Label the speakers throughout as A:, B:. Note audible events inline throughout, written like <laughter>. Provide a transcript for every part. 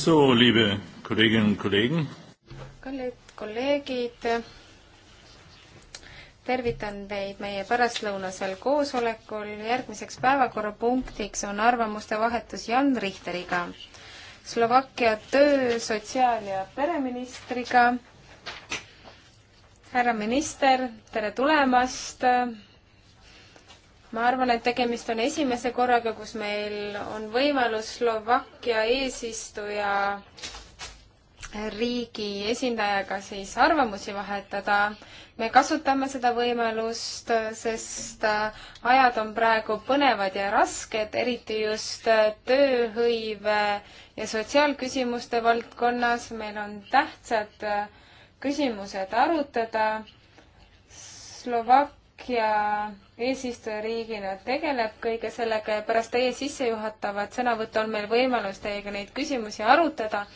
A: So, liebe Kolleginnen und Kollegen.
B: kallid kolleegid, tervitan teid meie pärastlõunasel koosolekul. järgmiseks päevakorrapunktiks on arvamuste vahetus Jan Richteriga, Slovakkia töö-, sotsiaal- ja pereministriga. härra minister, tere tulemast ma arvan, et tegemist on esimese korraga, kus meil on võimalus Slovakkia eesistuja riigi esindajaga siis arvamusi vahetada. me kasutame seda võimalust, sest ajad on praegu põnevad ja rasked, eriti just tööhõive ja sotsiaalküsimuste valdkonnas. meil on tähtsad küsimused arutada. Slovakkia eesistujariigina tegeleb kõige sellega ja pärast teie sissejuhatavat sõnavõttu on meil võimalus teiega neid küsimusi arutada.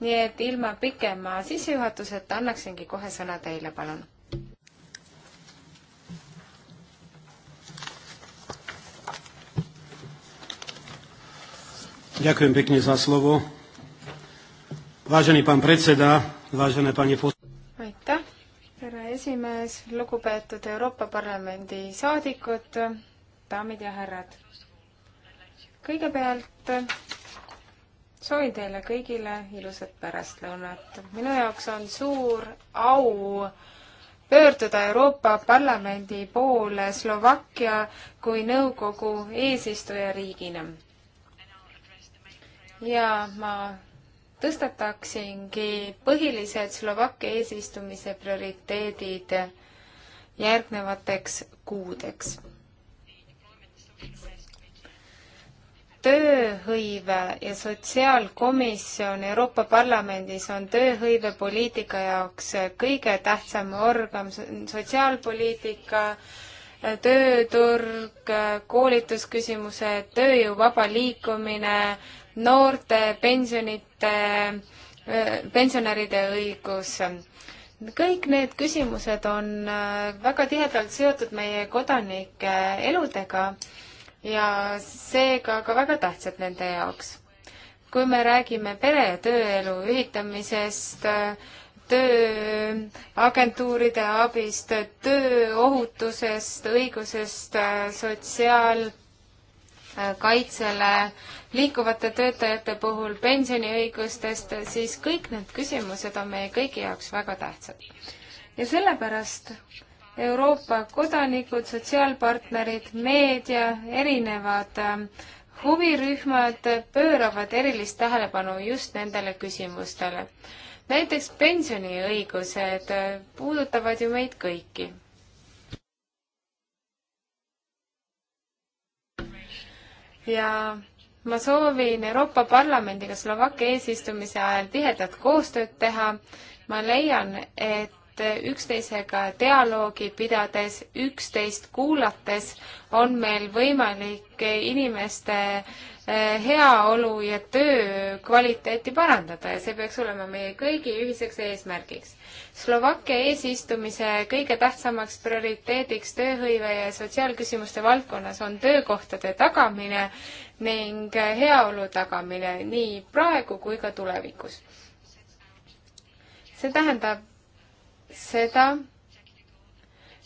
B: nii et ilma pikema sissejuhatuseta annaksingi kohe sõna teile, palun.
C: Ďakujem
A: pekne za slovo. Vážený pán predseda, vážené pani pos-
B: härra esimees, lugupeetud Euroopa Parlamendi saadikud, daamid ja härrad. kõigepealt soovin teile kõigile ilusat pärastlõunat. minu jaoks on suur au pöörduda Euroopa Parlamendi poole Slovakkia kui nõukogu eesistujariigina. ja ma tõstataksingi põhilised Slovakkia eesistumise prioriteedid järgnevateks kuudeks. tööhõive ja sotsiaalkomisjon Euroopa Parlamendis on tööhõivepoliitika jaoks kõige tähtsam organ, sotsiaalpoliitika, tööturg, koolitusküsimused, tööjõu vaba liikumine, noorte pensionid, pensionärite, äh, pensionäride õigus. kõik need küsimused on äh, väga tihedalt seotud meie kodanike eludega ja seega ka väga tähtsad nende jaoks. kui me räägime pere ja tööelu ühitamisest, tööagentuuride abist, tööohutusest, õigusest äh, sotsiaalkaitsele, liikuvate töötajate puhul, pensioniõigustest, siis kõik need küsimused on meie kõigi jaoks väga tähtsad. ja sellepärast Euroopa kodanikud, sotsiaalpartnerid, meedia, erinevad ähm, huvirühmad pööravad erilist tähelepanu just nendele küsimustele. näiteks pensioniõigused äh, puudutavad ju meid kõiki ja ma soovin Euroopa Parlamendiga Slovakkia eesistumise ajal tihedat koostööd teha. ma leian, et üksteisega dialoogi pidades, üksteist kuulates on meil võimalik inimeste Eh, heaolu ja töö kvaliteeti parandada ja see peaks olema meie kõigi ühiseks eesmärgiks. Slovakkia eesistumise kõige tähtsamaks prioriteediks tööhõive ja sotsiaalküsimuste valdkonnas on töökohtade tagamine ning heaolu tagamine nii praegu kui ka tulevikus. see tähendab seda,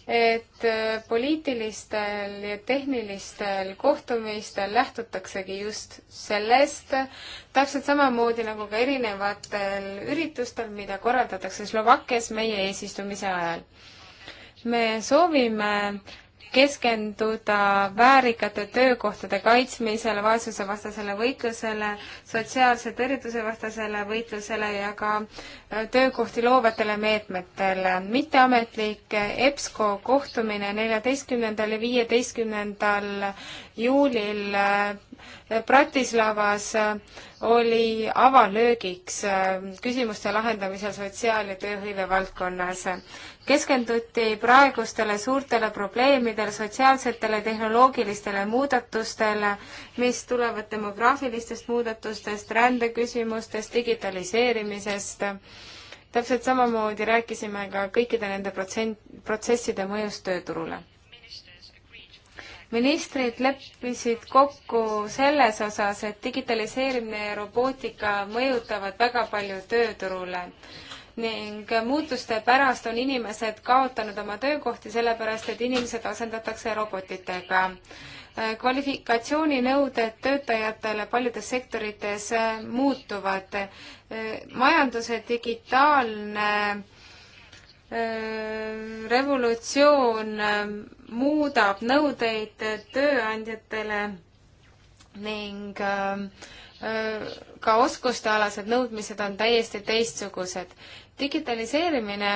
B: et äh, poliitilistel ja tehnilistel kohtumistel lähtutaksegi just sellest, täpselt samamoodi nagu ka erinevatel üritustel, mida korraldatakse Slovakkias meie eesistumise ajal. me soovime keskenduda väärikate töökohtade kaitsmisele, vaesusevastasele võitlusele, sotsiaalse tõrjutuse vastasele võitlusele ja ka äh, töökohti loovatele meetmetele. mitteametlik EBSCO kohtumine neljateistkümnendal ja viieteistkümnendal juulil äh, Bratislavas äh, oli avalöögiks äh, küsimuste lahendamisel sotsiaal- ja tööhõive valdkonnas. keskenduti praegustele suurtele probleemidele, sotsiaalsetele, tehnoloogilistele muudatustele, mis tulevad demograafilistest muudatustest, rändeküsimustest, digitaliseerimisest täpselt samamoodi rääkisime ka kõikide nende protsent, protsesside mõjust tööturule ministrid leppisid kokku selles osas, et digitaliseerimine ja robootika mõjutavad väga palju tööturule ning muutuste pärast on inimesed kaotanud oma töökohti, sellepärast et inimesed asendatakse robotitega. kvalifikatsiooninõuded töötajatele paljudes sektorites muutuvad. majanduse digitaalne Äh, revolutsioon äh, muudab nõudeid tööandjatele ning äh, ka oskustealased nõudmised on täiesti teistsugused. digitaliseerimine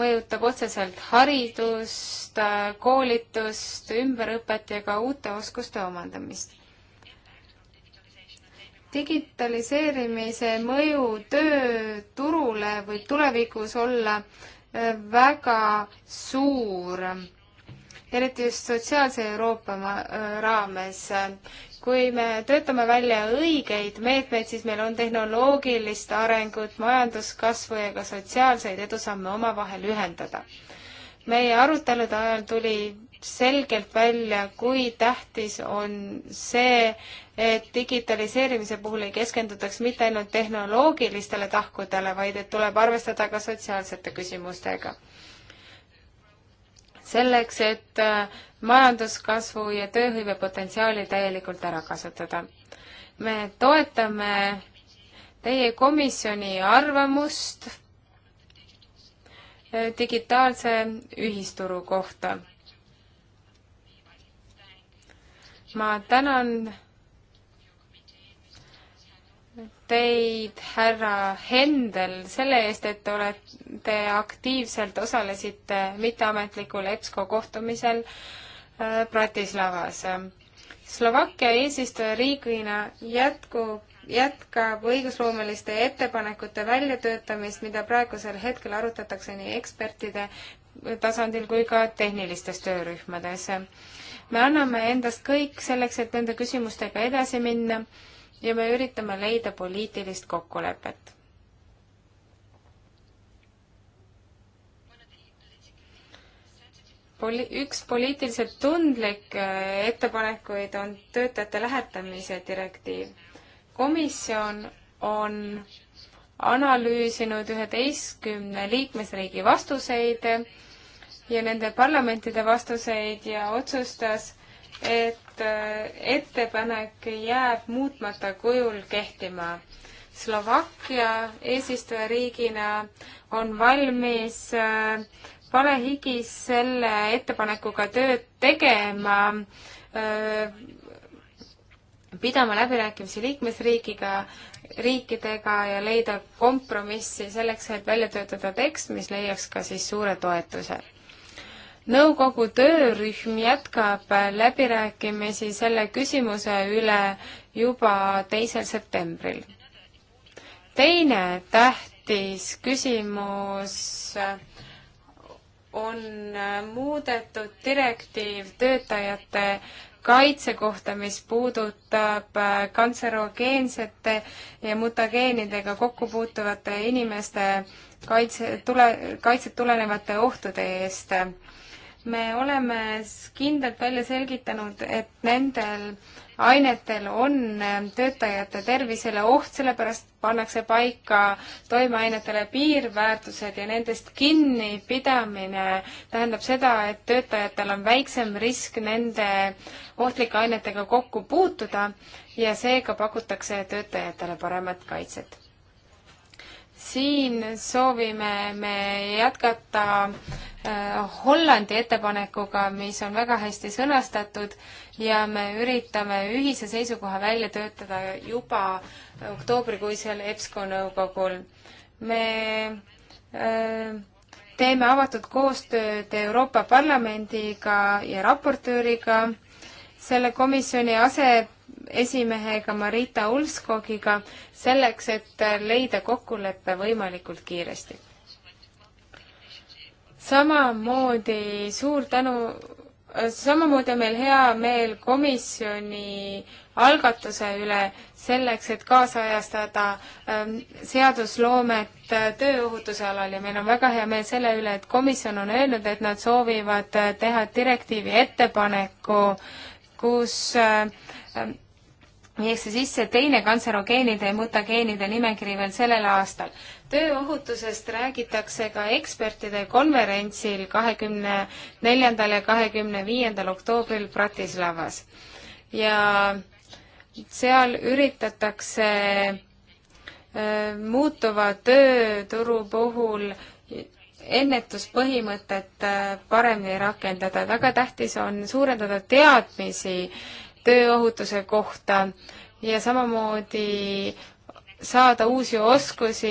B: mõjutab otseselt haridust, koolitust, ümberõpet ja ka uute oskuste omandamist. digitaliseerimise mõju tööturule võib tulevikus olla äh, väga suur, eriti just sotsiaalse Euroopa raames. kui me töötame välja õigeid meetmeid, siis meil on tehnoloogilist arengut, majanduskasvu ja ka sotsiaalseid edusamme omavahel ühendada. meie arutelude ajal tuli selgelt välja, kui tähtis on see, et digitaliseerimise puhul ei keskendutaks mitte ainult tehnoloogilistele tahkudele, vaid et tuleb arvestada ka sotsiaalsete küsimustega. selleks, et äh, majanduskasvu ja tööhõive potentsiaali täielikult ära kasutada. me toetame teie komisjoni arvamust äh, digitaalse ühisturu kohta ma tänan teid, härra Hendel, selle eest, et te olete aktiivselt, osalesite mitteametlikul EBSCO kohtumisel äh, Bratislavas. Slovakkia eesistujariigina jätkub, jätkab õigusloomeliste ettepanekute väljatöötamist, mida praegusel hetkel arutatakse nii ekspertide tasandil kui ka tehnilistes töörühmades me anname endast kõik selleks, et nende küsimustega edasi minna ja me üritame leida poliitilist kokkulepet. Poli-, üks poliitiliselt tundlik äh, ettepanekuid on töötajate lähetamise direktiiv. komisjon on analüüsinud üheteistkümne liikmesriigi vastuseid ja nende parlamentide vastuseid ja otsustas, et äh, ettepanek jääb muutmata kujul kehtima. Slovakkia eesistujariigina on valmis äh, palehigis selle ettepanekuga tööd tegema, äh, pidama läbirääkimisi liikmesriigiga, riikidega ja leida kompromissi selleks, et välja töötada tekst, mis leiaks ka siis suure toetuse nõukogu töörühm jätkab läbirääkimisi selle küsimuse üle juba teisel septembril. teine tähtis küsimus on muudetud direktiiv töötajate kaitse kohta, mis puudutab kantserogeensete ja mutageenidega kokku puutuvate inimeste kaitse, tule, kaitset tulenevate ohtude eest me oleme kindlalt välja selgitanud, et nendel ainetel on ähm, töötajate tervisele oht, sellepärast pannakse paika toimeainetele piirväärtused ja nendest kinnipidamine tähendab seda, et töötajatel on väiksem risk nende ohtlike ainetega kokku puutuda ja seega pakutakse töötajatele paremat kaitset siin soovime me jätkata äh, Hollandi ettepanekuga, mis on väga hästi sõnastatud ja me üritame ühise seisukoha välja töötada juba oktoobrikuisel EBSCO nõukogul. me äh, teeme avatud koostööd Euroopa Parlamendiga ja raportööriga, selle komisjoni ase esimehega Marita Ulskogiga selleks, et leida kokkulepe võimalikult kiiresti. samamoodi suur tänu, samamoodi on meil hea meel komisjoni algatuse üle selleks, et kaasajastada ähm, seadusloomet tööohutuse alal ja meil on väga hea meel selle üle, et komisjon on öelnud, et nad soovivad äh, teha direktiivi ettepaneku, kus äh, viiakse sisse teine kantserogeenide ja mutageenide nimekiri veel sellel aastal. tööohutusest räägitakse ka ekspertide konverentsil kahekümne neljandal ja kahekümne viiendal oktoobril Bratislavas. ja seal üritatakse äh, muutuva tööturu puhul ennetuspõhimõtet äh, paremini rakendada. väga tähtis on suurendada teadmisi äh, tööohutuse kohta ja samamoodi saada uusi oskusi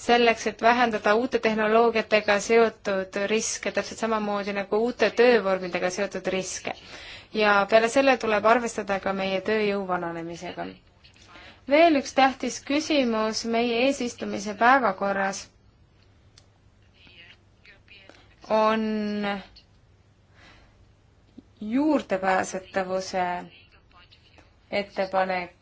B: selleks, et vähendada uute tehnoloogiatega seotud riske, täpselt samamoodi nagu uute töövormidega seotud riske. ja peale selle tuleb arvestada ka meie tööjõu vananemisega. veel üks tähtis küsimus meie eesistumise päevakorras on juurdepääsetavuse ettepanek.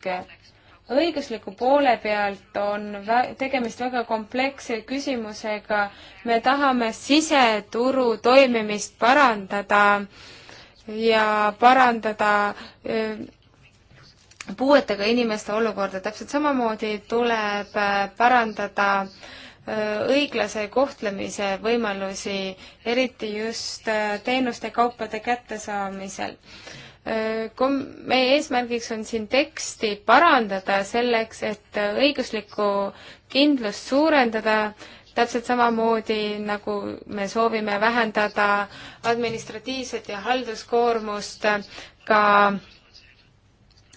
B: õigusliku poole pealt on vä-, tegemist väga kompleksse küsimusega, me tahame siseturu toimimist parandada ja parandada öö, äh, puuetega inimeste olukorda, täpselt samamoodi tuleb äh, parandada äh, õiglase kohtlemise võimalusi, eriti just teenuste, kaupade kättesaamisel kom-, meie eesmärgiks on siin teksti parandada selleks, et õiguslikku kindlust suurendada, täpselt samamoodi, nagu me soovime vähendada administratiivset ja halduskoormust ka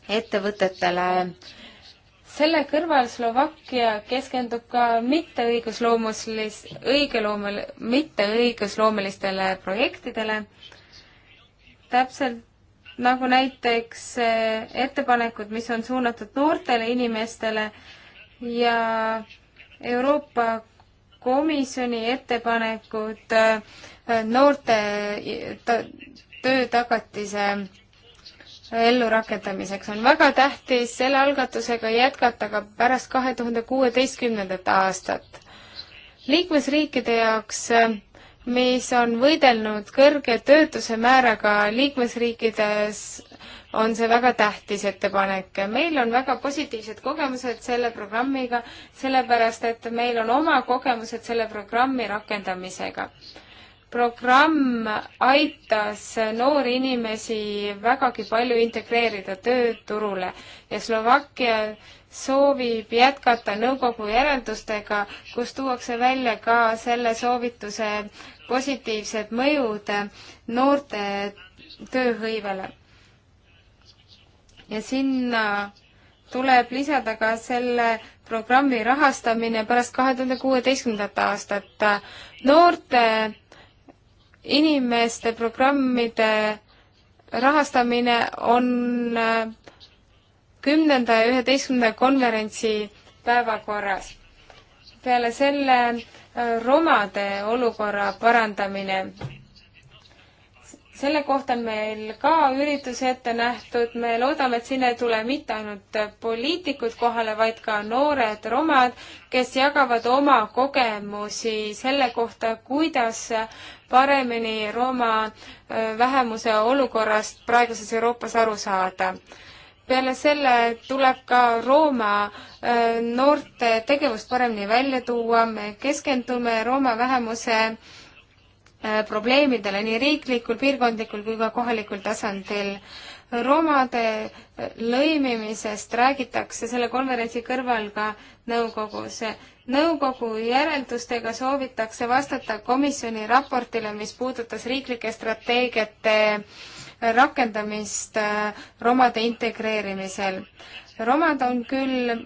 B: ettevõtetele. selle kõrval Slovakkia keskendub ka mitteõigusloomulis-, õigeloomel-, mitteõigusloomelistele projektidele, täpselt nagu näiteks eh, ettepanekud, mis on suunatud noortele inimestele ja Euroopa Komisjoni ettepanekud eh, noorte töötagatise ellurakendamiseks on väga tähtis selle algatusega jätkata ka pärast kahe tuhande kuueteistkümnendat aastat. liikmesriikide jaoks eh, mis on võidelnud kõrge töötuse määraga liikmesriikides, on see väga tähtis ettepanek. meil on väga positiivsed kogemused selle programmiga, sellepärast et meil on oma kogemused selle programmi rakendamisega programm aitas noori inimesi vägagi palju integreerida tööturule ja Slovakkia soovib jätkata nõukogu järeldustega, kus tuuakse välja ka selle soovituse positiivsed mõjud noorte tööhõivele. ja sinna tuleb lisada ka selle programmi rahastamine pärast kahe tuhande kuueteistkümnendat aastat. noorte inimeste programmide rahastamine on äh, kümnenda ja üheteistkümnenda konverentsi päevakorras. peale selle äh, romade olukorra parandamine selle kohta on meil ka üritus ette nähtud, me loodame, et sinna ei tule mitte ainult poliitikud kohale, vaid ka noored romad, kes jagavad oma kogemusi selle kohta, kuidas paremini Rooma äh, vähemuse olukorrast praeguses Euroopas aru saada peale selle tuleb ka Rooma äh, noorte tegevust paremini välja tuua, me keskendume Rooma vähemuse Äh, probleemidele nii riiklikul, piirkondlikul kui ka kohalikul tasandil. romade äh, lõimimisest räägitakse selle konverentsi kõrval ka nõukogus. nõukogu järeldustega soovitakse vastata komisjoni raportile, mis puudutas riiklike strateegiate rakendamist äh, romade integreerimisel. romad on küll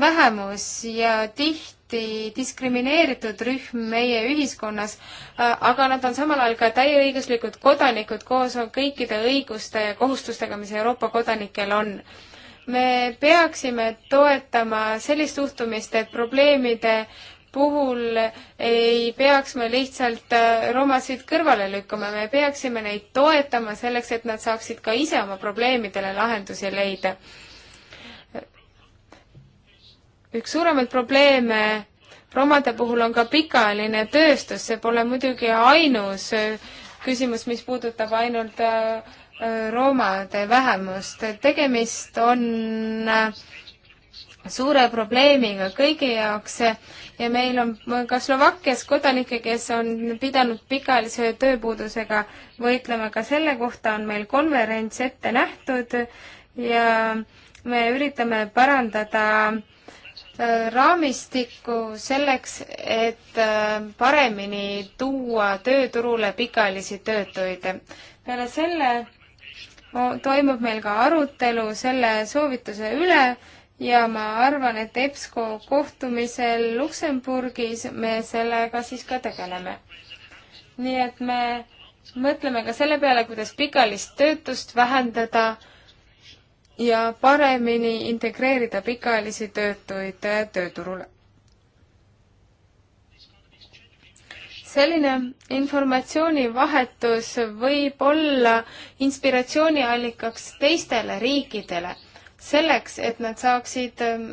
B: vähemus ja tihti igati diskrimineeritud rühm meie ühiskonnas, äh, aga nad on samal ajal ka täieõiguslikud kodanikud koos kõikide õiguste ja kohustustega, mis Euroopa kodanikel on. me peaksime toetama sellist suhtumist, et probleemide puhul ei peaks me lihtsalt äh, romasid kõrvale lükkama, me peaksime neid toetama selleks, et nad saaksid ka ise oma probleemidele lahendusi leida üks suuremaid probleeme romade puhul on ka pikaajaline tööstus, see pole muidugi ainus äh, küsimus, mis puudutab ainult äh, äh, roomade vähemust, tegemist on suure probleemiga kõigi jaoks ja meil on ka Slovakkias kodanikke, kes on pidanud pikaajalise tööpuudusega võitlema, ka selle kohta on meil konverents ette nähtud ja me üritame parandada äh, Äh, raamistikku selleks, et äh, paremini tuua tööturule pikaajalisi töötuid. peale selle toimub meil ka arutelu selle soovituse üle ja ma arvan, et EBSCO kohtumisel Luksemburgis me sellega siis ka tegeleme. nii et me mõtleme ka selle peale, kuidas pikaajalist töötust vähendada ja paremini integreerida pikaajalisi töötuid tööturule. selline informatsioonivahetus võib olla inspiratsiooniallikaks teistele riikidele, selleks et nad saaksid ähm,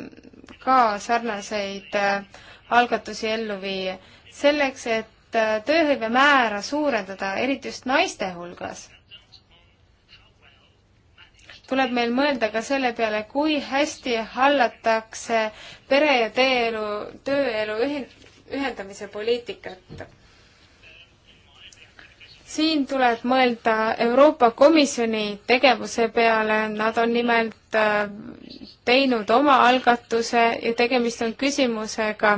B: ka sarnaseid äh, algatusi ellu viia, selleks et äh, tööhõive määra suurendada, eriti just naiste hulgas tuleb meil mõelda ka selle peale, kui hästi hallatakse pere- ja tööelu, tööelu ühendamise poliitikat. siin tuleb mõelda Euroopa Komisjoni tegevuse peale, nad on nimelt äh, teinud oma algatuse ja tegemist on küsimusega,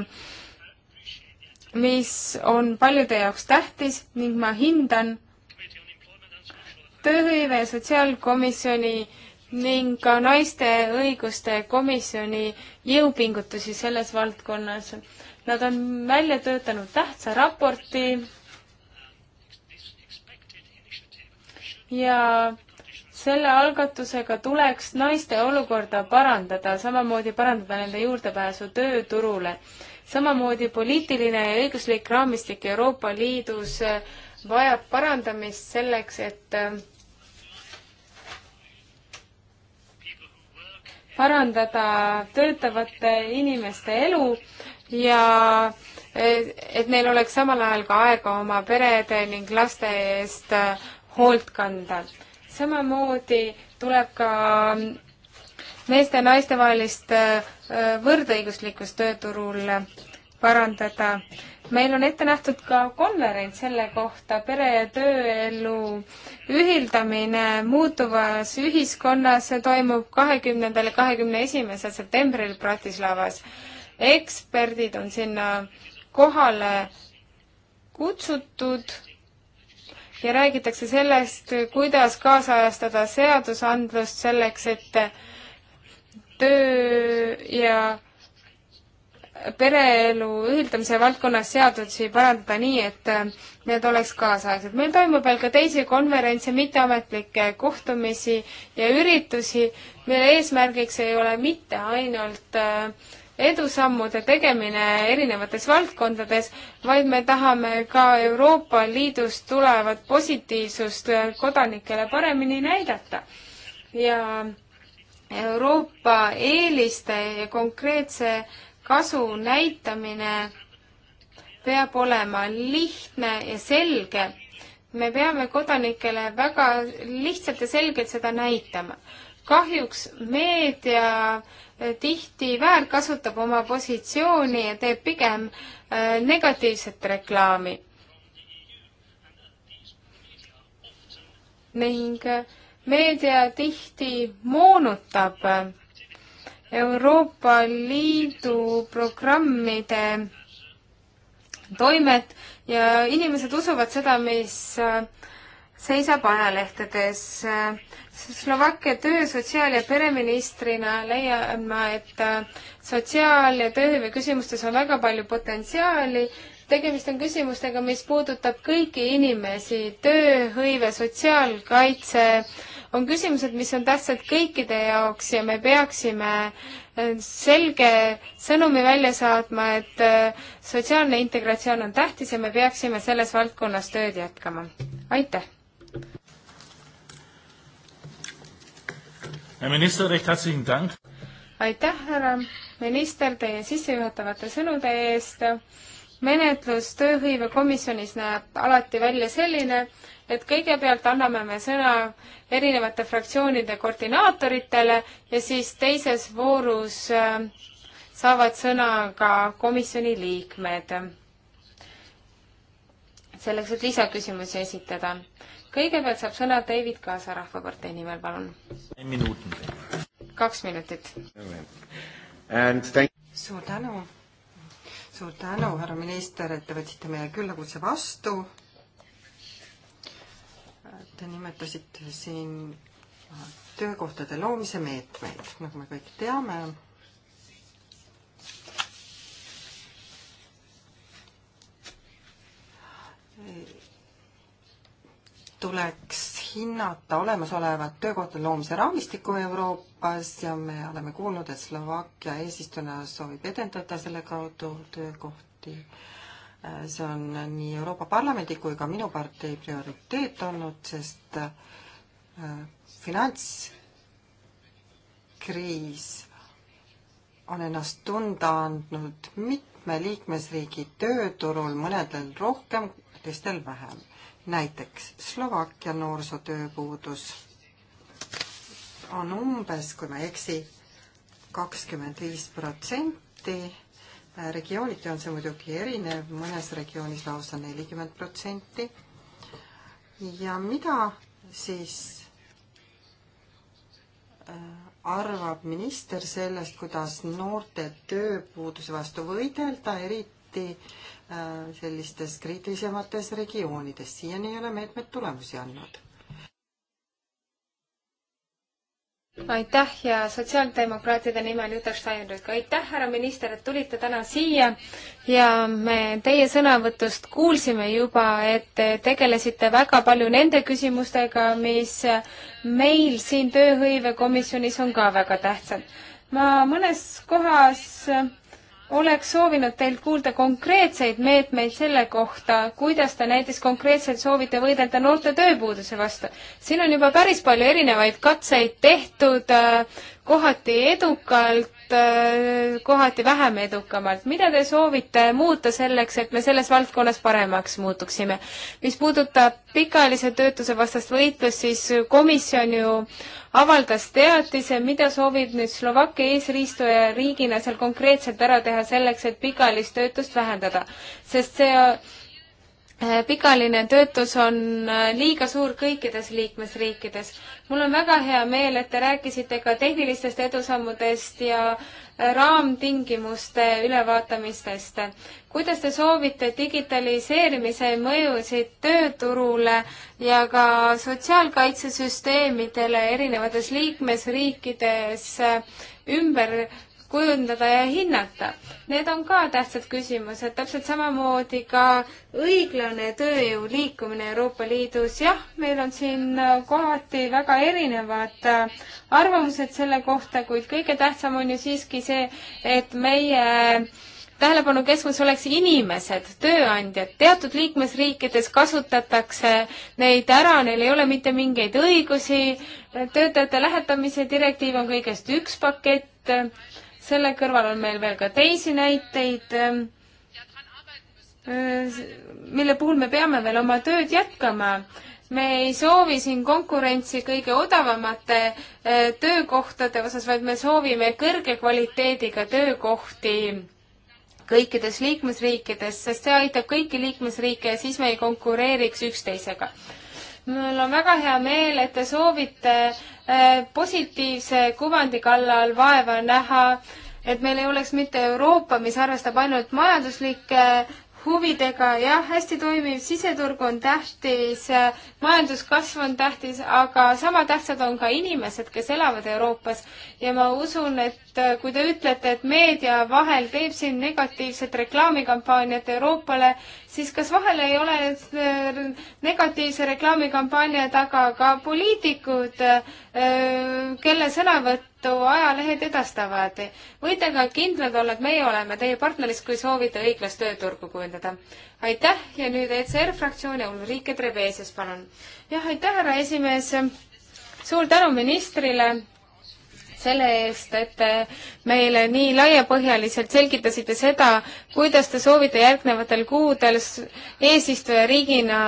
B: mis on paljude jaoks tähtis ning ma hindan tööhõive sotsiaalkomisjoni ning ka naiste õiguste komisjoni jõupingutusi selles valdkonnas. Nad on välja töötanud tähtsa raporti ja selle algatusega tuleks naiste olukorda parandada, samamoodi parandada nende juurdepääsu tööturule. samamoodi poliitiline ja õiguslik raamistik Euroopa Liidus vajab parandamist selleks, et parandada töötavate inimeste elu ja eh, et neil oleks samal ajal ka aega oma perede ning laste eest eh, hoolt kanda. samamoodi tuleb ka meeste ja naiste vahelist eh, võrdõiguslikkust tööturul parandada meil on ette nähtud ka konverents selle kohta, pere ja tööelu ühildamine muutuvas ühiskonnas, see toimub kahekümnendal ja kahekümne esimesel septembril Bratislavas. eksperdid on sinna kohale kutsutud ja räägitakse sellest, kuidas kaasajastada seadusandlust selleks, et töö ja pereelu ühildamise valdkonnas seadusi parandada nii, et äh, need oleks kaasaegsed. meil toimub veel ka teisi konverentse, mitteametlikke kohtumisi ja üritusi, mille eesmärgiks ei ole mitte ainult äh, edusammude tegemine erinevates valdkondades, vaid me tahame ka Euroopa Liidust tulevat positiivsust äh, kodanikele paremini näidata. ja Euroopa eeliste ja konkreetse kasu näitamine peab olema lihtne ja selge. me peame kodanikele väga lihtsalt ja selgelt seda näitama. kahjuks meedia tihti väärkasutab oma positsiooni ja teeb pigem äh, negatiivset reklaami. ning äh, meedia tihti moonutab äh, Euroopa Liidu programmide toimet ja inimesed usuvad seda, mis äh, seisab ajalehtedes. Äh, Slovakkia töö sotsiaal- ja pereministrina leian ma, et äh, sotsiaal- ja tööhõive küsimustes on väga palju potentsiaali. tegemist on küsimustega, mis puudutab kõiki inimesi, tööhõive, sotsiaalkaitse, on küsimused, mis on tähtsad kõikide jaoks ja me peaksime äh, selge sõnumi välja saatma, et äh, sotsiaalne integratsioon on tähtis ja me peaksime selles valdkonnas tööd jätkama. aitäh! aitäh, härra minister, teie sissejuhatavate sõnude eest. menetlus tööhõivekomisjonis näeb alati välja selline, et kõigepealt anname me sõna erinevate fraktsioonide koordinaatoritele ja siis teises voorus äh, saavad sõna ka komisjoni liikmed. selleks, et lisaküsimusi esitada. kõigepealt saab sõna David Kaasa Rahvapartei
A: nimel, palun. kaks minutit. suur tänu suur tänu, härra minister, et te võtsite meie küllakutse vastu te nimetasite siin töökohtade loomise meetmeid, nagu me kõik teame. tuleks hinnata olemasolevat töökohtade loomise raamistikku Euroopas ja me oleme kuulnud, et Slovakkia eesistujana soovib edendada selle kaudu töökohti äh, see on nii Euroopa Parlamendi kui ka minu partei prioriteet olnud, sest äh, finantskriis on ennast tunda andnud mitme liikmesriigi tööturul, mõnedel rohkem, teistel vähem. näiteks Slovakkia noorsootööpuudus on umbes, kui ma ei eksi, kakskümmend viis protsenti regiooniti on see muidugi erinev, mõnes regioonis lausa nelikümmend protsenti. ja mida siis äh, arvab minister sellest, kuidas noorte tööpuuduse vastu võidelda, eriti äh, sellistes kriitilisemates regioonides, siiani ei ole meetmed tulemusi andnud
B: aitäh ja sotsiaaldemokraatide nimel Juta Steinrück, aitäh, härra minister, et tulite täna siia ja me teie sõnavõtust kuulsime juba, et te tegelesite väga palju nende küsimustega, mis meil siin tööhõivekomisjonis on ka väga tähtsad. ma mõnes kohas oleks soovinud teilt kuulda konkreetseid meetmeid selle kohta, kuidas te näiteks konkreetselt soovite võidelda noorte tööpuuduse vastu. siin on juba päris palju erinevaid katseid tehtud, äh, kohati edukalt, äh, kohati vähem edukamalt. mida te soovite muuta selleks, et me selles valdkonnas paremaks muutuksime? mis puudutab pikaajalise töötuse vastast võitlust, siis komisjon ju avaldas teatise, mida soovib nüüd Slovakkia eesriistuja riigina seal konkreetselt ära teha selleks, et pikaajalist töötust vähendada. sest see Äh, pikaline töötus on äh, liiga suur kõikides liikmesriikides. mul on väga hea meel, et te rääkisite ka tehnilistest edusammudest ja äh, raamtingimuste ülevaatamistest. kuidas te soovite digitaliseerimise mõjusid tööturule ja ka sotsiaalkaitsesüsteemidele erinevates liikmesriikides ümber kujundada ja hinnata. Need on ka tähtsad küsimused, täpselt samamoodi ka õiglane tööjõu liikumine Euroopa Liidus. jah, meil on siin äh, kohati väga erinevad äh, arvamused selle kohta, kuid kõige tähtsam on ju siiski see, et meie äh, tähelepanu keskmes oleks inimesed, tööandjad. teatud liikmesriikides kasutatakse neid ära, neil ei ole mitte mingeid õigusi. töötajate lähetamise direktiiv on kõigest üks pakett selle kõrval on meil veel ka teisi näiteid, ähm, äh, mille puhul me peame veel oma tööd jätkama. me ei soovi siin konkurentsi kõige odavamate äh, töökohtade osas, vaid me soovime kõrge kvaliteediga töökohti kõikides liikmesriikides, sest see aitab kõiki liikmesriike ja siis me ei konkureeriks üksteisega mul on väga hea meel, et te soovite eh, positiivse kuvandi kallal vaeva näha, et meil ei oleks mitte Euroopa, mis arvestab ainult majanduslike huvidega, jah, hästi toimiv siseturg on tähtis, majanduskasv on tähtis, aga sama tähtsad on ka inimesed, kes elavad Euroopas. ja ma usun, et eh, kui te ütlete, et meedia vahel teeb siin negatiivset reklaamikampaaniat Euroopale, siis kas vahel ei ole negatiivse reklaamikampaania taga ka poliitikud, äh, kelle sõnavõttu ajalehed edastavad? võite ka kindlad olla, et meie oleme teie partneris, kui soovite õiglast tööturgu kujundada. aitäh ja nüüd ECR fraktsiooni Ulrike Trebesias, palun. jah, aitäh, härra esimees. suur tänu ministrile selle eest, et te meile nii laiapõhjaliselt selgitasite seda, kuidas te soovite järgnevatel kuudel eesistujariigina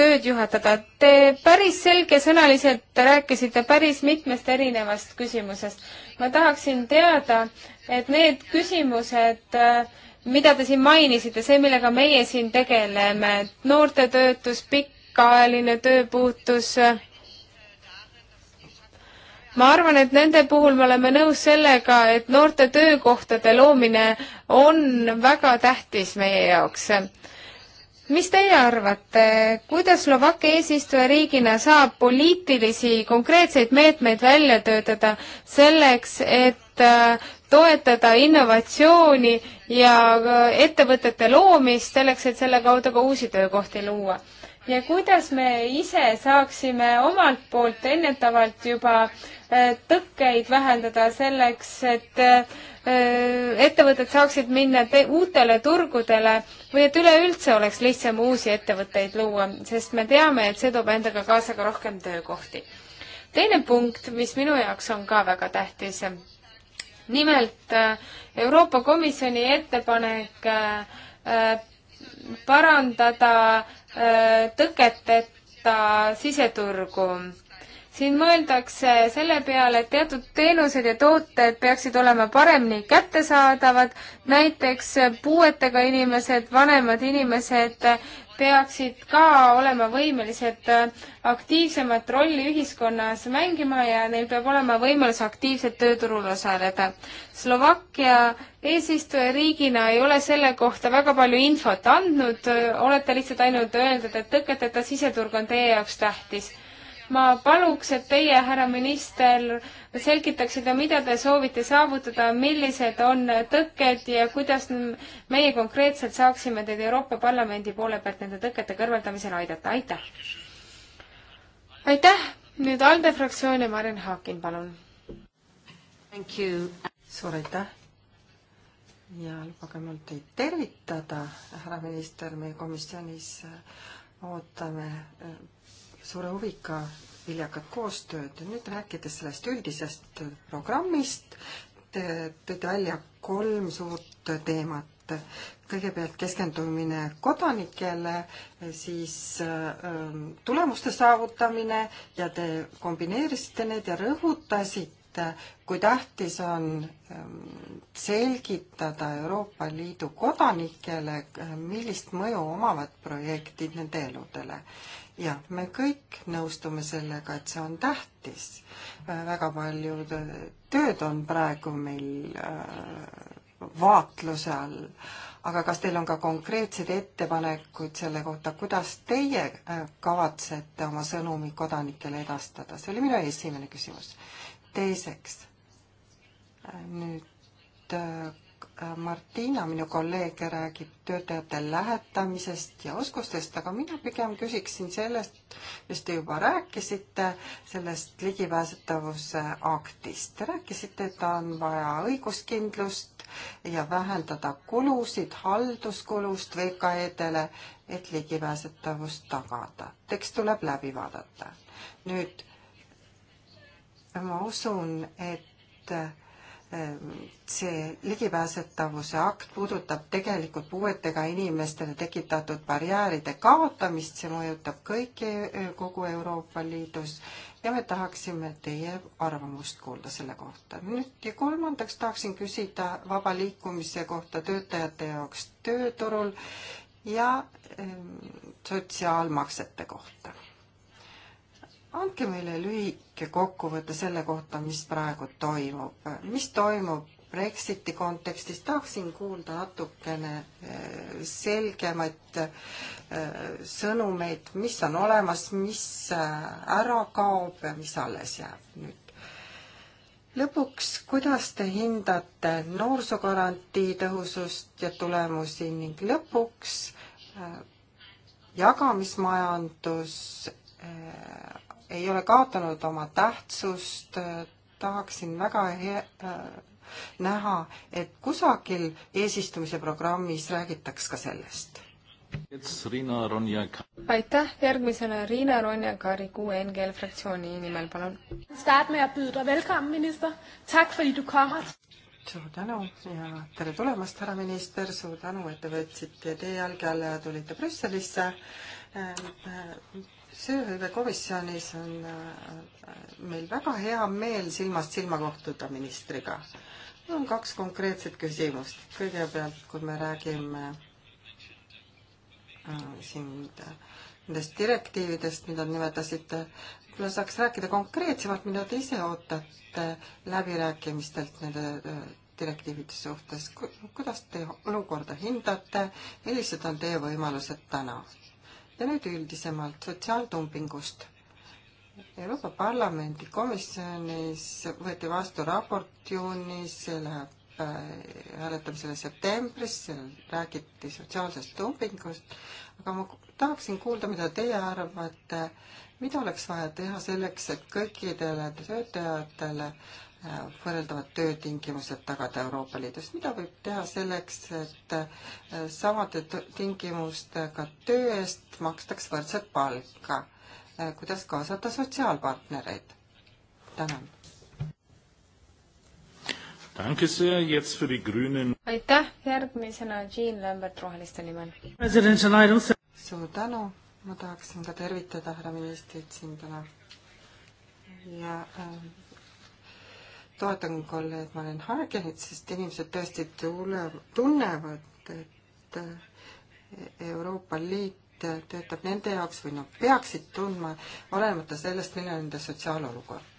B: tööd juhatada. Te päris selgesõnaliselt rääkisite päris mitmest erinevast küsimusest. ma tahaksin teada, et need küsimused, mida te siin mainisite, see, millega meie siin tegeleme, noorte töötus, pikk pikaajaline tööpuutus, ma arvan, et nende puhul me oleme nõus sellega, et noorte töökohtade loomine on väga tähtis meie jaoks. mis teie arvate, kuidas Slovakkia eesistujariigina saab poliitilisi konkreetseid meetmeid välja töötada selleks, et äh, toetada innovatsiooni ja äh, ettevõtete loomist selleks, et selle kaudu ka uusi töökohti luua? ja kuidas me ise saaksime omalt poolt ennetavalt juba äh, tõkkeid vähendada selleks, et äh, ettevõtted saaksid minna te uutele turgudele või et üleüldse oleks lihtsam uusi ettevõtteid luua, sest me teame, et see toob endaga kaasa ka rohkem töökohti. teine punkt, mis minu jaoks on ka väga tähtis, nimelt äh, Euroopa Komisjoni ettepanek parandada tõketeta siseturgu. siin mõeldakse selle peale, et teatud teenused ja tooted peaksid olema paremini kättesaadavad, näiteks puuetega inimesed, vanemad inimesed, peaksid ka olema võimelised äh, aktiivsemat rolli ühiskonnas mängima ja neil peab olema võimalus aktiivselt tööturul osaleda. Slovakkia eesistujariigina ei ole selle kohta väga palju infot andnud, olete lihtsalt ainult öelnud, et tõketeta siseturg on teie jaoks tähtis ma paluks, et teie, härra minister, selgitaksite, mida te soovite saavutada, millised on tõkked ja kuidas meie konkreetselt saaksime teid Euroopa Parlamendi poole pealt nende tõkete kõrvaldamisel aidata, aitäh! aitäh, nüüd ALDE fraktsioon ja Marin Haakin, palun!
A: suur aitäh! ja lubage mul teid tervitada, härra minister, meie komisjonis ootame suure huviga viljakat koostööd. nüüd rääkides sellest üldisest programmist, te tõite välja kolm suurt teemat. kõigepealt keskendumine kodanikele, siis ähm, tulemuste saavutamine ja te kombineerisite need ja rõhutasite, kui tähtis on ähm, selgitada Euroopa Liidu kodanikele, äh, millist mõju omavad projektid nende eludele jah, me kõik nõustume sellega, et see on tähtis. Äh, väga palju äh, tööd on praegu meil äh, vaatluse all, aga kas teil on ka konkreetseid ettepanekuid selle kohta, kuidas teie kavatsete oma sõnumi kodanikele edastada, see oli minu esimene küsimus. teiseks, nüüd Martina, minu kolleeg, räägib töötajate lähetamisest ja oskustest, aga mina pigem küsiksin sellest, mis te juba rääkisite, sellest ligipääsetavuse aktist. Te rääkisite, et on vaja õiguskindlust ja vähendada kulusid, halduskulust VKE-dele, et ligipääsetavust tagada. tekst tuleb läbi vaadata. nüüd ma usun, et Ehm, see ligipääsetavuse akt puudutab tegelikult puuetega inimestele tekitatud barjääride kaotamist, see mõjutab kõiki e, kogu Euroopa Liidus ja me tahaksime teie arvamust kuulda selle kohta. nüüd ja kolmandaks tahaksin küsida vaba liikumise kohta töötajate jaoks tööturul ja ehm, sotsiaalmaksete kohta andke meile lühike kokkuvõte selle kohta, mis praegu toimub, mis toimub Brexiti kontekstis, tahaksin kuulda natukene eh, selgemaid eh, sõnumeid, mis on olemas, mis eh, ära kaob ja mis alles jääb nüüd. lõpuks, kuidas te hindate noorsoogarantii tõhusust ja tulemusi ning lõpuks jagamismajandus ei ole kaotanud oma tähtsust, tahaksin väga hea, äh, näha, et kusagil eesistumise programmis räägitaks ka sellest.
B: aitäh, järgmisena Riina Ronjakari QNGL fraktsiooni nimel, palun.
A: suur tänu ja tere tulemast, härra minister, suur tänu, et te võtsite tee jalge alla ja tulite Brüsselisse ähm, äh, äh tööhõivekomisjonis on äh, meil väga hea meel silmast silma kohtuda ministriga. mul on kaks konkreetset küsimust. kõigepealt, kui me räägime äh, siin nendest direktiividest, mida nimetasite, võib-olla saaks rääkida konkreetsemalt, mida te ise ootate läbirääkimistelt nende äh, direktiivide suhtes, kuidas te olukorda hindate, millised on teie võimalused täna? ja nüüd üldisemalt sotsiaaltumpingust. Euroopa Parlamendi komisjonis võeti vastu raport juunis, see läheb äh, hääletamisele septembris, seal räägiti sotsiaalsest dumpingust, aga ma tahaksin kuulda, mida teie arvate, mida oleks vaja teha selleks, et kõikidele töötajatele Äh, võrreldavad töötingimused tagada Euroopa Liidus. mida võib teha selleks, et äh, samade tingimustega töö eest makstaks võrdset palka? Äh, kuidas kaasata sotsiaalpartnereid? tänan.
B: aitäh, järgmisena Jean Lambert Roheliste nimel.
A: suur tänu, ma tahaksin ka tervitada härra ministrit siin täna ja äh, toetan kolleeg Maren Hargenit, sest inimesed tõesti tule, tunnevad, et äh, Euroopa Liit töötab nende jaoks või nad peaksid tundma, olenemata sellest, milline on nende sotsiaalolukord.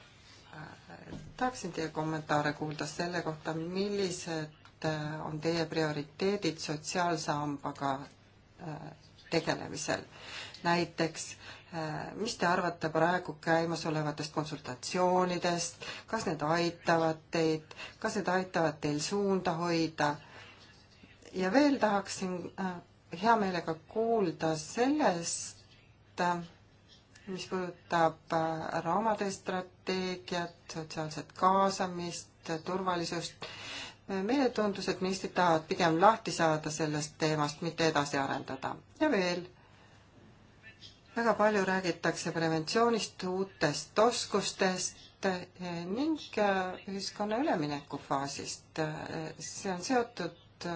A: Äh, tahaksin teie kommentaare kuulda selle kohta, millised äh, on teie prioriteedid sotsiaalsambaga tegelemisel. näiteks Äh, mis te arvate praegu käimasolevatest konsultatsioonidest, kas need aitavad teid, kas need aitavad teil suunda hoida? ja veel tahaksin äh, hea meelega kuulda sellest, äh, mis puudutab raamatu strateegiat, sotsiaalset kaasamist, turvalisust. meile tundus, et ministrid tahavad pigem lahti saada sellest teemast, mitte edasi arendada. ja veel väga palju räägitakse preventsioonist, uutest oskustest eh, ning eh, ühiskonna üleminekufaasist. Eh, see on seotud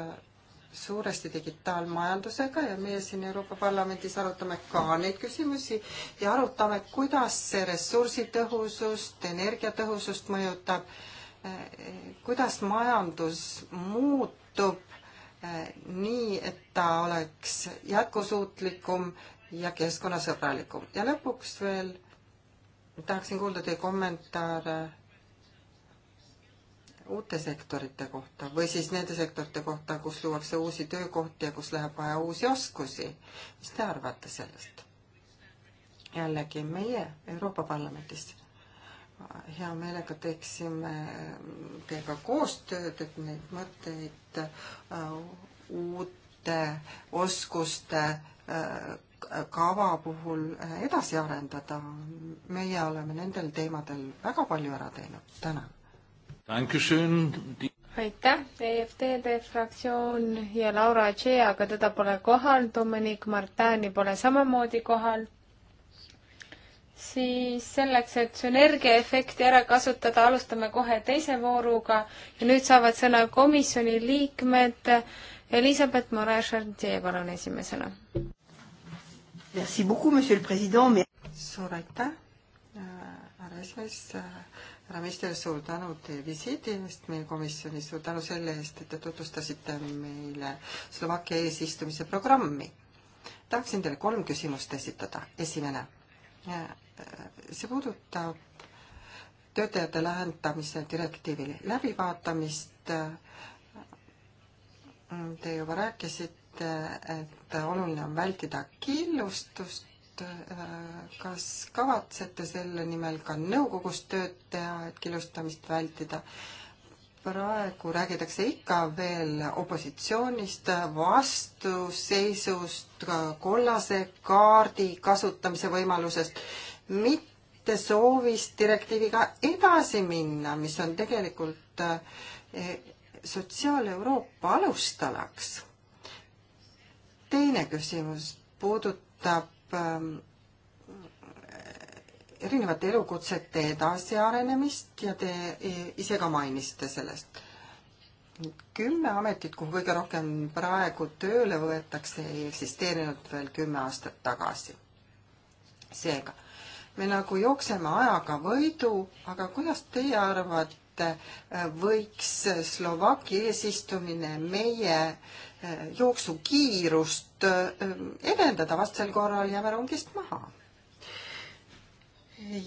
A: suuresti digitaalmajandusega ja meie siin Euroopa Parlamendis arutame ka neid küsimusi ja arutame, kuidas see ressursitõhusust, energiatõhusust mõjutab, kuidas majandus muutub nii, et ta oleks jätkusuutlikum ja keskkonnasõbralikum. ja lõpuks veel tahaksin kuulda teie kommentaare uute sektorite kohta või siis nende sektorite kohta, kus luuakse uusi töökohti ja kus läheb vaja uusi oskusi. mis te arvate sellest? jällegi meie Euroopa Parlamendis hea meelega teeksime teiega koostööd, et neid mõtteid äh, uute oskuste äh, kava puhul äh, edasi arendada. meie oleme nendel teemadel väga palju ära teinud, tänan. aitäh,
B: EFTD fraktsioon ja Laura Tšea, aga teda pole kohal, Dominic Martani pole samamoodi kohal siis selleks, et sünergiaefekti ära kasutada, alustame kohe teise vooruga ja nüüd saavad sõna komisjoni liikmed. Elizabeth Moraes-Chartier, palun esimesena
A: Merci beaucoup, monsieur le president. suur aitäh, äh, härra esimees, äh, härra minister, suur tänu teie visiidi eest meie komisjoni, suur tänu selle eest, et te tutvustasite meile Slovakkia eesistumise programmi. tahaksin teile kolm küsimust esitada. esimene, äh, see puudutab töötajate lähendamise direktiivi läbivaatamist. Te juba rääkisite et, et oluline on vältida killustust. kas kavatsete selle nimel ka nõukogus tööd teha, et killustamist vältida? praegu räägitakse ikka veel opositsioonist, vastuseisust, kollase kaardi kasutamise võimalusest, mitte soovist direktiiviga edasi minna, mis on tegelikult eh, Sotsiaal-Euroopa alustalaks teine küsimus puudutab ähm, erinevate elukutsete edasiarenemist ja te ise ka mainisite sellest. kümme ametit, kuhu kõige rohkem praegu tööle võetakse, ei eksisteerinud veel kümme aastat tagasi. seega me nagu jookseme ajaga võidu, aga kuidas teie arvate, et äh, võiks Slovakkia eesistumine meie äh, jooksukiirust äh, edendada, vastasel korral jääme rongist maha.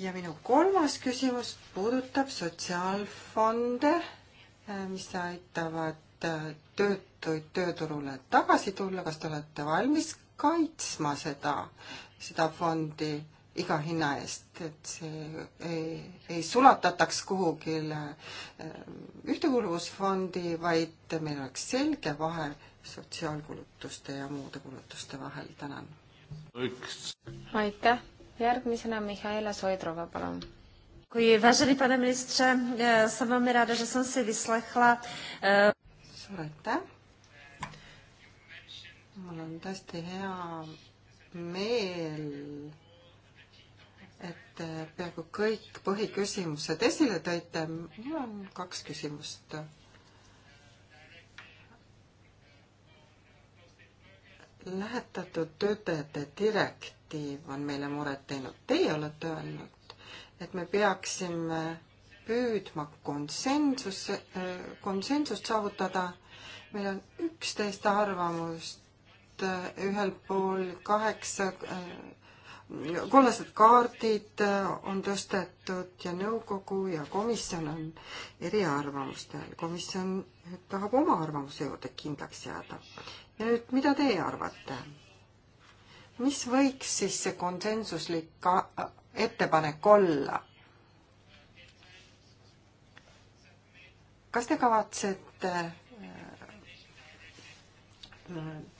A: ja minu kolmas küsimus puudutab sotsiaalfonde, mis aitavad töötuid tööturule tagasi tulla. kas te olete valmis kaitsma seda, seda fondi? iga hinna eest, et see ei, ei sulatataks kuhugile äh, ühtekuuluvusfondi, vaid meil oleks selge vahe sotsiaalkulutuste ja muude kulutuste vahel, tänan.
B: aitäh, järgmisena Mihhaila Soidrova, palun.
A: Děkuji. Vážený pane ministře, jsem velmi ráda, že jsem si vyslechla. Eh, Suur aitäh! mul on tõesti hea meel te peaaegu kõik põhiküsimused esile tõite. mul on kaks küsimust. lähetatud töötajate direktiiv on meile muret teinud. Teie olete öelnud, et me peaksime püüdma konsensus, konsensust saavutada. meil on üksteist arvamust, ühel pool kaheksa kollased kaardid äh, on tõstetud ja nõukogu ja komisjon on eriarvamustel. komisjon tahab oma arvamuse juurde kindlaks jääda. ja nüüd, mida teie arvate? mis võiks siis see konsensuslik ettepanek olla? kas te kavatsete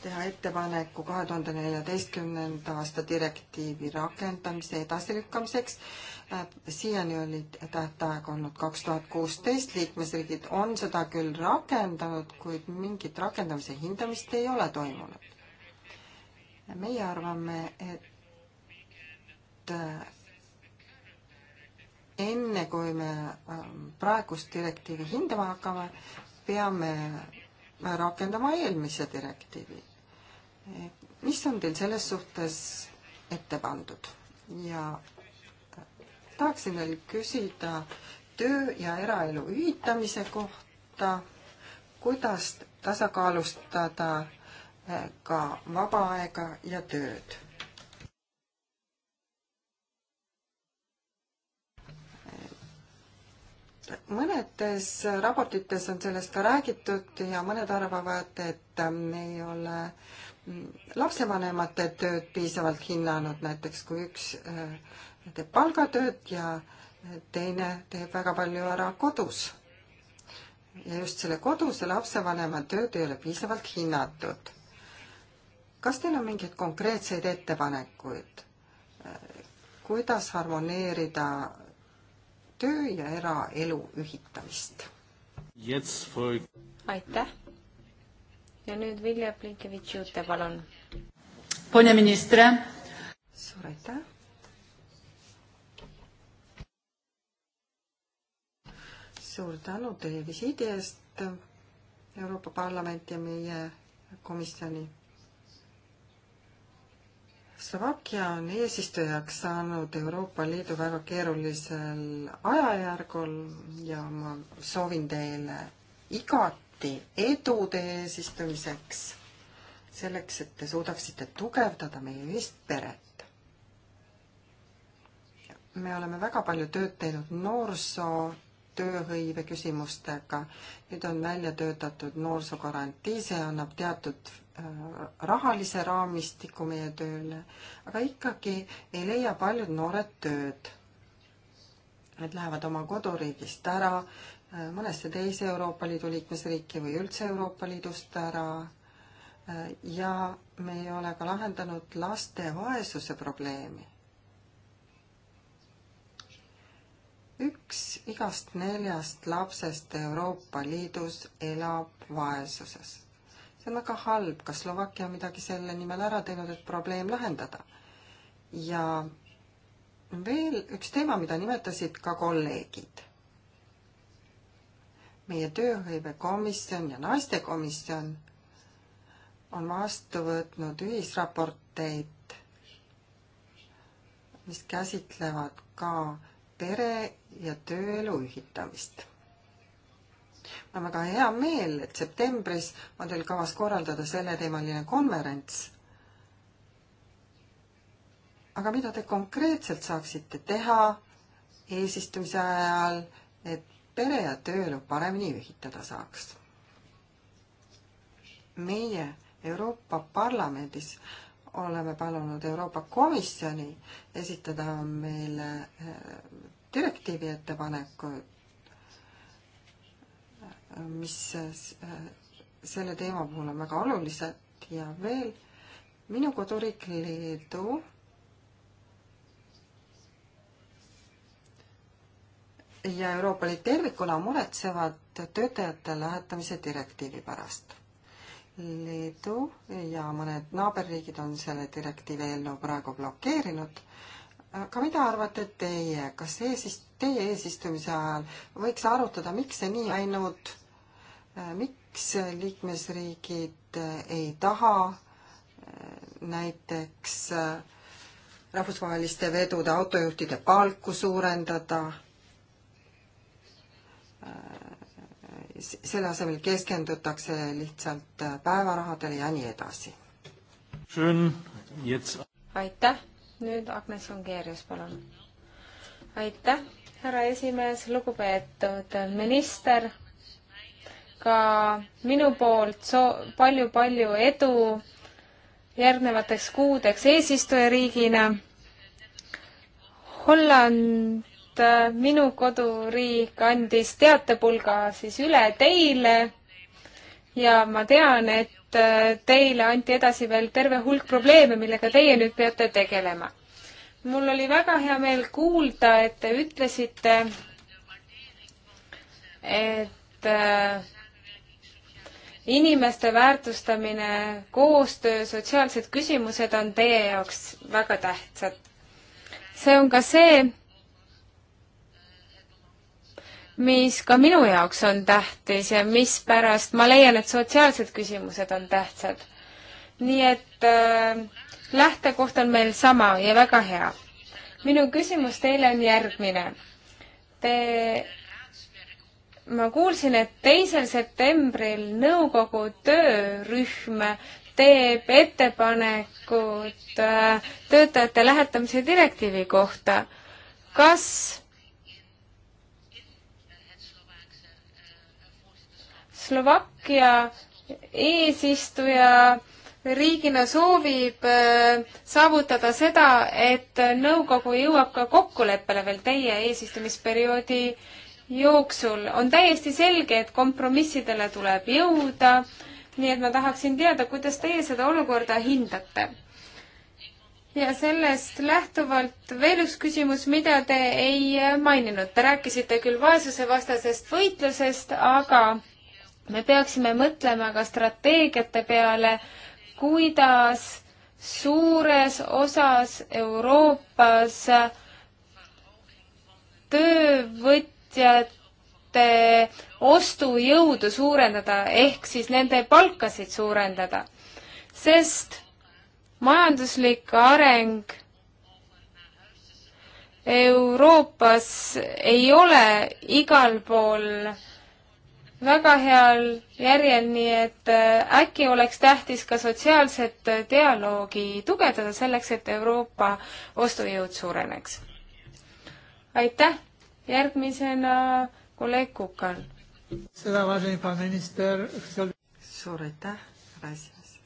A: teha ettepaneku kahe tuhande neljateistkümnenda aasta direktiivi rakendamise edasilükkamiseks. Äh, siiani oli tähtaeg olnud kaks tuhat kuusteist, liikmesriigid on seda küll rakendanud, kuid mingit rakendamise hindamist ei ole toimunud. meie arvame, et äh, enne kui me äh, praegust direktiivi hindama hakkame, peame rakendama eelmise direktiivi. mis on teil selles suhtes ette pandud? ja tahaksin veel küsida töö ja eraelu ühitamise kohta, kuidas tasakaalustada ka vaba aega ja tööd mõnedes raportites on sellest ka räägitud ja mõned arvavad, et ähm, ei ole mm, lapsevanemate tööd piisavalt hinnanud, näiteks kui üks äh, teeb palgatööd ja teine teeb väga palju ära kodus. ja just selle koduse lapsevanema tööd ei ole piisavalt hinnatud. kas teil on mingeid konkreetseid ettepanekuid, äh, kuidas harmoneerida töö ja eraelu ühitamist. aitäh. ja nüüd
B: Vilja Plinkevitš-Jute,
A: palun. suur aitäh. suur tänu teie visiidi eest Euroopa Parlamenti ja meie komisjoni Slovakkia on eesistujaks saanud Euroopa Liidu väga keerulisel ajajärgul ja ma soovin teile igati edu teie eesistumiseks, selleks, et te suudaksite tugevdada meie ühist peret. me oleme väga palju tööd teinud noorsoo tööhõive küsimustega. nüüd on välja töötatud noorsoogarantii, see annab teatud äh, rahalise raamistiku meie tööle, aga ikkagi ei leia paljud noored tööd. Nad lähevad oma koduriigist ära, äh, mõnesse teise Euroopa Liidu liikmesriiki või üldse Euroopa Liidust ära äh, ja me ei ole ka lahendanud laste vaesuse probleemi üks igast neljast lapsest Euroopa Liidus elab vaesuses. see on väga halb, kas Slovakkia on midagi selle nimel ära teinud, et probleem lahendada? ja veel üks teema, mida nimetasid ka kolleegid. meie tööhõivekomisjon ja naistekomisjon on vastu võtnud ühisraporteid, mis käsitlevad ka pere- ja tööelu ühitamist. mul on väga hea meel, et septembris on teil kavas korraldada selleteemaline konverents. aga mida te konkreetselt saaksite teha eesistumise ajal, et pere- ja tööelu paremini ühitada saaks? meie Euroopa Parlamendis oleme palunud Euroopa Komisjoni esitada meile eh, direktiivi ettepanekud, eh, mis eh, selle teema puhul on väga olulised ja veel minu koduriik Leedu ja Euroopa Liit tervikuna muretsevad töötajate lähetamise direktiivi pärast Leedu ja mõned naaberriigid on selle direktiivi eelnõu praegu blokeerinud. aga mida arvate teie, kas eesist-, teie eesistumise ajal võiks arutada, miks see nii läinud, miks liikmesriigid ei taha näiteks rahvusvaheliste vedude autojuhtide palku suurendada, selle asemel keskendutakse lihtsalt äh, päevarahadele ja nii edasi.
B: aitäh, nüüd Agnes Ungeerius, palun. aitäh, härra esimees, lugupeetud minister, ka minu poolt soo-, palju-palju edu järgnevateks kuudeks eesistujariigina. Holland Äh, minu koduriik andis teatepulga siis üle teile ja ma tean, et äh, teile anti edasi veel terve hulk probleeme, millega teie nüüd peate tegelema. mul oli väga hea meel kuulda, et te ütlesite, et äh, inimeste väärtustamine, koostöö, sotsiaalsed küsimused on teie jaoks väga tähtsad. see on ka see, mis ka minu jaoks on tähtis ja mispärast ma leian, et sotsiaalsed küsimused on tähtsad. nii et äh, lähtekoht on meil sama ja väga hea. minu küsimus teile on järgmine. Te, ma kuulsin, et teisel septembril nõukogu töörühm teeb ettepanekud äh, töötajate lähetamise direktiivi kohta. kas Slovakkia eesistuja riigina soovib äh, saavutada seda, et nõukogu jõuab ka kokkuleppele veel teie eesistumisperioodi jooksul. on täiesti selge, et kompromissidele tuleb jõuda, nii et ma tahaksin teada, kuidas teie seda olukorda hindate ja sellest lähtuvalt veel üks küsimus, mida te ei maininud. Te rääkisite küll vaesusevastasest võitlusest, aga me peaksime mõtlema ka strateegiate peale, kuidas suures osas Euroopas töövõtjate ostujõudu suurendada, ehk siis nende palkasid suurendada. sest majanduslik areng Euroopas ei ole igal pool väga heal järjel, nii et äh, äkki oleks tähtis ka sotsiaalset äh, dialoogi tugevdada selleks, et Euroopa ostujõud suureneks. aitäh, järgmisena kolleeg Kukan.
A: suur aitäh, härra esimees.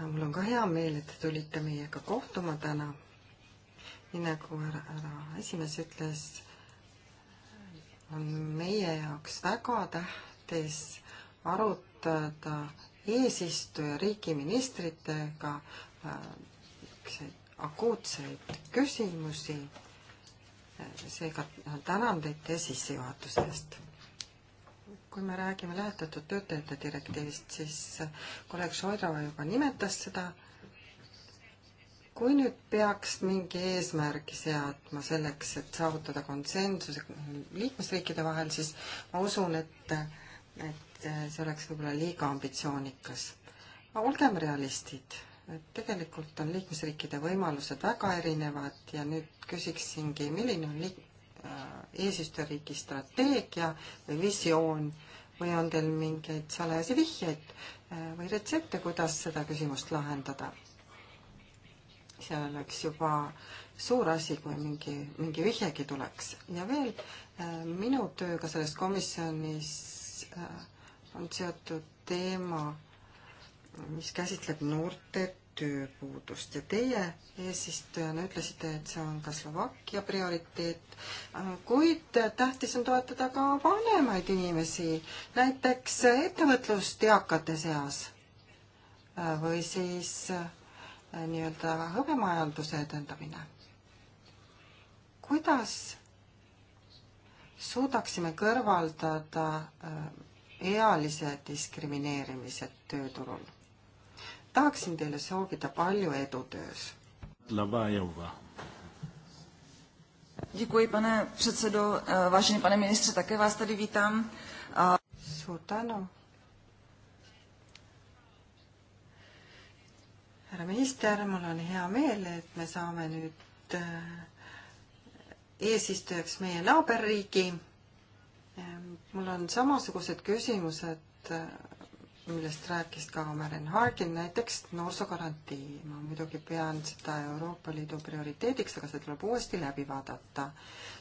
A: Äh, mul on ka hea meel, et te tulite meiega kohtuma täna nii nagu härra, härra esimees ütles, on meie jaoks väga tähtis arutada eesistujariigi ministritega äh, akuutseid küsimusi. seega tänan teid teie sissejuhatuse eest. kui me räägime lähetatud töötajate direktiivist, siis kolleeg Šoidrova juba nimetas seda kui nüüd peaks mingi eesmärgi seadma selleks, et saavutada konsensus liikmesriikide vahel, siis ma usun, et, et see oleks võib-olla liiga ambitsioonikas. olgem realistid, et tegelikult on liikmesriikide võimalused väga erinevad ja nüüd küsiksingi, milline on liik-, äh, eesistujariigi strateegia või visioon või on teil mingeid salajasi vihjeid äh, või retsepte, kuidas seda küsimust lahendada see oleks juba suur asi, kui mingi, mingi vihjegi tuleks. ja veel äh, minu tööga selles komisjonis äh, on seotud teema, mis käsitleb noorte tööpuudust ja teie eesistujana ütlesite, et see on ka Slovakkia prioriteet, äh, kuid tähtis on toetada ka vanemaid inimesi, näiteks ettevõtlust eakate seas või siis nii-öelda hõbemajanduse edendamine. kuidas suudaksime kõrvaldada äh, ealise diskrimineerimise tööturul? tahaksin teile soovida palju edu töös. Děkuji, pane předsedo. Vážený pane ministře, také vás tady vítám. Suur tänu. härra minister, mul on hea meel, et me saame nüüd äh, eesistujaks meie naaberriigi. Äh, mul on samasugused küsimused äh, millest rääkis ka Maren Harkin, näiteks noorsoogarantii. ma muidugi pean seda Euroopa Liidu prioriteediks, aga see tuleb uuesti läbi vaadata,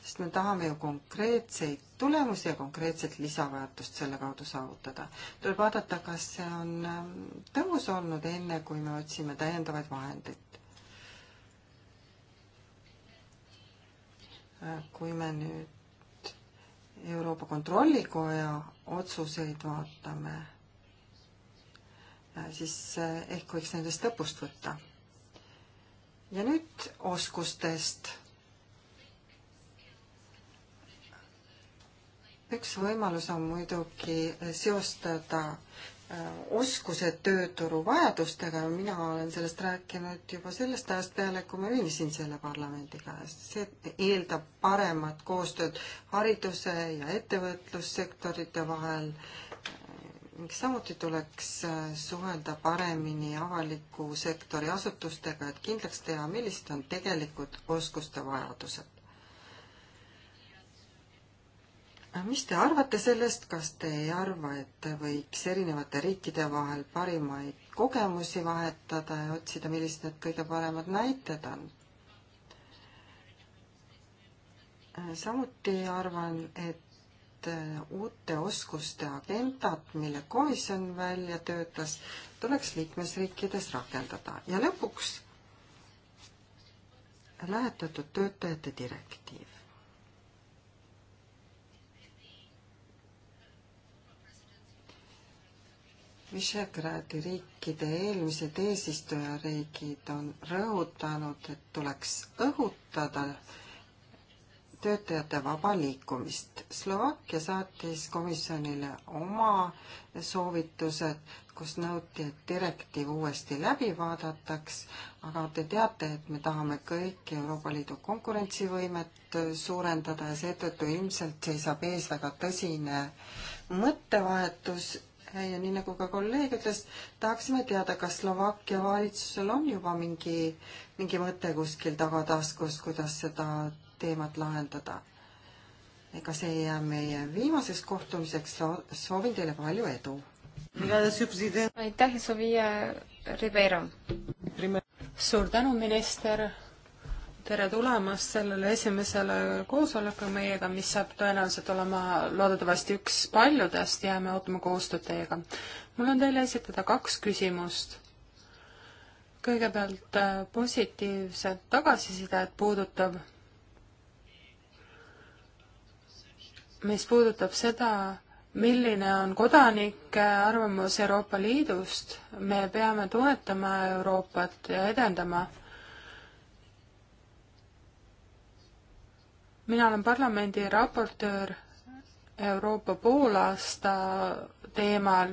A: sest me tahame ju konkreetseid tulemusi ja konkreetset lisaväärtust selle kaudu saavutada. tuleb vaadata, kas see on ähm, tõhus olnud, enne kui me otsime täiendavaid vahendeid. Äh, kui me nüüd Euroopa Kontrollikoja otsuseid vaatame Äh, siis äh, ehk võiks nendest lõpust võtta. ja nüüd oskustest. üks võimalus on muidugi seostada äh, oskused tööturu vajadustega, mina olen sellest rääkinud juba sellest ajast peale, kui ma ühinesin selle parlamendiga. see eeldab paremat koostööd hariduse ja ettevõtlussektorite vahel samuti tuleks äh, suhelda paremini avaliku sektori asutustega, et kindlaks teha, millised on tegelikud oskuste vajadused. Äh, mis te arvate sellest, kas te ei arva, et võiks erinevate riikide vahel parimaid kogemusi vahetada ja otsida, millised need kõige paremad näited on? Äh, samuti arvan, et Äh, uute oskuste agendat, mille komisjon välja töötas, tuleks liikmesriikides rakendada ja lõpuks lähetatud töötajate direktiiv. Visegradi riikide eelmised eesistujariigid on rõhutanud, et tuleks õhutada äh, töötajate vaba liikumist. Slovakkia saatis komisjonile oma soovitused, kus nõuti, et direktiiv uuesti läbi vaadataks, aga te teate, et me tahame kõik Euroopa Liidu konkurentsivõimet suurendada ja seetõttu ilmselt seisab ees väga tõsine mõttevahetus ja nii nagu ka kolleeg ütles, tahaksime teada, kas Slovakkia valitsusel on juba mingi, mingi mõte kuskil tagataskus, kuidas seda teemat lahendada. ega see ei jää meie viimaseks kohtumiseks, soovin teile palju edu. aitäh, Sofia Ribeiro. suur tänu, minister
C: tere tulemast sellele esimesele koosolekule meiega, mis saab tõenäoliselt olema loodetavasti üks paljudest, jääme ootama koostööd teiega. mul on teile esitada kaks küsimust. kõigepealt äh, positiivset tagasisidet puudutav mis puudutab seda, milline on kodanike arvamus Euroopa Liidust, me peame toetama Euroopat ja edendama. mina olen parlamendi raportöör Euroopa poolaasta teemal,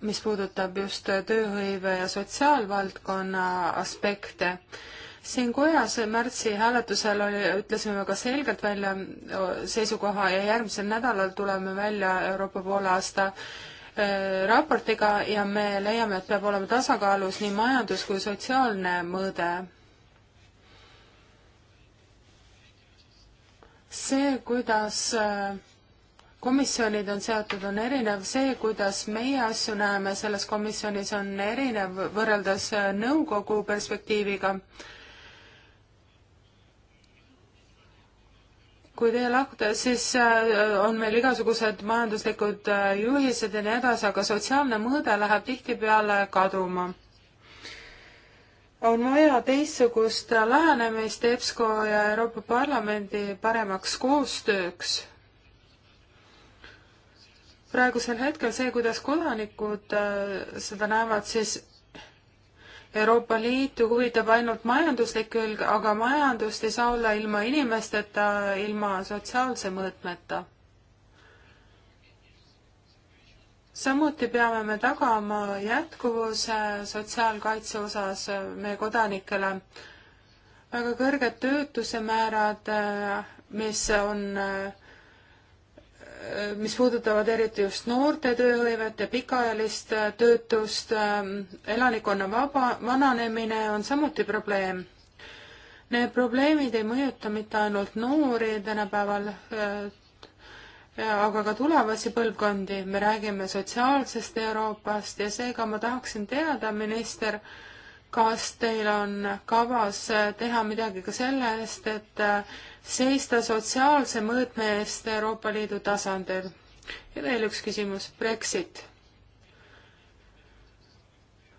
C: mis puudutab just tööhõive ja sotsiaalvaldkonna aspekte siin kojas märtsi hääletusel oli, ütlesime ka selgelt välja seisukoha ja järgmisel nädalal tuleme välja Euroopa poolaasta raportiga ja me leiame, et peab olema tasakaalus nii majandus kui sotsiaalne mõõde. see, kuidas komisjonid on seotud, on erinev, see, kuidas meie asju näeme selles komisjonis, on erinev võrreldes nõukogu perspektiiviga kui teie lahkute, siis äh, on meil igasugused majanduslikud äh, juhised ja nii edasi, aga sotsiaalne mõõde läheb tihtipeale kaduma. on vaja teistsugust lähenemist EBSCO ja Euroopa Parlamendi paremaks koostööks. praegusel hetkel see, kuidas kodanikud äh, seda näevad, siis Euroopa Liitu huvitab ainult majanduslik külg, aga majandust ei saa olla ilma inimesteta, ilma sotsiaalse mõõtmeta. samuti peame me tagama jätkuvuse sotsiaalkaitse osas meie kodanikele. väga kõrged töötuse määrad, mis on äh, Äh, mis puudutavad eriti just noorte tööhõivet ja pikaajalist äh, töötust, ähm, elanikkonna vaba, vananemine on samuti probleem. Need probleemid ei mõjuta mitte ainult noori tänapäeval, äh, aga ka tulevasi põlvkondi. me räägime sotsiaalsest Euroopast ja seega ma tahaksin teada, minister, kas teil on kavas teha midagi ka selle eest, et seista sotsiaalse mõõtme eest Euroopa Liidu tasandil. ja veel üks küsimus, Brexit.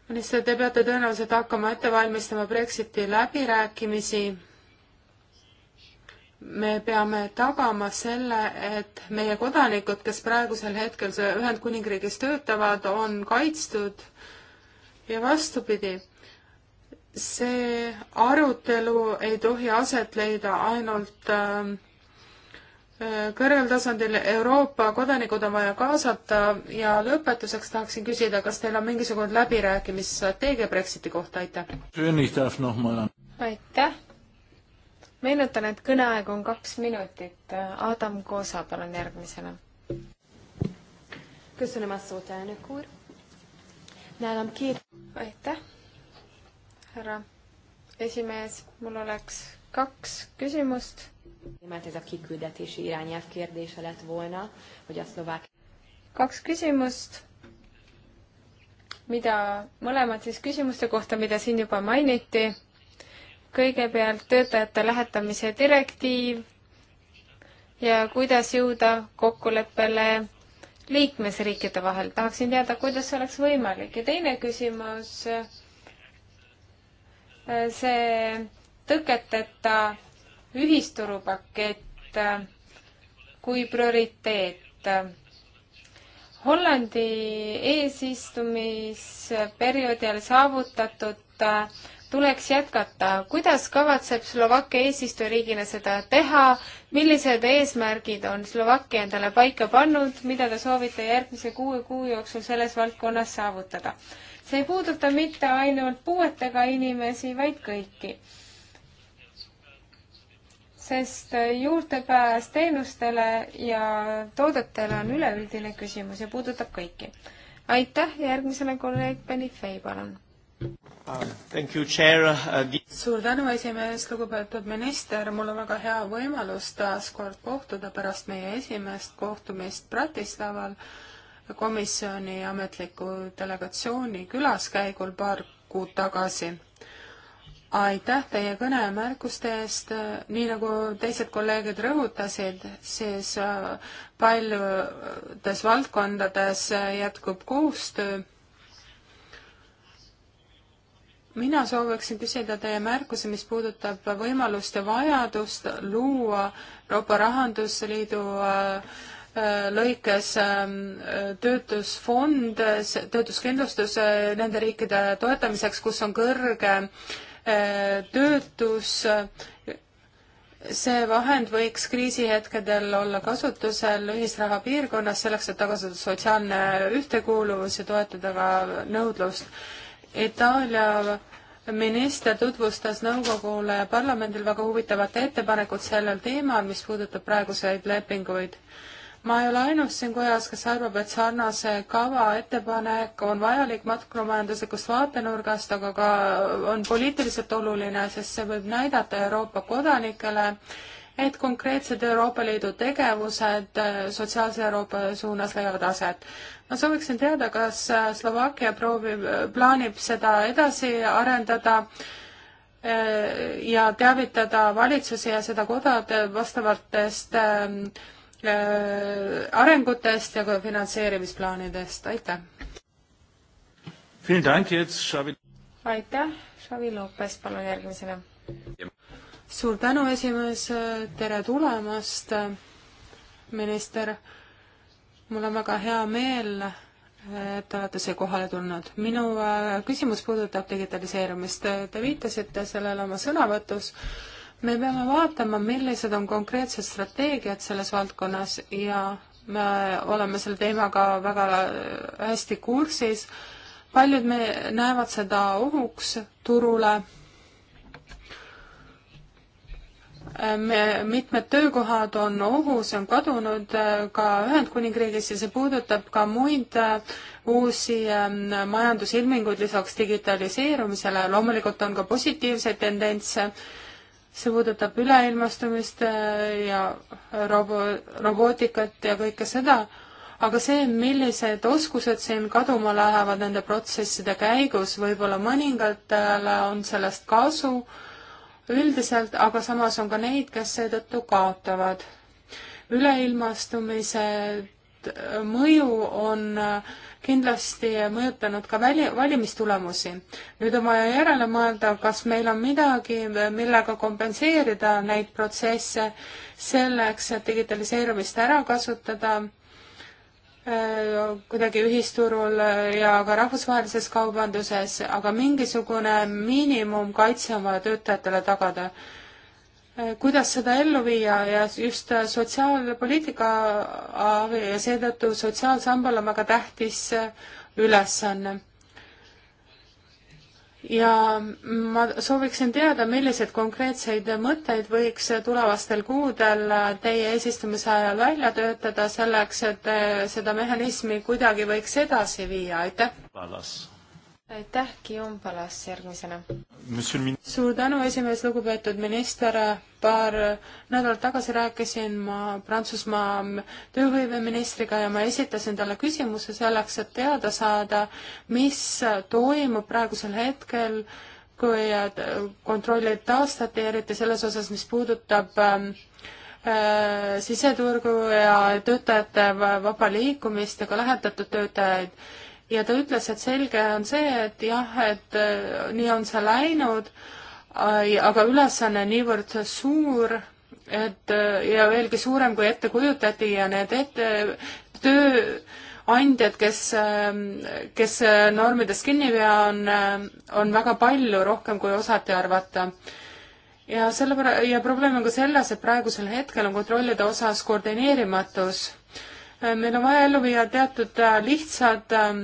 C: minister, te peate tõenäoliselt hakkama ette valmistama Brexiti läbirääkimisi. me peame tagama selle, et meie kodanikud, kes praegusel hetkel Ühendkuningriigis töötavad, on kaitstud ja vastupidi see arutelu ei tohi aset leida ainult ähm, äh, kõrgel tasandil Euroopa kodanikud on vaja kaasata ja lõpetuseks tahaksin küsida, kas teil on mingisugune läbirääkimisstrateegia Brexiti kohta, aitäh!
B: aitäh! meenutan, et kõneaeg on kaks minutit. Adam Koosa, palun järgmisena. aitäh! härra esimees, mul oleks kaks küsimust. nimelt ez a kiküldetési irányelv kérdése lett volna, hogy a szlovák. kaks küsimust, mida mõlemad siis küsimuste kohta, mida siin juba mainiti. kõigepealt töötajate lähetamise direktiiv ja kuidas jõuda kokkuleppele liikmesriikide vahel. tahaksin teada, kuidas see oleks võimalik ja teine küsimus see tõketeta ühisturupakett kui prioriteet. Hollandi eesistumisperioodil saavutatud tuleks jätkata. kuidas kavatseb Slovakkia eesistujariigina seda teha, millised eesmärgid on Slovakkia endale paika pannud, mida te soovite järgmise kuue kuu jooksul selles valdkonnas saavutada? see ei puuduta mitte ainult puuetega inimesi, vaid kõiki. sest juurdepääs teenustele ja toodetele on üleüldine küsimus ja puudutab kõiki. aitäh, järgmisele kolleeg Benifei, palun
A: um, You, uh,
B: suur tänu, esimees,
C: lugupeetud minister, mul on väga hea võimalus taas kord kohtuda pärast meie esimest kohtumist Bratislaval komisjoni ametliku delegatsiooni külaskäigul paar kuud tagasi. aitäh teie kõne ja märkuste eest, nii nagu teised kolleegid rõhutasid, siis äh, paljudes valdkondades äh, jätkub koostöö. mina sooviksin küsida teie märkusi, mis puudutab võimalust ja vajadust luua Euroopa Rahandusliidu äh, lõikes ähm, töötusfond, töötuskindlustus äh, nende riikide toetamiseks, kus on kõrge äh, töötus. see vahend võiks kriisihetkedel olla kasutusel ühisraha piirkonnas selleks, et tagada sotsiaalne ühtekuuluvus ja toetada ka nõudlust. Itaalia minister tutvustas nõukogule ja parlamendil väga huvitavat ettepanekut sellel teemal, mis puudutab praeguseid lepinguid ma ei ole ainus siin kojas, kes arvab, et sarnase kava ettepanek on vajalik makromajanduslikust vaatenurgast, aga ka on poliitiliselt oluline, sest see võib näidata Euroopa kodanikele, et konkreetsed Euroopa Liidu tegevused äh, sotsiaalse Euroopa suunas leiavad aset. ma sooviksin teada, kas äh, Slovakkia proovib, äh, plaanib seda edasi arendada ja teavitada valitsusi ja seda koda vastavatest ähm, Äh, arengutest ja ka finantseerimisplaanidest, aitäh! aitäh, Xavi Lopes, palun järgmisena. suur tänu, esimees, tere tulemast, minister. mul on väga hea meel, et te olete siia kohale tulnud. minu äh, küsimus puudutab digitaliseerimist. Te viitasite sellele oma sõnavõtus me peame vaatama, millised on konkreetsed strateegiad selles valdkonnas ja me oleme selle teemaga väga hästi kursis. paljud me näevad seda ohuks turule. me, mitmed töökohad on ohus, on kadunud äh, ka Ühendkuningriigis ja see puudutab ka muid äh, uusi ähm, majandusilminguid lisaks digitaliseerumisele. loomulikult on ka positiivseid tendentse see puudutab üleilmastumist äh, ja robo-, robootikat ja kõike seda, aga see, millised oskused siin kaduma lähevad nende protsesside käigus, võib-olla mõningatele on sellest kasu üldiselt, aga samas on ka neid, kes seetõttu kaotavad. üleilmastumise äh, mõju on äh, kindlasti mõjutanud ka väli, valimistulemusi. nüüd on vaja järele mõelda, kas meil on midagi, millega kompenseerida neid protsesse selleks, et digitaliseerumist ära kasutada äh, kuidagi ühisturul ja ka rahvusvahelises kaubanduses, aga mingisugune miinimumkaitse on vaja töötajatele tagada. Äh, kuidas seda ellu viia ja just äh, sotsiaalpoliitika ja seetõttu sotsiaalsambal on väga tähtis äh, ülesanne. ja ma sooviksin teada, milliseid konkreetseid mõtteid võiks tulevastel kuudel teie eesistumise ajal välja töötada selleks, et seda mehhanismi kuidagi võiks edasi viia, aitäh! aitäh, Guillaume Palas järgmisena. suur tänu, esimees, lugupeetud minister, paar nädalat tagasi rääkisin ma Prantsusmaa tööhõiveministriga ja ma esitasin talle küsimuse selleks, et teada saada, mis toimub praegusel hetkel, kui äh, kontrollid taastati, eriti selles osas, mis puudutab ähm, äh, siseturgu ja töötajate vaba liikumist ja ka lähetatud töötajaid ja ta ütles, et selge on see, et jah, et äh, nii on see läinud, aga ülesanne niivõrd suur, et äh, ja veelgi suurem, kui ette kujutati ja need ette, tööandjad, kes, ähm, kes äh, normidest kinni pea on, on väga palju, rohkem kui osati arvata ja selle, ja probleem on ka selles, et praegusel hetkel on kontrollide osas koordineerimatus Äh, meil on vaja ellu viia teatud äh, lihtsad ähm,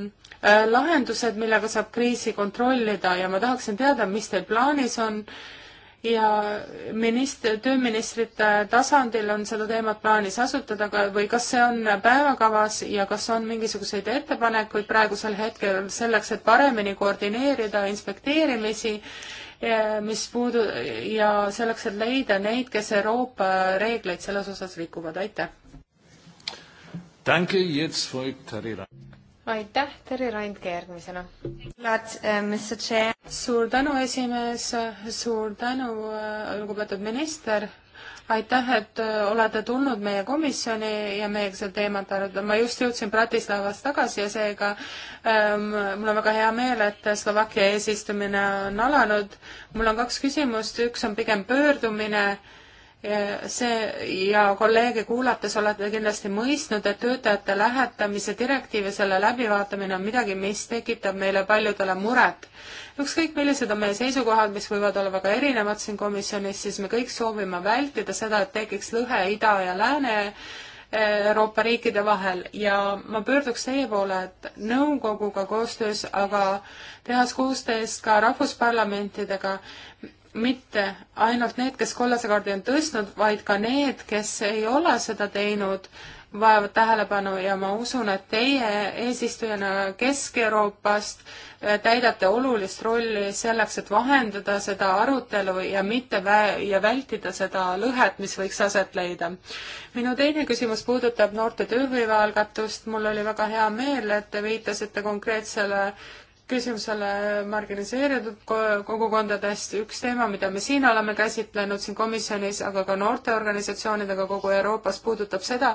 C: äh, lahendused, millega saab kriisi kontrollida ja ma tahaksin teada, mis teil plaanis on ja minist-, tööministrite tasandil on seda teemat plaanis asutada ka või kas see on päevakavas ja kas on mingisuguseid ettepanekuid praegusel hetkel selleks, et paremini koordineerida inspekteerimisi, mis puudu- ja selleks, et leida neid, kes Euroopa reegleid selles osas rikuvad, aitäh! aitäh, Terri Randke järgmisena. Äh, suur tänu, esimees, suur tänu, äh, lugupeetud minister aitäh, et äh, olete tulnud meie komisjoni ja meiega seda teemat arutama. ma just jõudsin Bratislavast tagasi ja seega ähm, mul on väga hea meel, et Slovakkia eesistumine on alanud. mul on kaks küsimust, üks on pigem pöördumine äh, see ja kolleege kuulates olete kindlasti mõistnud, et töötajate lähetamise direktiiv ja selle läbivaatamine on midagi, mis tekitab meile paljudele muret. ükskõik, millised on meie seisukohad, mis võivad olla väga erinevad siin komisjonis, siis me kõik soovime vältida seda, et tekiks lõhe Ida ja Lääne eh, Euroopa riikide vahel ja ma pöörduks teie poole, et nõukoguga koostöös, aga tehas koostöös ka rahvusparlamentidega, mitte ainult need, kes kollase kaardi on tõstnud, vaid ka need, kes ei ole seda teinud, vajavad tähelepanu ja ma usun, et teie eesistujana Kesk-Euroopast äh, täidate olulist rolli selleks, et vahendada seda arutelu ja mitte vä- ja vältida seda lõhet, mis võiks aset leida. minu teine küsimus puudutab noorte tööhõivealgatust. mul oli väga hea meel, et te viitasite konkreetsele küsimusele marginaliseeritud kogukondadest, üks teema, mida me siin oleme käsitlenud siin komisjonis, aga ka noorteorganisatsioonidega kogu Euroopas, puudutab seda,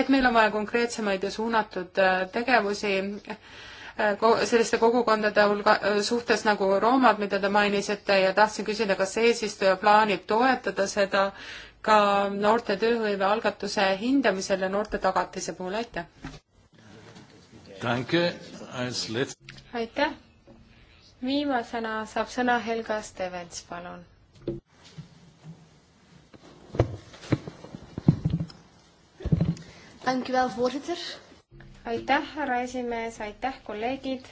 C: et meil on vaja konkreetsemaid ja suunatud äh, tegevusi äh, selliste kogukondade hulga, äh, suhtes nagu roomad, mida te mainisite ja tahtsin küsida, kas eesistuja plaanib toetada seda ka noorte tööhõive algatuse hindamisel ja noorte
B: tagatise puhul, aitäh! aitäh. viimasena saab sõna Helga Stevens, palun. aitäh, härra esimees, aitäh, kolleegid.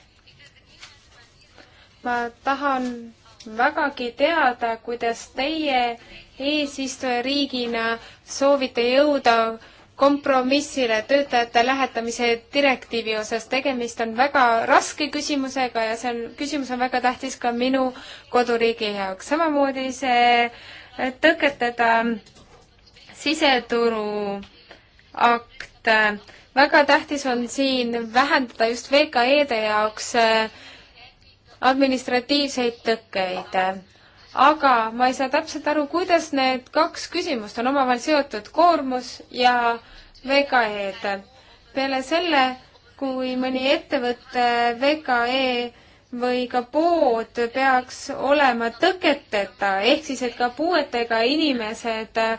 B: ma tahan vägagi teada, kuidas teie eesistujariigina soovite jõuda kompromissile töötajate lähetamise direktiivi osas. tegemist on väga raske küsimusega ja see on, küsimus on väga tähtis ka minu koduriigi jaoks. samamoodi see tõketada siseturu akt. väga tähtis on siin vähendada just VKE-de jaoks administratiivseid tõkkeid aga ma ei saa täpselt aru, kuidas need kaks küsimust on omavahel seotud, koormus ja VKE-d. peale selle, kui mõni ettevõte, VKE või ka pood peaks olema tõketeta, ehk siis, et ka puuetega inimesed äh,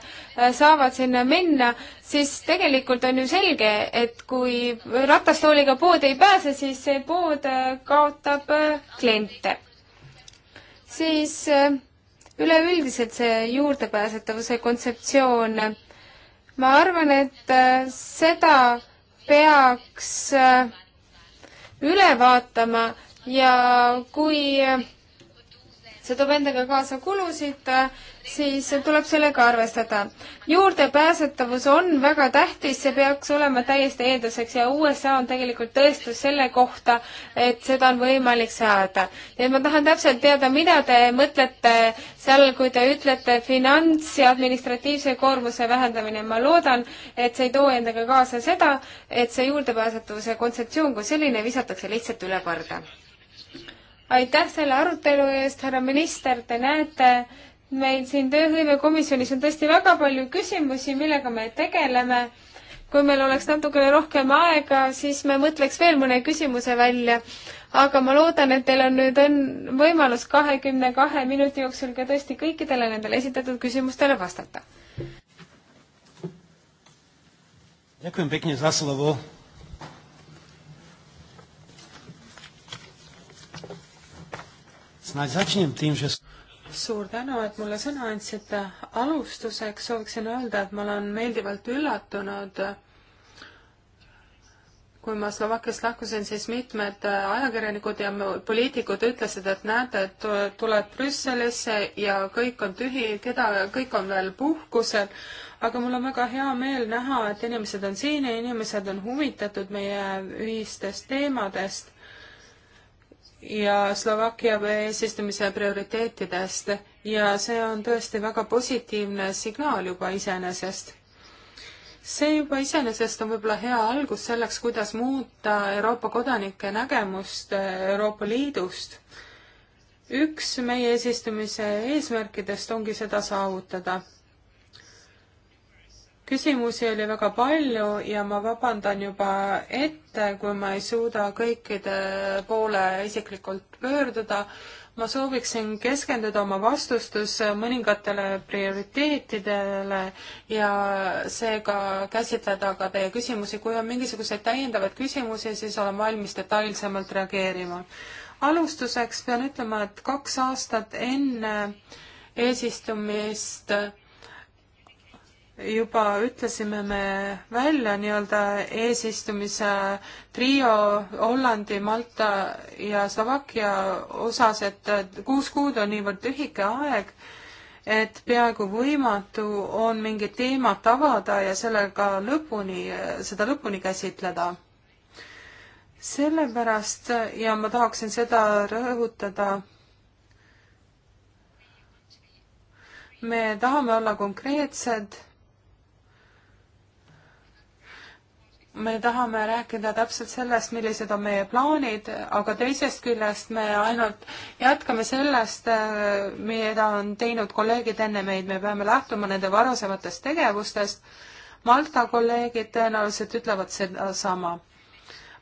B: saavad sinna minna, siis tegelikult on ju selge, et kui ratastooliga pood ei pääse, siis see pood äh, kaotab äh, kliente siis äh, üleüldiselt see juurdepääsetavuse kontseptsioon, ma arvan, et äh, seda peaks äh, üle vaatama ja kui see toob endaga kaasa kulusid, äh, siis tuleb sellega arvestada. juurdepääsetavus on väga tähtis, see peaks olema täiesti eelduseks ja USA on tegelikult tõestus selle kohta, et seda on võimalik saada. nii et ma tahan täpselt teada, mida te mõtlete seal, kui te ütlete finants ja administratiivse koormuse vähendamine. ma loodan, et see ei too endaga kaasa seda, et see juurdepääsetavuse kontseptsioon kui selline visatakse lihtsalt üle korda aitäh selle arutelu eest, härra minister, te näete, meil siin tööhõivekomisjonis on tõesti väga palju küsimusi, millega me tegeleme. kui meil oleks natukene rohkem aega, siis me mõtleks veel mõne küsimuse välja. aga ma loodan, et teil on nüüd on võimalus kahekümne kahe minuti jooksul ka tõesti kõikidele nendele esitatud küsimustele vastata.
A: Ďakujem pekne
C: za slovo. suur tänu, et mulle sõna andsite. alustuseks sooviksin öelda, et ma olen meeldivalt üllatunud. kui ma Slovakkiast lahkusin, siis mitmed äh, ajakirjanikud ja poliitikud ütlesid, et näete, et tuled Brüsselisse ja kõik on tühi, keda, kõik on veel puhkusel. aga mul on väga hea meel näha, et inimesed on siin ja inimesed on huvitatud meie ühistest teemadest ja Slovakkia eesistumise prioriteetidest ja see on tõesti väga positiivne signaal juba iseenesest. see juba iseenesest on võib-olla hea algus selleks, kuidas muuta Euroopa kodanike nägemust Euroopa Liidust. üks meie eesistumise eesmärkidest ongi seda saavutada küsimusi oli väga palju ja ma vabandan juba ette, kui ma ei suuda kõikide poole isiklikult pöörduda. ma sooviksin keskenduda oma vastustes mõningatele prioriteetidele ja seega käsitleda ka teie küsimusi. kui on mingisuguseid täiendavaid küsimusi, siis olen valmis detailsemalt reageerima. alustuseks pean ütlema, et kaks aastat enne eesistumist juba ütlesime me välja nii-öelda eesistumise trio Hollandi, Malta ja Slovakkia osas, et kuus kuud on niivõrd lühike aeg, et peaaegu võimatu on mingit teemat avada ja sellega lõpuni, seda lõpuni käsitleda. sellepärast ja ma tahaksin seda rõhutada me tahame olla konkreetsed me tahame rääkida täpselt sellest, millised on meie plaanid, aga teisest küljest me ainult jätkame sellest, mida on teinud kolleegid enne meid, me peame lähtuma nende varasematest tegevustest. Malta kolleegid tõenäoliselt ütlevad sedasama.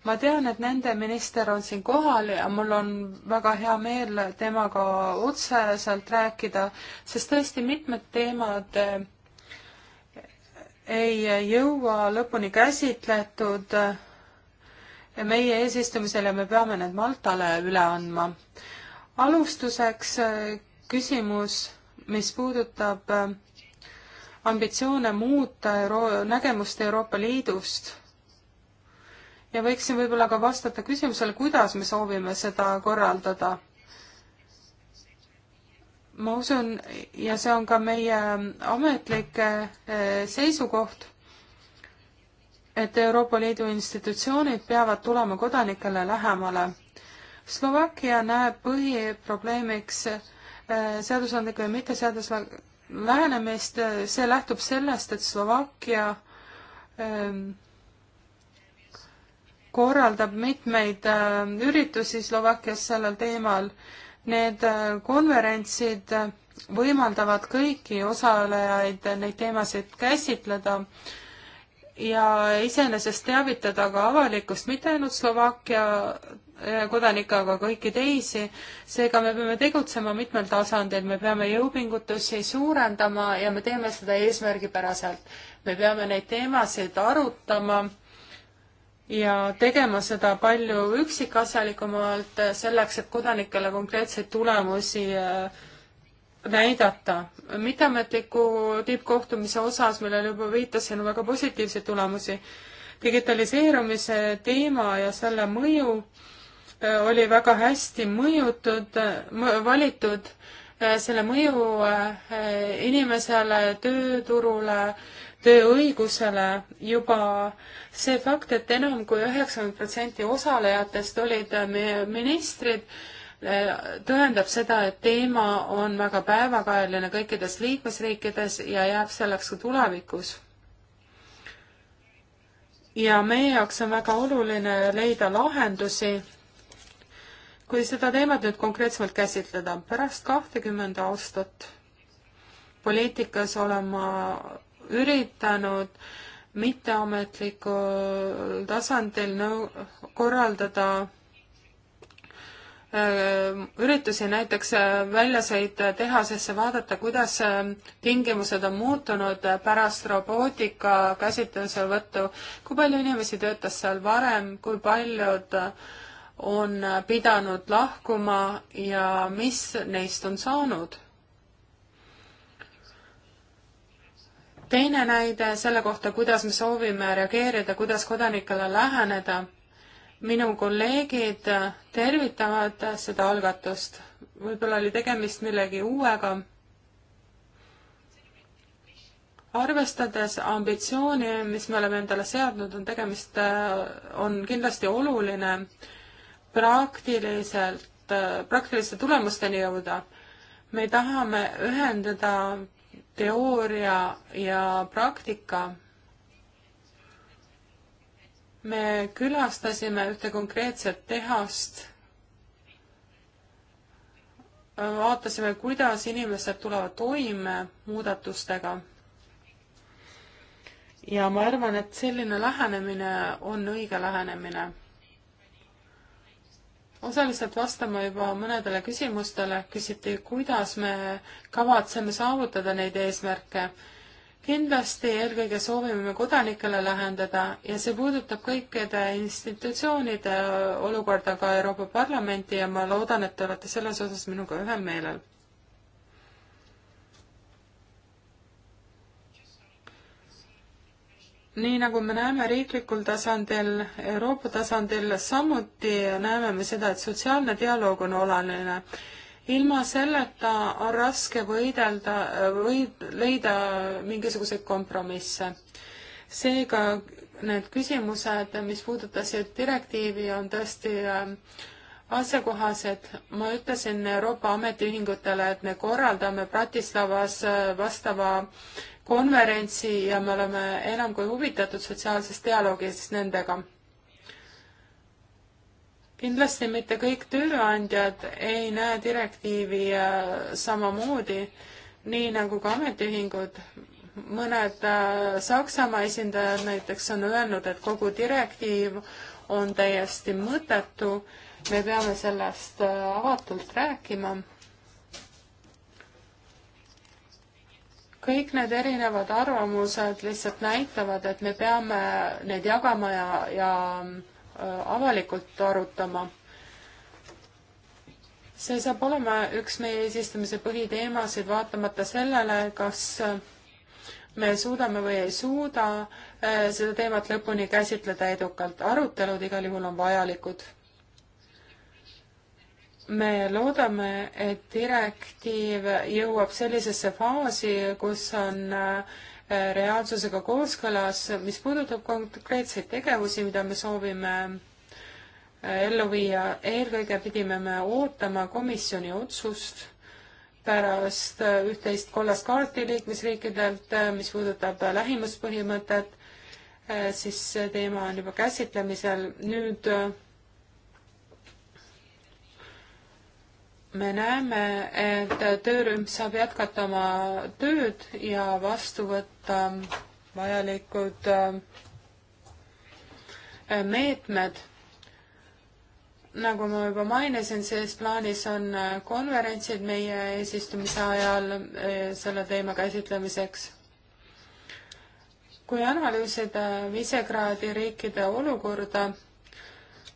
C: ma tean, et nende minister on siin kohal ja mul on väga hea meel temaga otseselt rääkida, sest tõesti mitmed teemad ei jõua lõpuni käsitletud meie eesistumisel ja me peame need Maltale üle andma. alustuseks äh, küsimus, mis puudutab äh, ambitsioone muuta euro-, nägemust Euroopa Liidust ja võiksin võib-olla ka vastata küsimusele, kuidas me soovime seda korraldada ma usun ja see on ka meie ametlik äh, seisukoht, et Euroopa Liidu institutsioonid peavad tulema kodanikele lähemale. Slovakkia näeb põhiprobleemiks äh, seadusandlikku ja mitteseaduslikku lähenemist, äh, see lähtub sellest, et Slovakkia ähm, korraldab mitmeid üritusi Slovakkias sellel teemal Need äh, konverentsid äh, võimaldavad kõiki osalejaid neid teemasid käsitleda ja iseenesest teavitada ka avalikkust, mitte ainult Slovakkia äh, kodanikke, aga kõiki teisi. seega me peame tegutsema mitmel tasandil, me peame jõupingutusi suurendama ja me teeme seda eesmärgipäraselt. me peame neid teemasid arutama ja tegema seda palju üksikasjalikumalt selleks, et kodanikele konkreetseid tulemusi äh, näidata. mitteametliku tippkohtumise osas, millele juba viitasin, on väga positiivseid tulemusi. digitaliseerumise teema ja selle mõju äh, oli väga hästi mõjutud, valitud äh, selle mõju inimesele, tööturule, tööõigusele juba see fakt, et enam kui üheksakümmend protsenti osalejatest olid äh, ministrid, äh, tõendab seda, et teema on väga päevakajaline kõikides liikmesriikides ja jääb selleks ka tulevikus. ja meie jaoks on väga oluline leida lahendusi, kui seda teemat nüüd konkreetsemalt käsitleda. pärast kahtekümmend aastat poliitikas olen ma üritanud mitteametlikul tasandil nõu-, korraldada äh, üritusi näiteks äh, väljasõit tehasesse vaadata, kuidas äh, tingimused on muutunud pärast robootika käsitlusevõttu, kui palju inimesi töötas seal varem, kui paljud on pidanud lahkuma ja mis neist on saanud? teine näide selle kohta, kuidas me soovime reageerida, kuidas kodanikele läheneda. minu kolleegid tervitavad seda algatust. võib-olla oli tegemist millegi uuega. arvestades ambitsiooni, mis me oleme endale seadnud, on tegemist, on kindlasti oluline praktiliselt, praktiliste tulemusteni jõuda me tahame ühendada teooria ja praktika. me külastasime ühte konkreetset tehast, vaatasime, kuidas inimesed tulevad toime muudatustega. ja ma arvan, et selline lähenemine on õige lähenemine osaliselt vastama juba mõnedele küsimustele, küsiti, kuidas me kavatseme saavutada neid eesmärke. kindlasti eelkõige soovime me kodanikele lähendada ja see puudutab kõikide institutsioonide olukorda, ka Euroopa Parlamenti ja ma loodan, et te olete selles osas minuga ühel meelel nii nagu me näeme riiklikul tasandil, Euroopa tasandil, samuti näeme me seda, et sotsiaalne dialoog on oluline. ilma selleta on raske võidelda või leida mingisuguseid kompromisse. seega need küsimused, mis puudutasid direktiivi, on tõesti äh, asjakohased. ma ütlesin Euroopa ametiühingutele, et me korraldame Bratislavas äh, vastava äh, konverentsi ja me oleme enam kui huvitatud sotsiaalsest dialoogist nendega. kindlasti mitte kõik tööandjad ei näe direktiivi äh, samamoodi, nii nagu ka ametiühingud. mõned äh, Saksamaa esindajad näiteks on öelnud, et kogu direktiiv on täiesti mõttetu, me peame sellest äh, avatult rääkima kõik need erinevad arvamused lihtsalt näitavad, et me peame need jagama ja, ja äh, avalikult arutama. see saab olema üks meie eesistumise põhiteemasid, vaatamata sellele, kas äh, me suudame või ei suuda äh, seda teemat lõpuni käsitleda edukalt. arutelud igal juhul on vajalikud me loodame, et direktiiv jõuab sellisesse faasi, kus on äh, reaalsusega kooskõlas, mis puudutab konkreetseid tegevusi, mida me soovime äh, ellu viia, eelkõige pidime me ootama komisjoni otsust pärast äh, üht-teist kollast kaarti liikmesriikidelt, mis puudutab lähimuspõhimõtet, siis see teema on juba käsitlemisel. nüüd me näeme, et töörühm saab jätkata oma tööd ja vastu võtta vajalikud äh, meetmed. nagu ma juba mainisin, siis plaanis on äh, konverentsid meie eesistumise ajal äh, selle teema käsitlemiseks. kui analüüsida Visegradi riikide olukorda,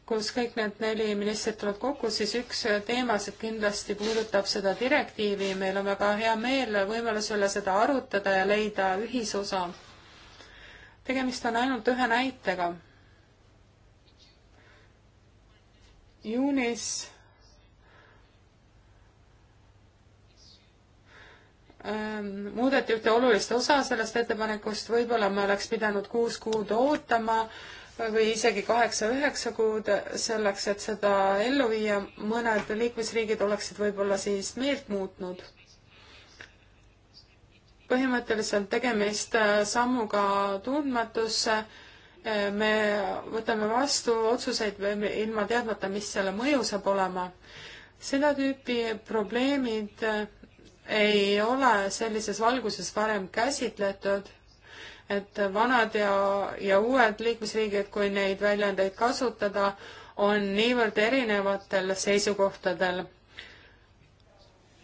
C: kus kõik need neli ministrit tulevad kokku, siis üks teemasid kindlasti puudutab seda direktiivi, meil on väga hea meel võimaluse üle seda arutada ja leida ühisosa. tegemist on ainult ühe näitega. juunis ähm, muudeti ühte olulist osa sellest ettepanekust, võib-olla ma oleks pidanud kuus kuud ootama äh, või isegi kaheksa-üheksa kuud selleks, et seda ellu viia, mõned liikmesriigid oleksid võib-olla siis meelt muutnud. põhimõtteliselt tegemist sammuga tundmatusse, me võtame vastu otsuseid ilma teadmata, mis selle mõju saab olema. seda tüüpi probleemid ei ole sellises valguses varem käsitletud et vanad ja, ja uued liikmesriigid, kui neid väljendeid kasutada, on niivõrd erinevatel seisukohtadel.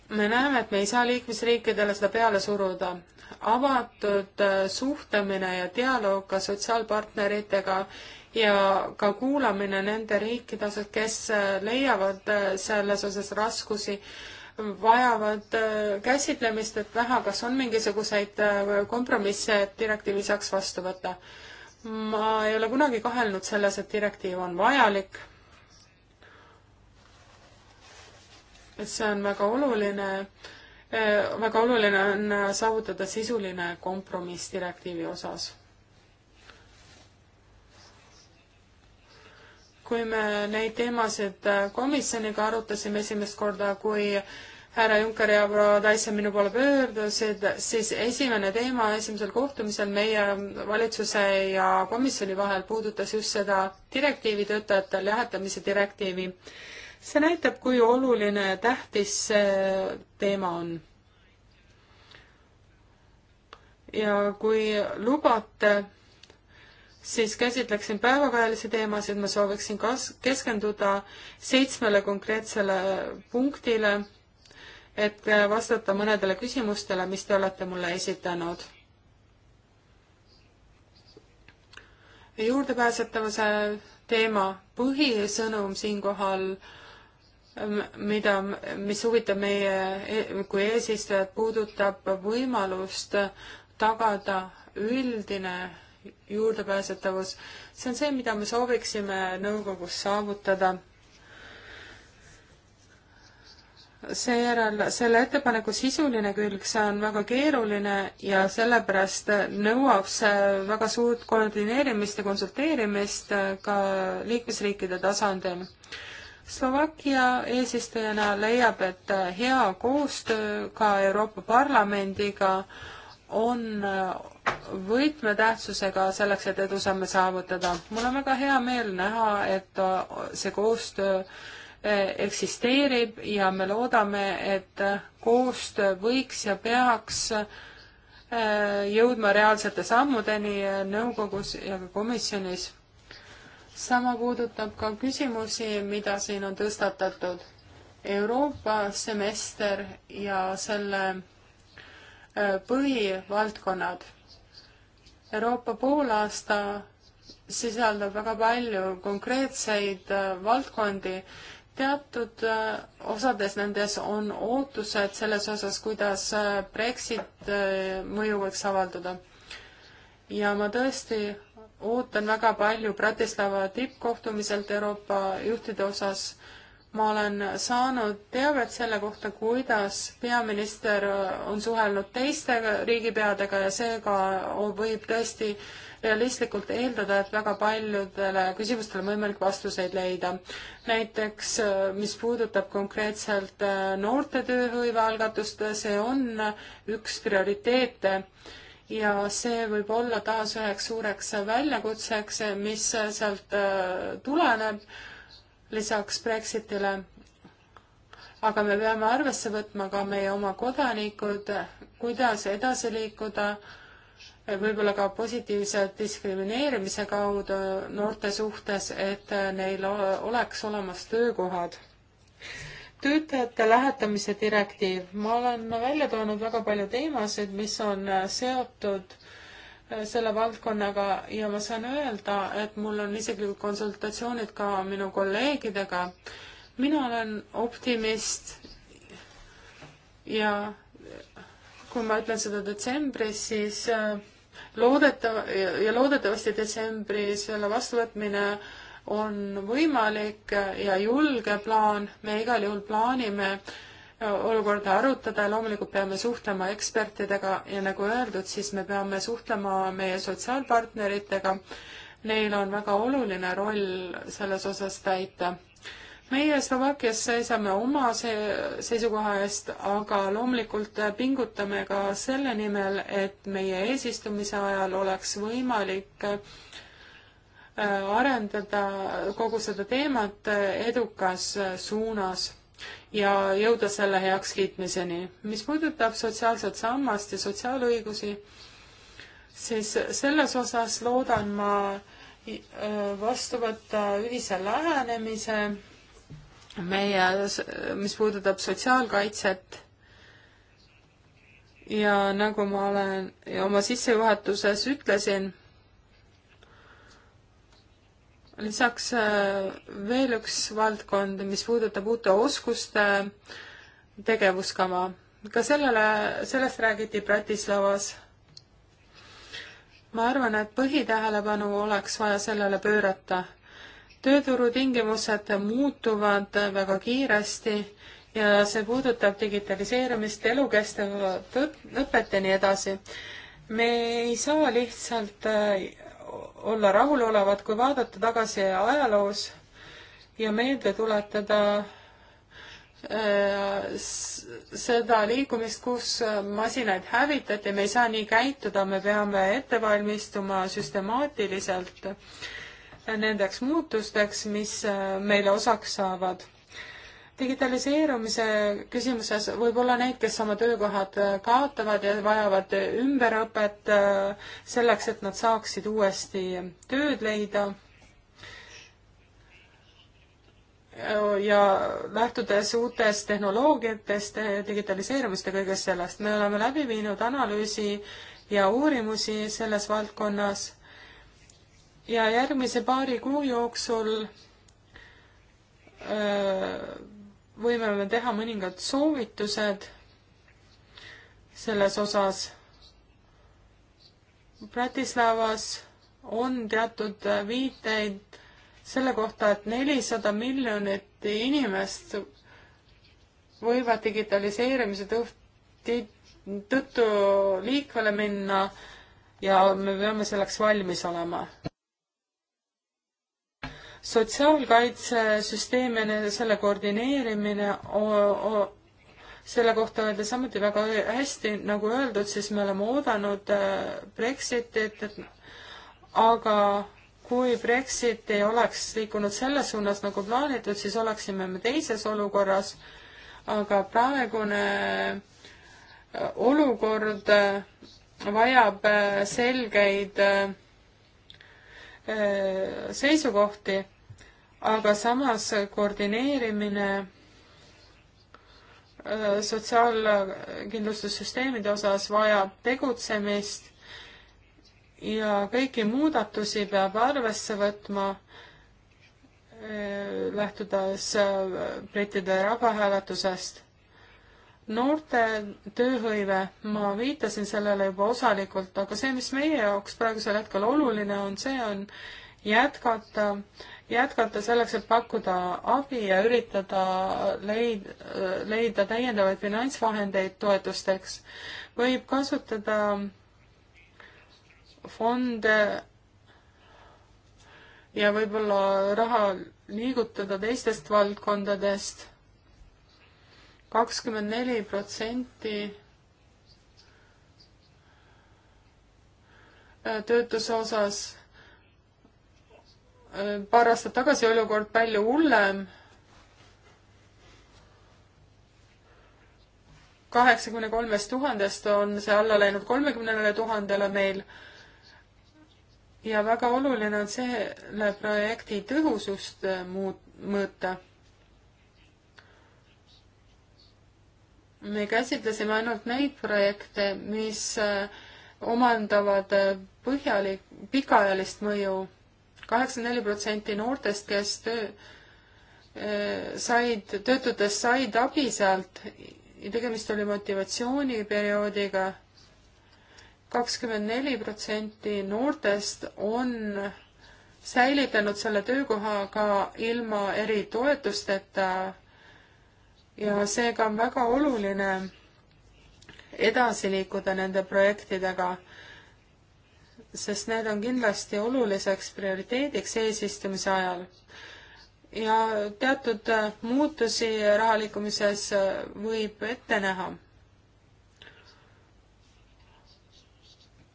C: me näeme, et me ei saa liikmesriikidele seda peale suruda. avatud äh, suhtlemine ja dialoog ka sotsiaalpartneritega ja ka kuulamine nende riikide osas, kes äh, leiavad äh, selles osas raskusi vajavad äh, käsitlemist, et näha, kas on mingisuguseid äh, kompromisse, et direktiivi saaks vastu võtta. ma ei ole kunagi kahelnud selles, et direktiiv on vajalik. see on väga oluline, äh, väga oluline on saavutada sisuline kompromiss direktiivi osas kui me neid teemasid äh, komisjoniga arutasime esimest korda, kui härra Juncker ja proua Tyson minu poole pöördusid, siis esimene teema esimesel kohtumisel meie valitsuse ja komisjoni vahel puudutas just seda direktiivi, töötajate lähetamise direktiivi. see näitab, kui oluline ja tähtis see teema on. ja kui lubate siis käsitleksin päevakajalisi teemasid, ma sooviksin kas-, keskenduda seitsmele konkreetsele punktile, et vastata mõnedele küsimustele, mis te olete mulle esitanud. juurdepääsetavuse teema põhisõnum siinkohal, mida, mis huvitab meie e-, kui eesistujat, puudutab võimalust tagada üldine juurdepääsetavus, see on see, mida me sooviksime nõukogus saavutada. seejärel selle ettepaneku sisuline külg, see on väga keeruline ja sellepärast nõuab see väga suurt koordineerimist ja konsulteerimist ka liikmesriikide tasandil Slovakkia eesistujana leiab, et hea koostöö ka Euroopa Parlamendiga on võtmetähtsusega selleks, et edusamme saavutada. mul on väga hea meel näha, et see koostöö eh, eksisteerib ja me loodame, et koostöö võiks ja peaks eh, jõudma reaalsete sammudeni eh, nõukogus ja ka komisjonis. sama puudutab ka küsimusi, mida siin on tõstatatud. Euroopa semester ja selle Äh, põhivaldkonnad. Euroopa poolaasta sisaldab väga palju konkreetseid äh, valdkondi, teatud äh, osades nendes on ootused selles osas, kuidas Brexit mõju võiks avaldada. ja ma tõesti ootan väga palju Bratislava tippkohtumiselt Euroopa juhtide osas ma olen saanud teavet selle kohta, kuidas peaminister on suhelnud teiste riigipeadega ja seega võib tõesti realistlikult eeldada, et väga paljudele küsimustele on võimalik vastuseid leida. näiteks, mis puudutab konkreetselt äh, noorte tööhõive algatust, see on üks prioriteete ja see võib olla taas üheks suureks väljakutseks, mis sealt äh, tuleneb lisaks Brexitile. aga me peame arvesse võtma ka meie oma kodanikud, kuidas edasi liikuda, võib-olla ka positiivse diskrimineerimise kaudu noorte suhtes, et neil oleks olemas töökohad. töötajate lähetamise direktiiv, ma olen välja toonud väga palju teemasid, mis on seotud selle valdkonnaga ja ma saan öelda, et mul on isiklikud konsultatsioonid ka minu kolleegidega. mina olen optimist ja kui ma ütlen seda detsembris, siis äh, loodetav- ja loodetavasti detsembris selle vastuvõtmine on võimalik ja julge plaan, me igal juhul plaanime äh, olukorda arutada, loomulikult peame suhtlema ekspertidega ja nagu öeldud, siis me peame suhtlema meie sotsiaalpartneritega. Neil on väga oluline roll selles osas täita. meie Slovakkias seisame oma see seisukoha eest, aga loomulikult pingutame ka selle nimel, et meie eesistumise ajal oleks võimalik äh, arendada kogu seda teemat äh, edukas suunas ja jõuda selle heakskiitmiseni. mis puudutab sotsiaalset sammast ja sotsiaalõigusi, siis selles osas loodan ma vastu võtta ühise lähenemise meie, mis puudutab sotsiaalkaitset ja nagu ma olen oma sissejuhatuses ütlesin lisaks äh, veel üks valdkond, mis puudutab uute oskuste äh, tegevuskava. ka sellele, sellest räägiti Bratislavas. ma arvan, et põhitähelepanu oleks vaja sellele pöörata. tööturutingimused muutuvad väga kiiresti ja see puudutab digitaliseerimist, elukestev õpet ja nii edasi. me ei saa lihtsalt äh, olla rahulolevad, kui vaadata tagasi ajaloos ja meelde tuletada äh, seda liikumist, kus masinaid hävitati, me ei saa nii käituda, me peame ette valmistuma süstemaatiliselt nendeks muutusteks, mis äh, meile osaks saavad digitaliseerumise küsimuses võib olla neid, kes oma töökohad äh, kaotavad ja vajavad ümberõpet äh, selleks, et nad saaksid uuesti tööd leida. ja lähtudes uutest tehnoloogiatest, äh, digitaliseerumist ja kõigest sellest, me oleme läbi viinud analüüsi ja uurimusi selles valdkonnas ja järgmise paari kuu jooksul öö, võime me teha mõningad soovitused selles osas. Bratislavas on teatud viiteid selle kohta, et nelisada miljonit inimest võivad digitaliseerimise tõttu liikvele minna ja me peame selleks valmis olema sotsiaalkaitsesüsteem ja selle koordineerimine, selle kohta öelda samuti väga hästi, nagu öeldud, siis me oleme oodanud äh, Brexitit, aga kui Brexit ei oleks liikunud selles suunas, nagu plaanitud, siis oleksime me teises olukorras, aga praegune äh, olukord äh, vajab selgeid seisukohti aga samas koordineerimine äh, sotsiaalkindlustussüsteemide osas vajab tegutsemist ja kõiki muudatusi peab arvesse võtma, äh, lähtudes äh, brittide rahvahääletusest. noorte tööhõive, ma viitasin sellele juba osalikult, aga see, mis meie jaoks praegusel hetkel oluline on, see on jätkata jätkata selleks, et pakkuda abi ja üritada leid-, leida täiendavaid finantsvahendeid toetusteks, võib kasutada fonde ja võib-olla raha liigutada teistest valdkondadest. kakskümmend neli protsenti töötuse osas paar aastat tagasi olukord palju hullem. kaheksakümne kolmest tuhandest on see alla läinud kolmekümnele tuhandele meil. ja väga oluline on selle projekti tõhusust muut-, mõõta. me käsitlesime ainult neid projekte, mis äh, omandavad äh, põhjalik, pikaajalist mõju kaheksakümmend neli protsenti noortest, kes töö, eh, said, töötutest said abi sealt ja tegemist oli motivatsiooniperioodiga. kakskümmend neli protsenti noortest on säilitanud selle töökoha ka ilma eritoetusteta ja seega on väga oluline edasi liikuda nende projektidega sest need on kindlasti oluliseks prioriteediks eesistumise ajal. ja teatud äh, muutusi raha liikumises äh, võib ette näha.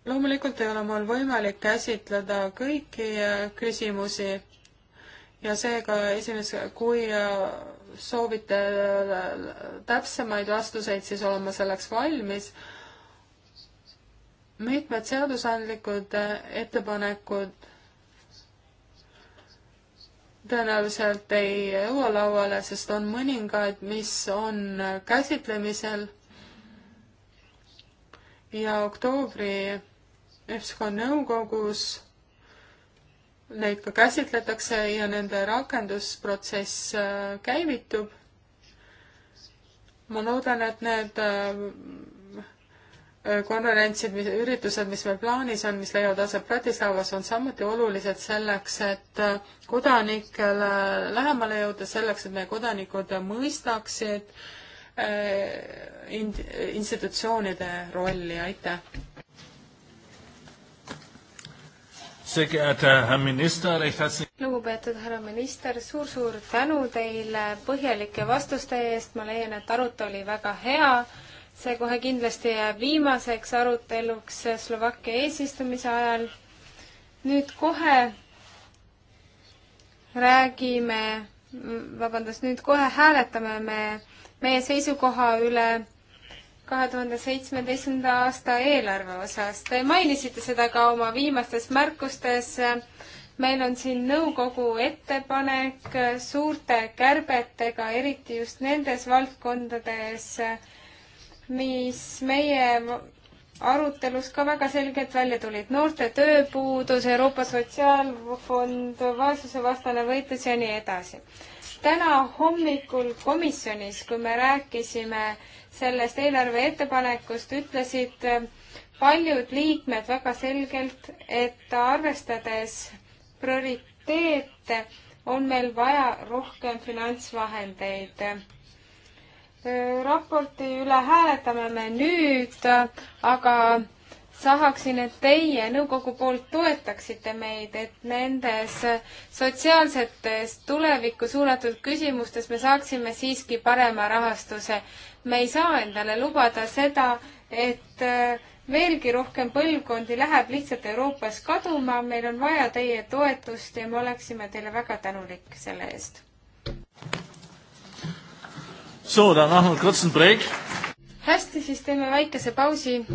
C: loomulikult ei ole mul võimalik käsitleda kõiki äh, küsimusi ja seega esimees, kui soovite täpsemaid vastuseid, siis olen ma selleks valmis mitmed seadusandlikud äh, ettepanekud tõenäoliselt ei jõua lauale, sest on mõningaid, mis on äh, käsitlemisel ja oktoobri EBSCO nõukogus neid ka käsitletakse ja nende rakendusprotsess äh, käivitub. ma loodan, et need konverentsid, mis, üritused, mis meil plaanis on, mis leiavad aset Bratislavas, on samuti olulised selleks, et kodanikele lähemale jõuda, selleks, et meie kodanikud mõistaksid äh, ind-, institutsioonide rolli, aitäh!
B: lugupeetud härra minister suur,, suur-suur tänu teile põhjalike vastuste eest, ma leian, et arutelu oli väga hea see kohe kindlasti jääb viimaseks aruteluks Slovakkia eesistumise ajal. nüüd kohe räägime, vabandust, nüüd kohe hääletame me meie seisukoha üle kahe tuhande seitsmeteistkümnenda aasta eelarve osas. Te mainisite seda ka oma viimastes märkustes. meil on siin nõukogu ettepanek suurte kärbetega, eriti just nendes valdkondades, mis meie arutelus ka väga selgelt välja tulid. noorte tööpuudus, Euroopa Sotsiaalfond, vaesusevastane võitlus ja nii edasi. täna hommikul komisjonis, kui me rääkisime sellest eelarve ettepanekust, ütlesid paljud liikmed väga selgelt, et arvestades prioriteete, on meil vaja rohkem finantsvahendeid raporti üle hääletame me nüüd, aga tahaksin, et teie nõukogu poolt toetaksite meid, et nendes sotsiaalsetes tulevikku suunatud küsimustes me saaksime siiski parema rahastuse. me ei saa endale lubada seda, et äh, veelgi rohkem põlvkondi läheb lihtsalt Euroopas kaduma, meil on vaja teie toetust ja me oleksime teile väga tänulik selle eest. So, dann
A: machen wir kurz einen Break.
B: hästi, siis teeme väikese pausi. <laughs>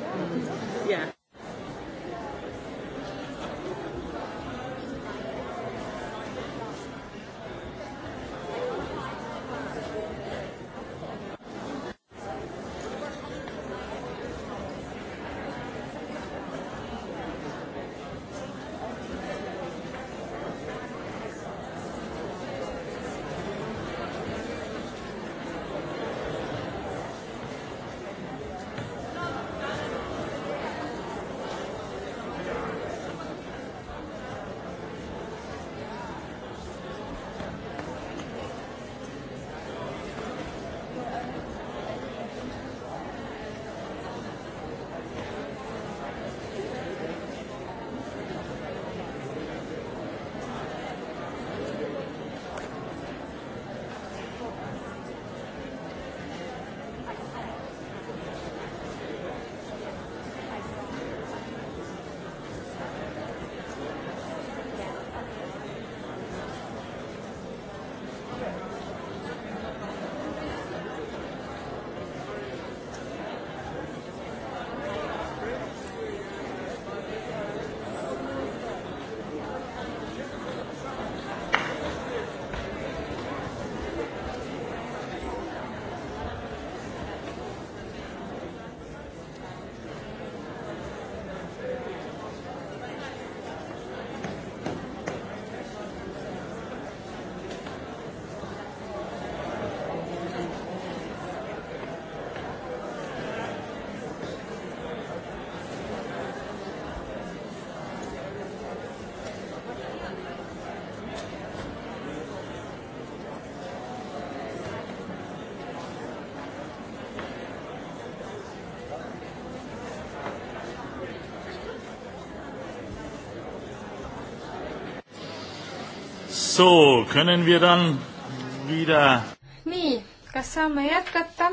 A: So, können wir dann wieder...
B: nii, kas saame jätkata?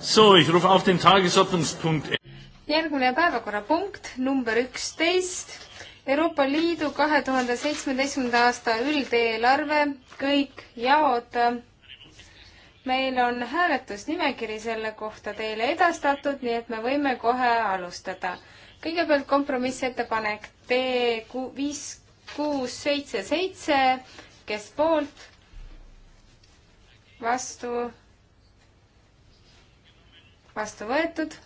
B: So, ich rufe auf den Tagesordnungspunkt. E. järgmine päevakorrapunkt number üksteist. Euroopa Liidu kahe tuhande seitsmeteistkümnenda aasta üldeelarve, kõik jaod meil on hääletusnimekiri selle kohta teile edastatud, nii et me võime kohe alustada. kõigepealt kompromissettepanek D viis, kuus, seitse, seitse, kes poolt, vastu, vastu võetud.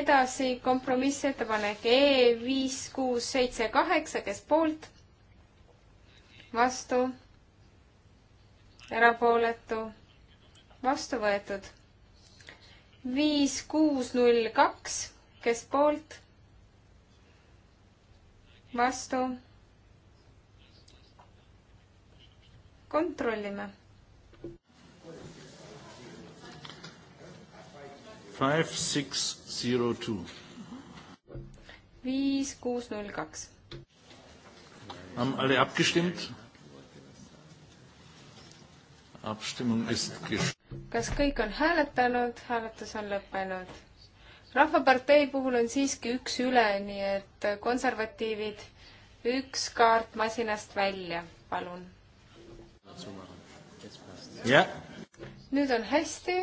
B: edasi kompromissettepanek E viis, kuus, seitse, kaheksa, kes poolt, vastu, erapooletu vastu võetud. viis, kuus, null, kaks, kes poolt? vastu. kontrollime.
A: Five, six, zero, two.
B: viis, kuus, null, kaks.
A: Haben alle abgestimmt? Abstimmung ist geschlossen
B: kas kõik on hääletanud, hääletus on lõppenud. rahvapartei puhul on siiski üks üle, nii et konservatiivid, üks kaart masinast välja, palun. jah. nüüd on hästi.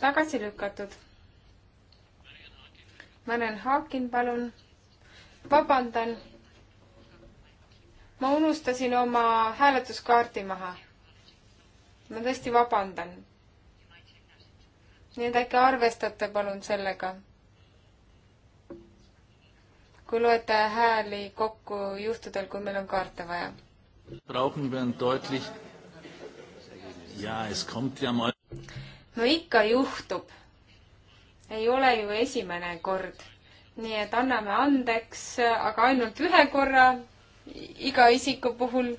B: tagasi lükatud. Maren Haakin, palun. vabandan ma unustasin oma hääletuskaardi maha. ma tõesti vabandan. nii et äkki arvestate palun sellega? kui loete hääli kokku juhtudel, kui meil on kaarte vaja. no ikka juhtub. ei ole ju esimene kord. nii et anname andeks, aga ainult ühe korra iga isiku puhul.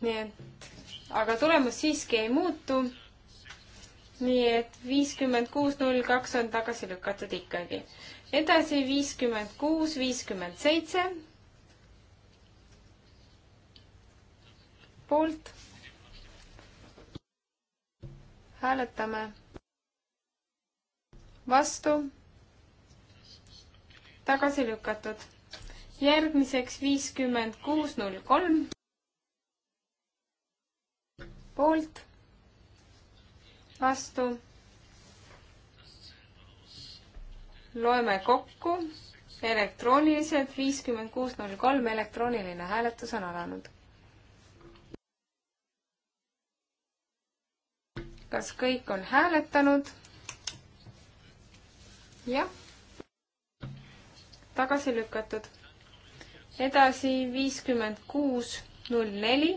B: nii et, aga tulemus siiski ei muutu. nii et viiskümmend kuus, null kaks on tagasi lükatud ikkagi. edasi viiskümmend kuus, viiskümmend seitse. poolt hääletame vastu, tagasi lükatud. järgmiseks viiskümmend kuus, null kolm. poolt, vastu. loeme kokku elektrooniliselt viiskümmend kuus null kolm elektrooniline hääletus on alanud. kas kõik on hääletanud? jah, tagasi lükatud. edasi viiskümmend kuus, null neli.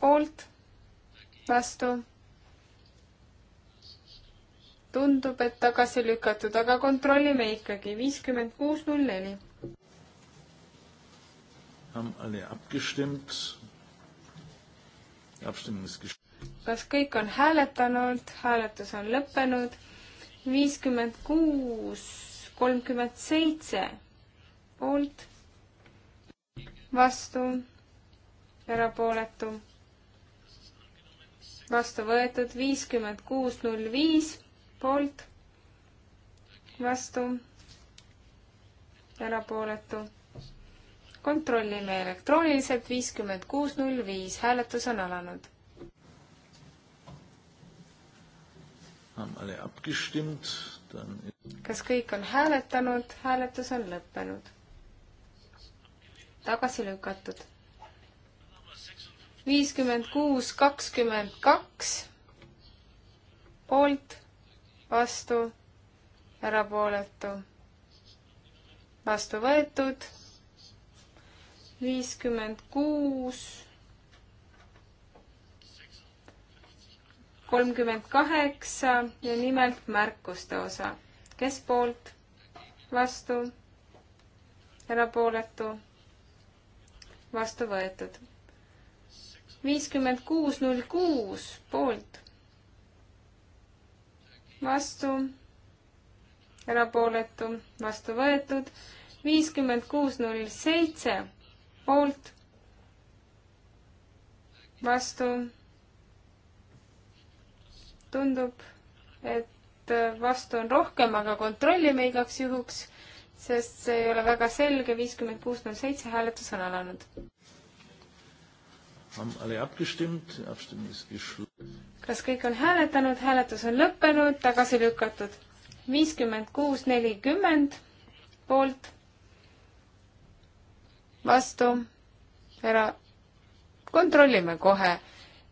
B: poolt, vastu. tundub, et tagasi lükatud, aga kontrollime ikkagi. viiskümmend kuus, null neli.
A: Haben alle abgestimmt? Die Abstimmung ist gestimmt
B: kas kõik on hääletanud, hääletus on lõppenud, viiskümmend kuus, kolmkümmend seitse poolt, vastu, erapooletu, vastu võetud viiskümmend kuus, null viis poolt, vastu, erapooletu. kontrollime elektrooniliselt viiskümmend kuus, null viis, hääletus on alanud kas kõik on hääletanud? hääletus on lõppenud. tagasi lükatud. viiskümmend kuus, kakskümmend kaks poolt, vastu, erapooletu, vastu võetud, viiskümmend kuus kolmkümmend kaheksa ja nimelt märkuste osa. kes poolt, vastu, erapooletu, vastu võetud. viiskümmend kuus null kuus poolt, vastu, erapooletu, vastu võetud. viiskümmend kuus null seitse poolt, vastu tundub, et vastu on rohkem, aga kontrollime igaks juhuks, sest see ei ole väga selge, viiskümmend kuus null seitse hääletus on alanud. kas kõik on hääletanud, hääletus on lõppenud, tagasi lükatud. viiskümmend kuus, nelikümmend poolt, vastu, ära, kontrollime kohe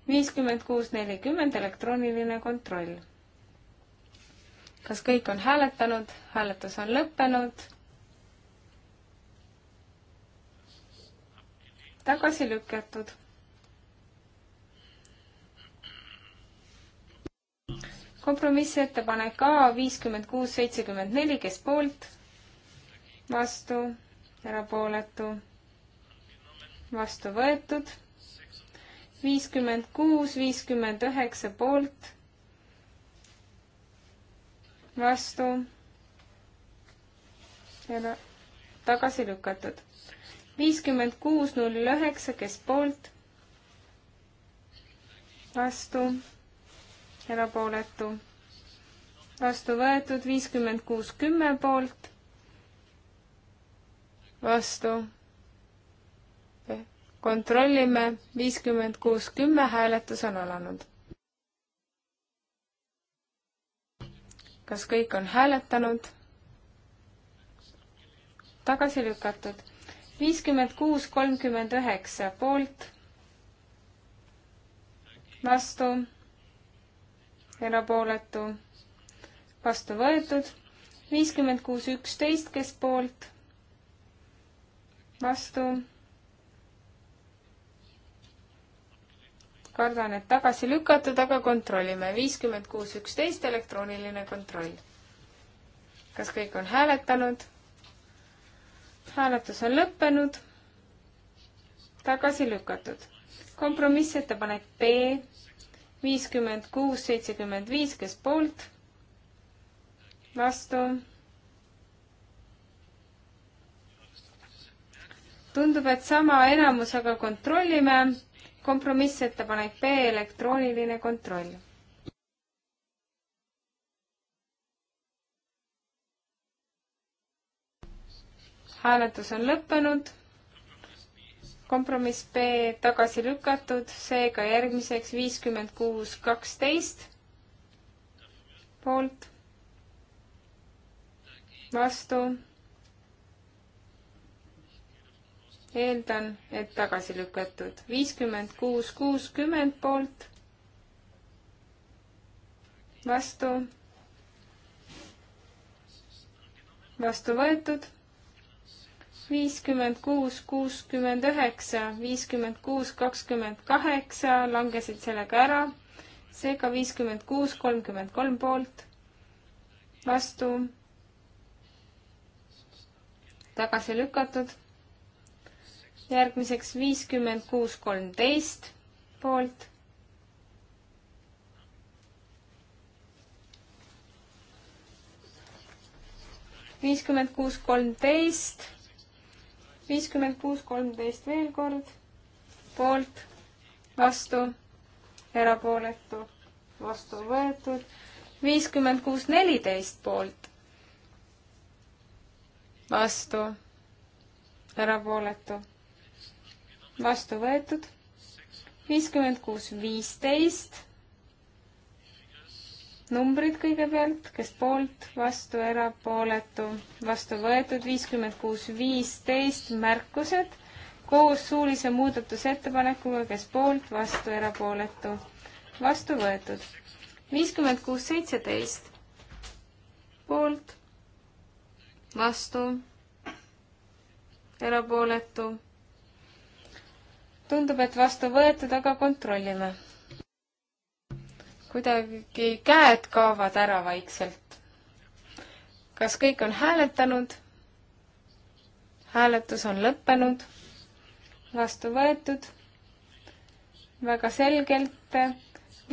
B: viiskümmend kuus, nelikümmend, elektrooniline kontroll. kas kõik on hääletanud? hääletus on lõppenud. tagasi lükatud. kompromissettepanek A viiskümmend kuus, seitsekümmend neli, kes poolt? vastu, erapooletu, vastu võetud viiskümmend kuus, viiskümmend üheksa poolt, vastu, tagasi lükatud. viiskümmend kuus, null üheksa, kes poolt, vastu, erapooletu, vastu võetud, viiskümmend kuus, kümme poolt, vastu kontrollime, viiskümmend kuus kümme hääletus on alanud. kas kõik on hääletanud? tagasi lükatud. viiskümmend kuus, kolmkümmend üheksa poolt, vastu, erapooletu, vastu võetud, viiskümmend kuus, üksteist, kes poolt, vastu kardan, et tagasi lükatud, aga kontrollime. viiskümmend kuus, üksteist, elektrooniline kontroll. kas kõik on hääletanud? hääletus on lõppenud. tagasi lükatud. kompromissettepanek B, viiskümmend kuus, seitsekümmend viis, kes poolt? vastu tundub, et sama enamus, aga kontrollime kompromissettepanek B, elektrooniline kontroll. hääletus on lõppenud. kompromiss B tagasi lükatud, seega järgmiseks viiskümmend kuus, kaksteist poolt, vastu eeldan, et tagasi lükatud. viiskümmend kuus, kuuskümmend poolt, vastu, vastu võetud, viiskümmend kuus, kuuskümmend üheksa, viiskümmend kuus, kakskümmend kaheksa langesid sellega ära, seega viiskümmend kuus, kolmkümmend kolm poolt, vastu tagasi lükatud järgmiseks viiskümmend kuus kolmteist poolt. viiskümmend kuus kolmteist, viiskümmend kuus kolmteist veel kord, poolt, vastu, erapooletu, vastu võetud, viiskümmend kuus neliteist poolt, vastu, erapooletu vastu võetud, viiskümmend kuus, viisteist, numbrid kõigepealt, kes poolt, vastu, erapooletu, vastu võetud, viiskümmend kuus, viisteist, märkused, koos suulise muudatusettepanekuga, kes poolt, vastu, erapooletu, vastu võetud, viiskümmend kuus, seitseteist, poolt, vastu, erapooletu tundub, et vastu võetud, aga kontrollime. kuidagi käed kaovad ära vaikselt. kas kõik on hääletanud? hääletus on lõppenud, vastu võetud väga selgelt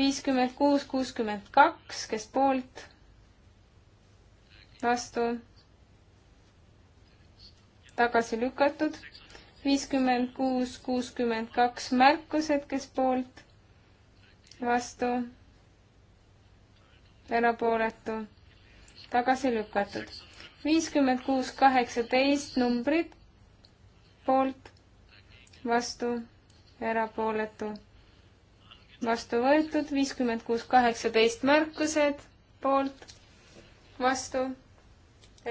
B: viiskümmend kuus, kuuskümmend kaks, kes poolt, vastu, tagasi lükatud viiskümmend kuus, kuuskümmend kaks märkused, kes poolt, vastu, erapooletu, tagasi lükatud. viiskümmend kuus, kaheksateist numbrit, poolt, vastu, erapooletu, vastu võetud, viiskümmend kuus, kaheksateist märkused, poolt, vastu,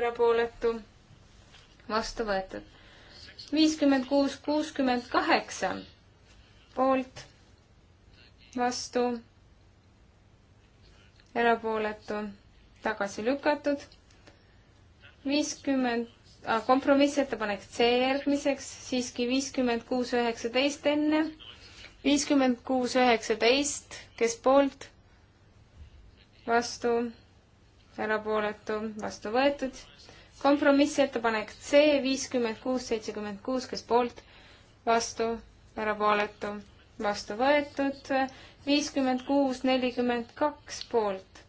B: erapooletu, vastu võetud viiskümmend kuus, kuuskümmend kaheksa poolt, vastu, erapooletu, tagasi lükatud. viiskümmend, kompromissettepanek C järgmiseks, siiski viiskümmend kuus, üheksateist enne viiskümmend kuus, üheksateist, kes poolt, vastu, erapooletu, vastu võetud, kompromissettepanek C viiskümmend kuus, seitsekümmend kuus, kes poolt, vastu, erapooletu, vastu võetud, viiskümmend kuus, nelikümmend kaks poolt.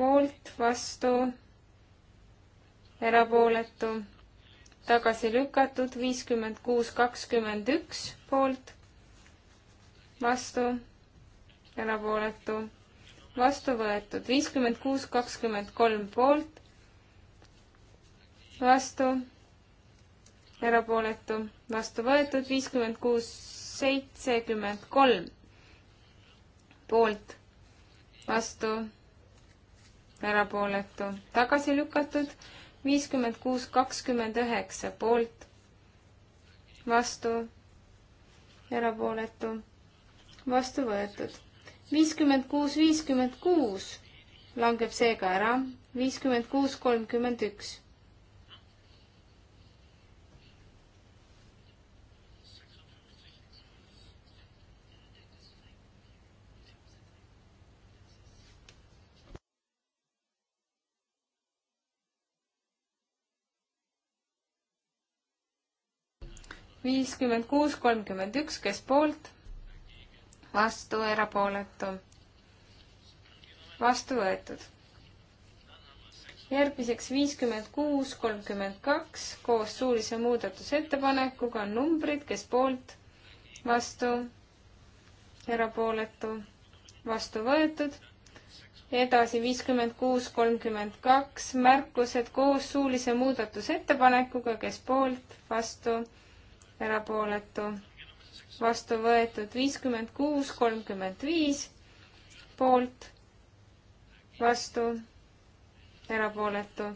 B: poolt, vastu, erapooletu, tagasi lükatud, viiskümmend kuus, kakskümmend üks poolt, vastu, erapooletu vastu võetud viiskümmend kuus, kakskümmend kolm poolt, vastu, erapooletu, vastu võetud viiskümmend kuus, seitsekümmend kolm poolt, vastu, erapooletu, tagasi lükatud viiskümmend kuus, kakskümmend üheksa poolt, vastu, erapooletu, vastu võetud viiskümmend kuus, viiskümmend kuus langeb seega ära, viiskümmend kuus, kolmkümmend üks. viiskümmend kuus, kolmkümmend üks, kes poolt vastu, erapooletu, vastu võetud. järgmiseks viiskümmend kuus, kolmkümmend kaks koos suulise muudatusettepanekuga on numbrid, kes poolt, vastu, erapooletu, vastu võetud edasi viiskümmend kuus, kolmkümmend kaks, märkused koos suulise muudatusettepanekuga, kes poolt, vastu, erapooletu, vastu võetud viiskümmend kuus, kolmkümmend viis poolt, vastu, erapooletu,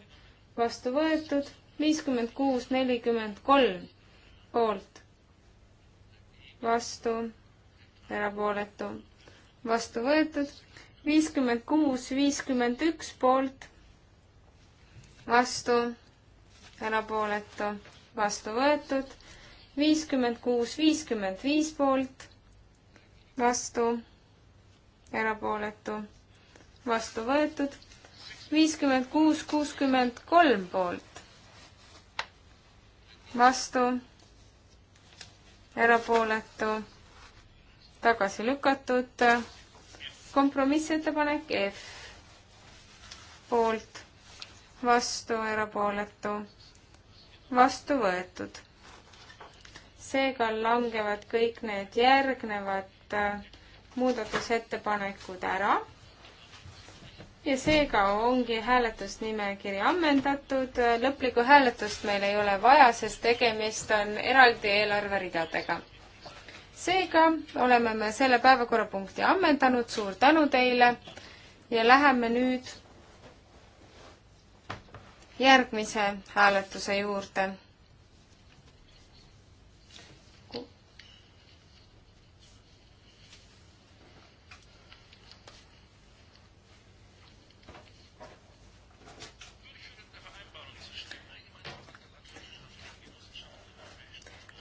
B: vastu võetud viiskümmend kuus, nelikümmend kolm poolt, vastu, erapooletu, vastu võetud viiskümmend kuus, viiskümmend üks poolt, vastu, erapooletu, vastu võetud viiskümmend kuus, viiskümmend viis poolt, vastu, erapooletu, vastu võetud, viiskümmend kuus, kuuskümmend kolm poolt, vastu, erapooletu, tagasi lükatud, kompromissettepanek F, poolt, vastu, erapooletu, vastu võetud seega langevad kõik need järgnevad äh, muudatusettepanekud ära. ja seega ongi hääletusnimekiri ammendatud, äh, lõplikku hääletust meil ei ole vaja, sest tegemist on eraldi eelarveridadega. seega oleme me selle päevakorrapunkti ammendanud, suur tänu teile ja läheme nüüd järgmise hääletuse juurde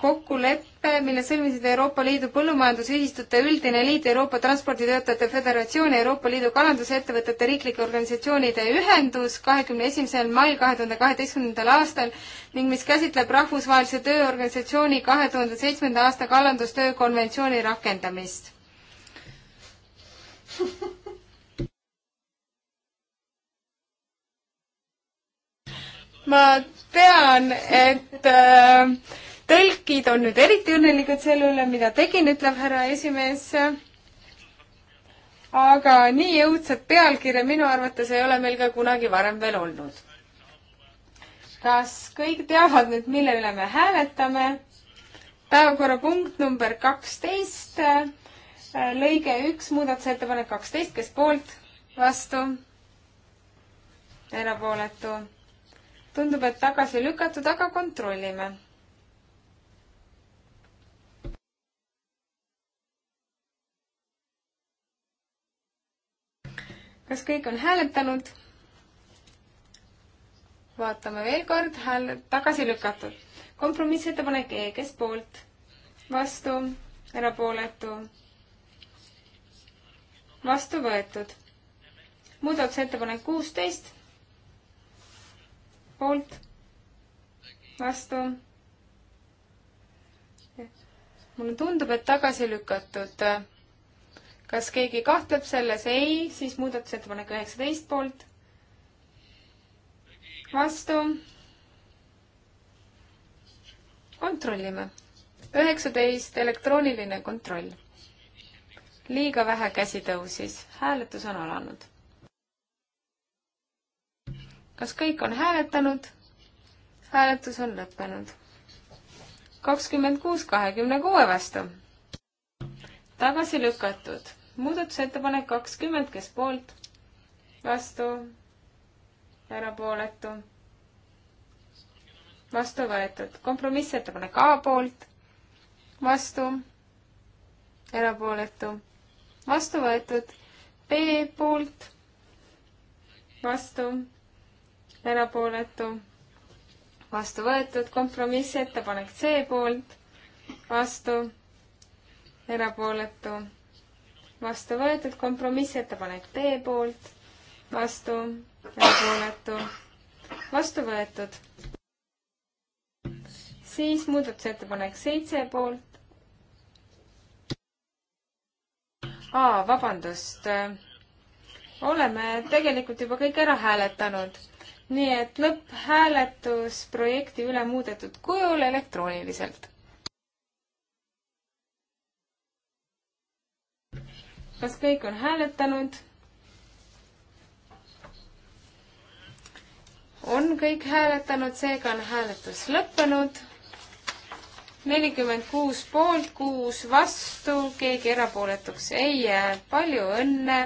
B: kokkulepe, mille sõlmisid Euroopa Liidu Põllumajandusühistute Üldine Liit, Euroopa Transporditöötajate Föderatsioon ja Euroopa Liidu Kalandusettevõtete Riiklike Organisatsioonide Ühendus kahekümne esimesel mail kahe tuhande kaheteistkümnendal aastal ning mis käsitleb Rahvusvahelise Tööorganisatsiooni kahe tuhande seitsmenda aasta kalandustöö konventsiooni rakendamist. ma tean, et äh, tõlgid on nüüd eriti õnnelikud selle üle, mida tegin, ütleb härra esimees. aga nii õudset pealkirja minu arvates ei ole meil ka kunagi varem veel olnud. kas kõik teavad nüüd, mille üle me hääletame? päevakorrapunkt number kaksteist, lõige üks, muudatusettepanek kaksteist, kes poolt, vastu, erapooletu. tundub, et tagasi lükatud, aga kontrollime kas kõik on hääletanud? vaatame veel kord, hääl tagasi lükatud. kompromissettepanek E, kes poolt? vastu, erapooletu, vastu võetud. muudatusettepanek kuusteist, poolt, vastu. mulle tundub, et tagasi lükatud kas keegi kahtleb selles? ei, siis muudatusettepanek üheksateist poolt. vastu. kontrollime. üheksateist, elektrooniline kontroll. liiga vähe käsi tõusis, hääletus on alanud. kas kõik on hääletanud? hääletus on lõppenud. kakskümmend kuus kahekümne kuue vastu tagasi lükatud muudatusettepanek kakskümmend, kes poolt, vastu, erapooletu, vastu võetud. kompromissettepanek A poolt, vastu, erapooletu, vastu võetud. B poolt, vastu, erapooletu, vastu võetud. kompromissettepanek C poolt, vastu, erapooletu vastu võetud, kompromissettepanek B poolt, vastu, erapooletu, vastu võetud. siis muudatusettepanek seitse poolt. aa, vabandust. oleme tegelikult juba kõik ära hääletanud. nii et lõpphääletus projekti üle muudetud kujul elektrooniliselt kas kõik on hääletanud? on kõik hääletanud, seega on hääletus lõppenud. nelikümmend kuus poolt, kuus vastu, keegi erapooletuks ei jää. palju õnne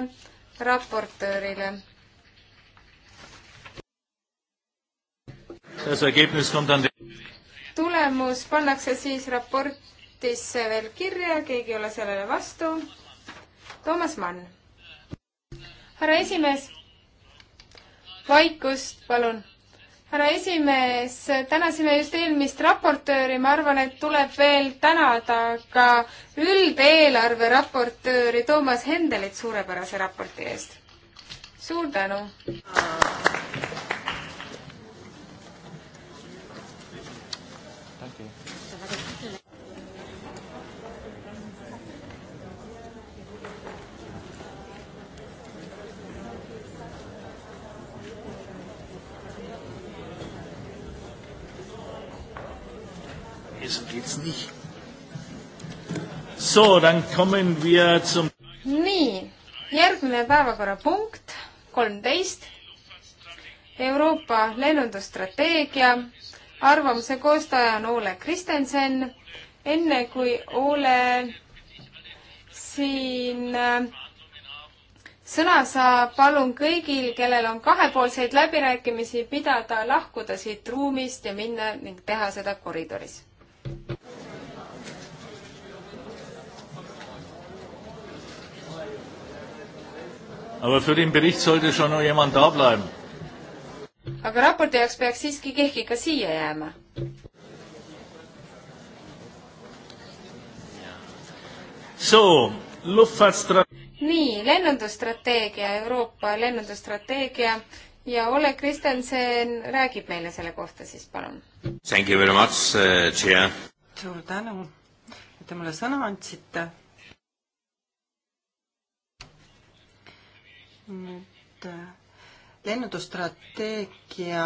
B: raportöörile. tulemus pannakse siis raportisse veel kirja, keegi ei ole sellele vastu Toomas Mann. härra esimees, vaikust, palun härra esimees, tänasime just eelmist raportööri, ma arvan, et tuleb veel tänada ka üldeelarve raportööri Toomas Hendelit suurepärase raporti eest. suur tänu!
A: So, dann kommen wir zum...
B: nii, järgmine päevakorrapunkt, kolmteist. Euroopa lennundusstrateegia, arvamuse koostaja on Ole Kristensen. enne kui Ole siin äh, sõna saab, palun kõigil, kellel on kahepoolseid läbirääkimisi, pidada, lahkuda siit ruumist ja minna ning teha seda koridoris
A: Aber für den Bericht sollte schon noch jemand da bleiben.
B: aga raporti jaoks peaks siiski keegi ka siia jääma. nii, lennundusstrateegia, Euroopa lennundusstrateegia ja Oleg Kristensen räägib meile selle kohta siis, palun.
A: Thank you very much uh,, Chair. suur tänu, et te mulle sõna andsite nüüd äh, lennundusstrateegia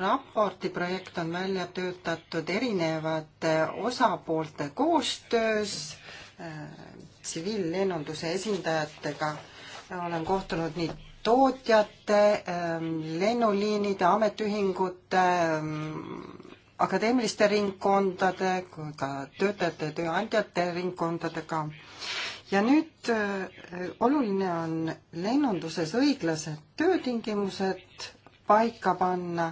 A: raporti projekt on välja töötatud erinevate osapoolte koostöös äh, tsiviillennunduse esindajatega. olen kohtunud nii tootjate, ähm, lennuliinide, ametiühingute, ähm, akadeemiliste ringkondade kui ka töötajate ja tööandjate ringkondadega ja nüüd äh, oluline on lennunduses õiglased töötingimused paika panna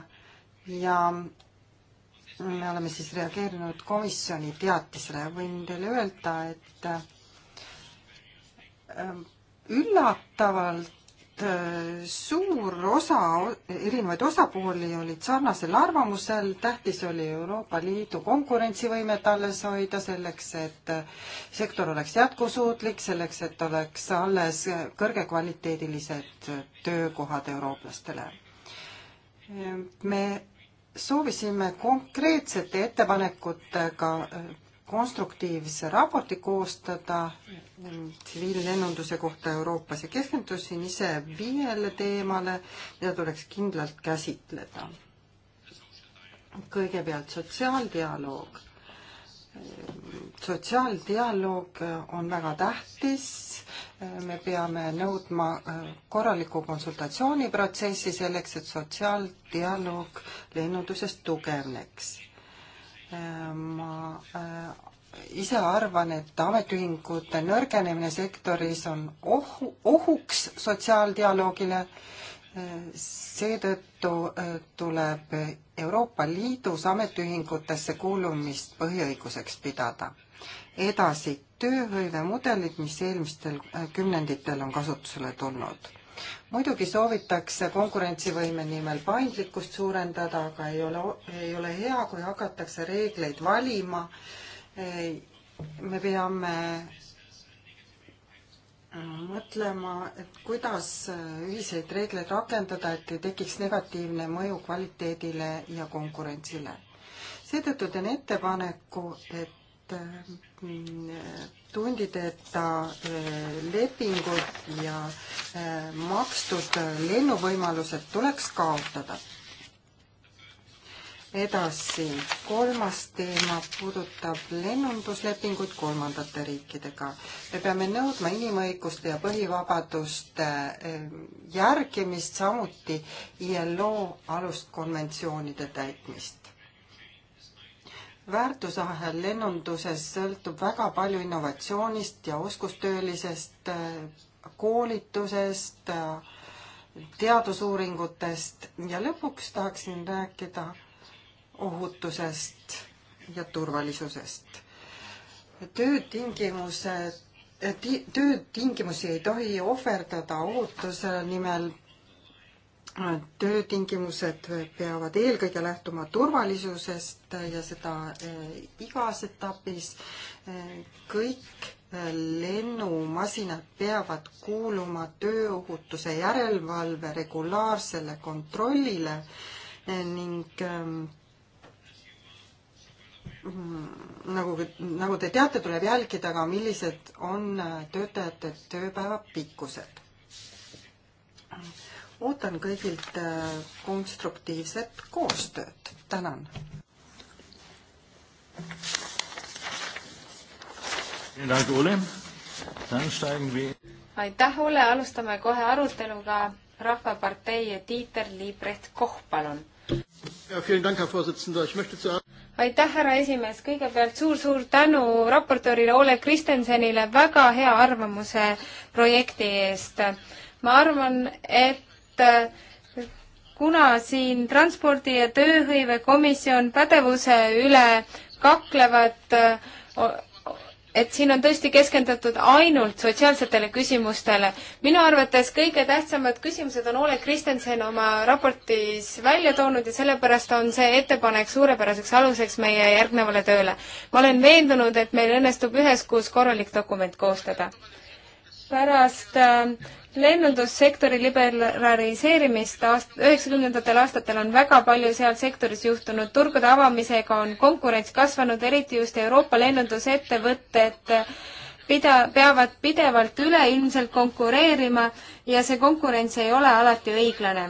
A: ja me oleme siis reageerinud komisjoni teatisele ja võin teile öelda, et äh, üllatavalt Äh, suur osa erinevaid osapooli olid sarnasel arvamusel, tähtis oli Euroopa Liidu konkurentsivõimet alles hoida, selleks et äh, sektor oleks jätkusuutlik, selleks et oleks alles kõrgekvaliteedilised töökohad eurooplastele. Äh, me soovisime konkreetsete ettepanekutega konstruktiivse raporti koostada tsiviillennunduse kohta Euroopas ja keskendusin ise viiele teemale, mida tuleks kindlalt käsitleda. kõigepealt sotsiaaldialoog. sotsiaaldialoog on väga tähtis, me peame nõudma korralikku konsultatsiooniprotsessi selleks, et sotsiaaldialoog lennunduses tugevneks ma äh, ise arvan, et ametiühingute nõrgenemine sektoris on ohu, ohuks sotsiaaldialoogile. seetõttu äh, tuleb Euroopa Liidus ametiühingutesse kuulumist põhiõiguseks pidada. edasi, tööhõivemudelid, mis eelmistel äh, kümnenditel on kasutusele tulnud muidugi soovitakse konkurentsivõime nimel paindlikkust suurendada, aga ei ole, ei ole hea, kui hakatakse reegleid valima. me peame mõtlema, et kuidas ühiseid reegleid rakendada, et ei tekiks negatiivne mõju kvaliteedile ja konkurentsile. seetõttu teen ettepaneku, et Mm, tundideta eh, lepingud ja eh, makstud lennuvõimalused tuleks kaotada. edasi, kolmas teema puudutab lennunduslepinguid kolmandate riikidega. me peame nõudma inimõiguste ja põhivabaduste eh, järgimist, samuti ILO aluskonventsioonide täitmist väärtusahel lennunduses sõltub väga palju innovatsioonist ja oskustöölisest, äh, koolitusest, äh, teadusuuringutest ja lõpuks tahaksin rääkida ohutusest ja turvalisusest. töötingimused äh, ti-, töötingimusi ei tohi ohverdada ohutuse nimel, töötingimused peavad eelkõige lähtuma turvalisusest ja seda eh, igas etapis. Eh, kõik eh, lennumasinad peavad kuuluma tööohutuse järelevalve regulaarsele kontrollile ning mm, nagu, nagu te teate, tuleb jälgida ka, millised on töötajate tööpäeva pikkused ootan kõigilt äh, konstruktiivset koostööd, tänan.
B: aitäh, Ole, alustame kohe aruteluga. rahvapartei ja Tiiter Liibrecht Koch, palun. aitäh, härra esimees, kõigepealt suur-suur tänu raportöörile Ole Kristensenile väga hea arvamuse projekti eest ma arvan, et et äh, kuna siin transpordi- ja tööhõivekomisjon pädevuse üle kaklevad, äh, et siin on tõesti keskendatud ainult sotsiaalsetele küsimustele. minu arvates kõige tähtsamad küsimused on Ole Kristensen oma raportis välja toonud ja sellepärast on see ettepanek suurepäraseks aluseks meie järgnevale tööle. ma olen veendunud, et meil õnnestub üheskoos korralik dokument koostada. pärast äh, lennundussektori liberaliseerimist aast-, üheksakümnendatel aastatel on väga palju seal sektoris juhtunud, turgude avamisega on konkurents kasvanud, eriti just Euroopa lennundusettevõtted pida-, peavad pidevalt üleilmselt konkureerima ja see konkurents ei ole alati õiglane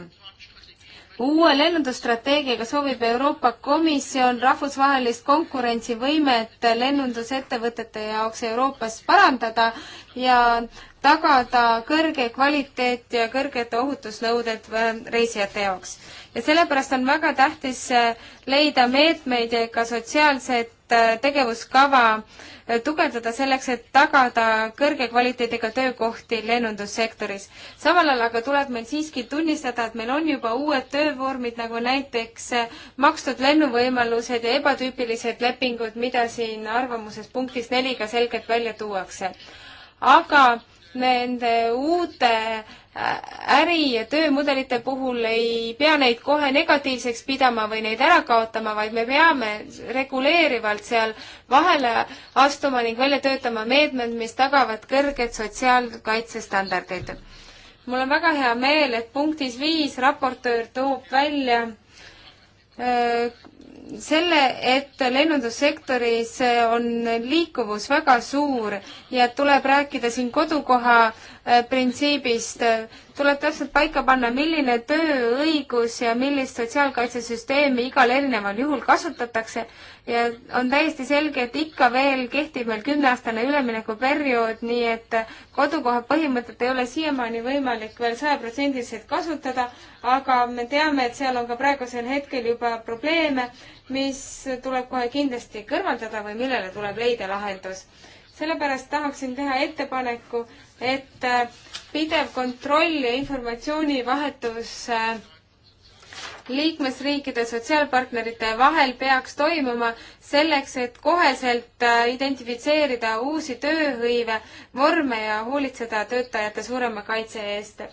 B: uue lennundusstrateegiaga soovib Euroopa Komisjon rahvusvahelist konkurentsivõimet lennundusettevõtete jaoks Euroopas parandada ja tagada kõrge kvaliteet ja kõrged ohutusnõuded äh, reisijate jaoks. ja sellepärast on väga tähtis äh, leida meetmeid ja ka sotsiaalset äh, tegevuskava tugevdada selleks, et tagada kõrge kvaliteediga töökohti lennundussektoris. samal ajal aga tuleb meil siiski tunnistada, et meil on juba uued töövormid, nagu näiteks makstud lennuvõimalused ja ebatüüpilised lepingud, mida siin arvamuses punktis neli ka selgelt välja tuuakse. aga nende uute äri- ja töömudelite puhul ei pea neid kohe negatiivseks pidama või neid ära kaotama, vaid me peame reguleerivalt seal vahele astuma ning välja töötama meetmed, mis tagavad kõrged sotsiaalkaitsestandardid. mul on väga hea meel, et punktis viis raportöör toob välja öö, selle, et lennundussektoris on liikuvus väga suur ja tuleb rääkida siin kodukoha äh, printsiibist, tuleb täpselt paika panna, milline tööõigus ja millist sotsiaalkaitsesüsteemi igal erineval juhul kasutatakse ja on täiesti selge, et ikka veel kehtib meil kümneaastane üleminekuperiood, nii et kodukoha põhimõtet ei ole siiamaani võimalik veel sajaprotsendiliselt kasutada, aga me teame, et seal on ka praegusel hetkel juba probleeme, mis tuleb kohe kindlasti kõrvaldada või millele tuleb leida lahendus. sellepärast tahaksin teha ettepaneku, et pidev kontroll ja informatsioonivahetus äh, liikmesriikide sotsiaalpartnerite vahel peaks toimuma selleks, et koheselt äh, identifitseerida uusi tööhõive vorme ja hoolitseda töötajate suurema kaitse eest.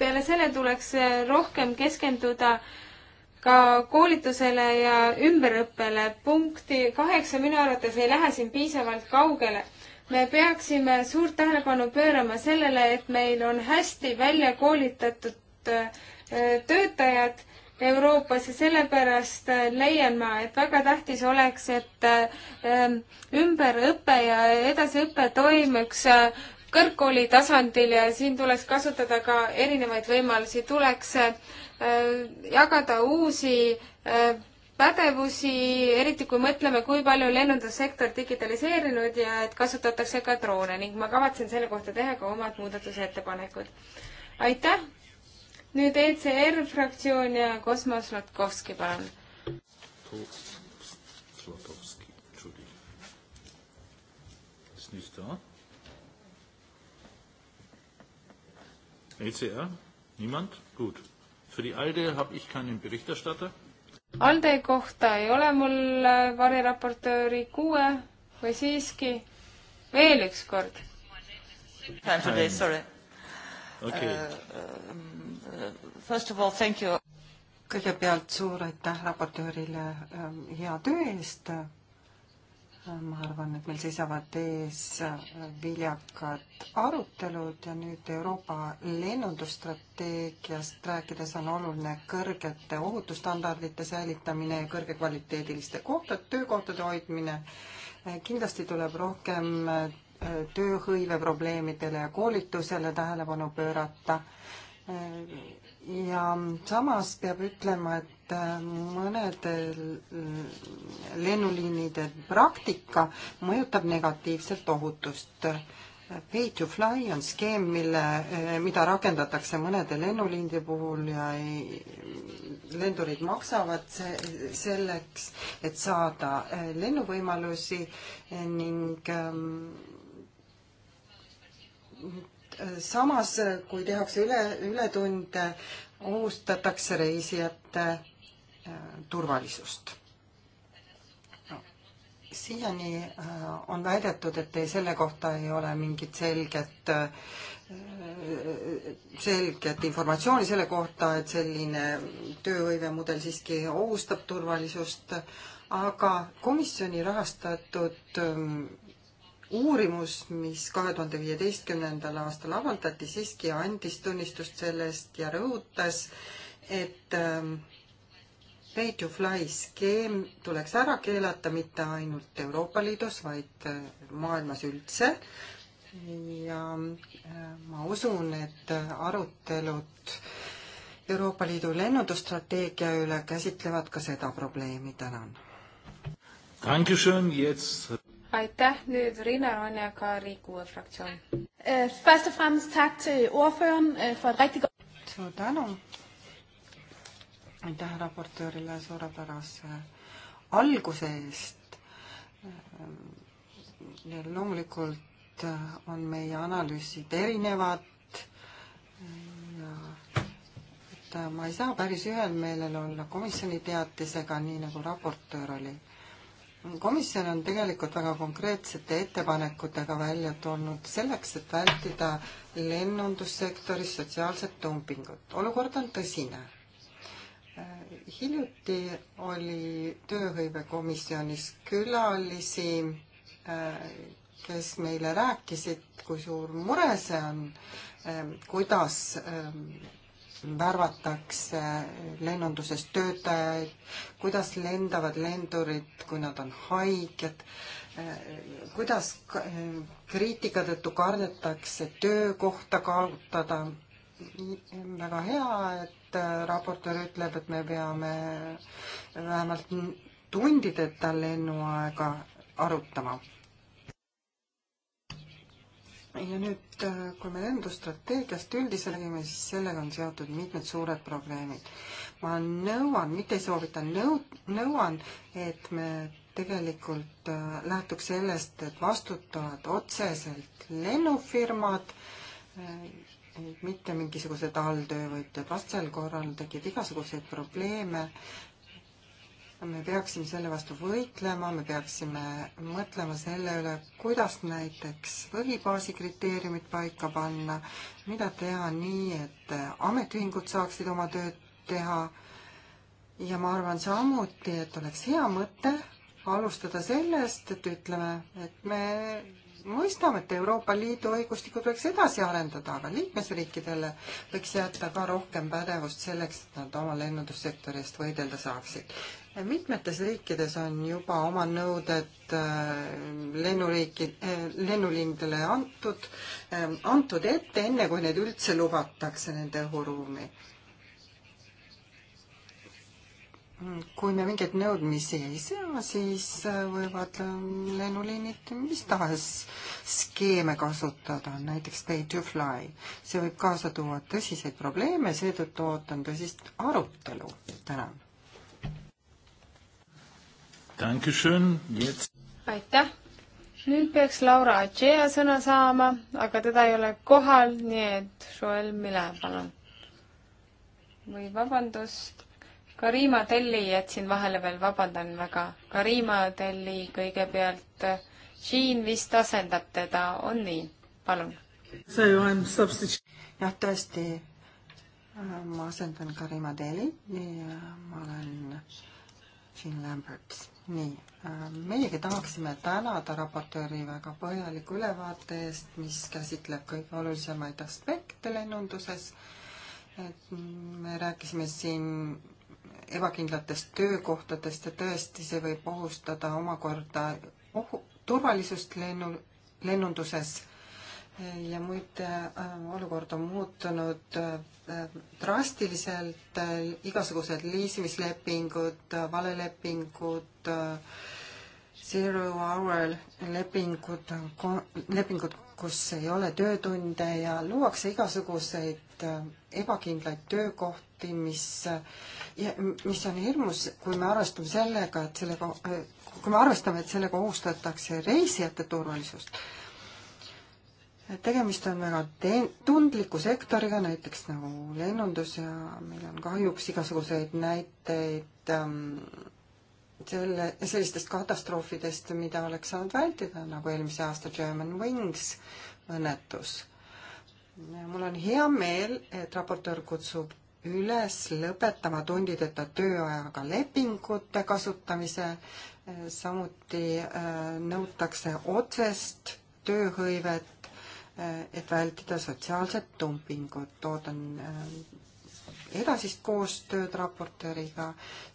B: peale selle tuleks äh, rohkem keskenduda ka koolitusele ja ümberõppele. punkti kaheksa minu arvates ei lähe siin piisavalt kaugele me peaksime suurt tähelepanu pöörama sellele, et meil on hästi välja koolitatud äh, töötajad Euroopas ja sellepärast äh, leian ma, et väga tähtis oleks, et äh, ümberõpe ja edasiõpe toimuks äh, kõrgkooli tasandil ja siin tuleks kasutada ka erinevaid võimalusi, tuleks jagada uusi pädevusi, eriti kui mõtleme, kui palju lennundussektor digitaliseerinud ja et kasutatakse ka droone ning ma kavatsen selle kohta teha ka omad muudatusettepanekud. aitäh! nüüd ECR fraktsioon ja Kosmos Latkovski, palun.
A: ECR? E Niemand? Gut. Für die ALDE habe ich keinen Berichterstatter.
B: ALDE kohta ei ole mul äh, variraportööri kuue või siiski veel üks kord.
A: Time today, sorry. okei okay. uh,. Um First of all, thank you. kõigepealt suur aitäh raportöörile ähm, hea töö eest. Ähm, ma arvan, et meil seisavad ees äh, viljakad arutelud ja nüüd Euroopa lennundusstrateegiast rääkides on oluline kõrgete ohutusstandardite säilitamine ja kõrgekvaliteediliste kohtade, töökohtade hoidmine. Äh, kindlasti tuleb rohkem äh, tööhõive probleemidele ja koolitusele tähelepanu pöörata ja samas peab ütlema, et äh, mõnedel äh, lennuliinide praktika mõjutab negatiivselt ohutust. Pay to fly on skeem, mille, äh, mida rakendatakse mõnede lennuliinide puhul ja ei, lendurid maksavad see, selleks, et saada lennuvõimalusi ning ähm, samas, kui tehakse üle, ületunde, ohustatakse reisijate äh, turvalisust siiani äh, on väidetud, et ei, selle kohta ei ole mingit selget, äh, selget informatsiooni selle kohta, et selline tööhõivemudel siiski ohustab turvalisust, aga komisjoni rahastatud ähm, uurimus, mis kahe tuhande viieteistkümnendal aastal avaldati, siiski andis tunnistust sellest ja rõhutas, et ähm, pay to fly skeem tuleks ära keelata mitte ainult Euroopa Liidus, vaid äh, maailmas üldse. ja äh, ma usun, et arutelud Euroopa Liidu lennundusstrateegia üle käsitlevad ka seda probleemi. tänan
B: aitäh, nüüd Riina Ronja ka Riigikogu fraktsioon. Äh, first of all, tak til ordføreren äh, for et rigtig godt...
A: suur tänu. aitäh raportöörile suurepärase alguse eest. Äh, loomulikult on meie analüüsid erinevad ja et ma ei saa päris ühel meelel olla komisjoni teatisega, nii nagu raportöör oli komisjon on tegelikult väga konkreetsete ettepanekutega välja tulnud selleks, et vältida lennundussektoris sotsiaalset dumpingut. olukord on tõsine. hiljuti oli tööhõivekomisjonis külalisi, kes meile rääkisid, kui suur mure see on, kuidas värvatakse lennunduses töötajaid, kuidas lendavad lendurid, kui nad on haiged, kuidas kriitika tõttu kardetakse töökohta kaotada. väga hea, et raportöör ütleb, et me peame vähemalt tundideta lennuaega arutama ja nüüd, äh, kui me lendusstrateegiast üldise räägime, siis sellega on seotud mitmed suured probleemid. ma nõuan, mitte ei soovita, nõu-, nõuan, et me tegelikult äh, lähtuks sellest, et vastutavad otseselt lennufirmad, äh, mitte mingisugused alltöövõtjad. vastasel korral tekib igasuguseid probleeme me peaksime selle vastu võitlema, me peaksime mõtlema selle üle, kuidas näiteks põhibaasi kriteeriumid paika panna, mida teha nii, et ametiühingud saaksid oma tööd teha. ja ma arvan samuti, et oleks hea mõte alustada sellest, et ütleme, et me mõistame, et Euroopa Liidu õigustikku tuleks edasi arendada, aga liikmesriikidele võiks jätta ka rohkem pädevust selleks, et nad oma lennundussektori eest võidelda saaksid mitmetes riikides on juba oma nõuded äh, lennuriiki, äh, lennuliinidele antud, ähm, antud ette, enne kui need üldse lubatakse nende õhuruumi. kui me mingeid nõudmisi ei sea, siis äh, võivad ähm, lennuliinid mis tahes skeeme kasutada, näiteks pay to fly. see võib kaasa tuua tõsiseid probleeme, seetõttu ootan tõsist arutelu. tänan
B: aitäh! nüüd peaks Laura Adjea sõna saama, aga teda ei ole kohal, nii et Joel Mile, palun. või vabandust, Karima Telli jätsin vahele veel, vabandan väga. Karima Telli kõigepealt, äh, Jean vist asendab teda, on nii? palun.
A: jah, tõesti, äh, ma asendan Karima Telli ja ma olen Jean Lambert nii, äh, meiegi tahaksime tänada raportööri väga põhjaliku ülevaate eest, mis käsitleb kõige olulisemaid aspekte lennunduses. et me rääkisime siin ebakindlatest töökohtadest ja tõesti, see võib ohustada omakorda ohu, turvalisust lennu, lennunduses ja muide, äh, olukord on muutunud äh, drastiliselt, igasugused liisimislepingud, valelepingud, et äh, zero hour lepingud, lepingud, kus ei ole töötunde ja luuakse igasuguseid äh, ebakindlaid töökohti, mis, äh, mis on hirmus, kui me arvestame sellega, et sellega, kui me arvestame, et sellega ohustatakse reisijate turvalisust tegemist on väga teen-, tundliku sektoriga, näiteks nagu lennundus ja meil on kahjuks igasuguseid näiteid ähm, selle, sellistest katastroofidest, mida oleks saanud vältida, nagu eelmise aasta German Wings õnnetus. mul on hea meel, et raportöör kutsub üles lõpetama tundideta tööajaga lepingute kasutamise, samuti äh, nõutakse otsest tööhõivet, äh, et vältida sotsiaalset dumpingut. ootan äh, edasist koostööd raportööriga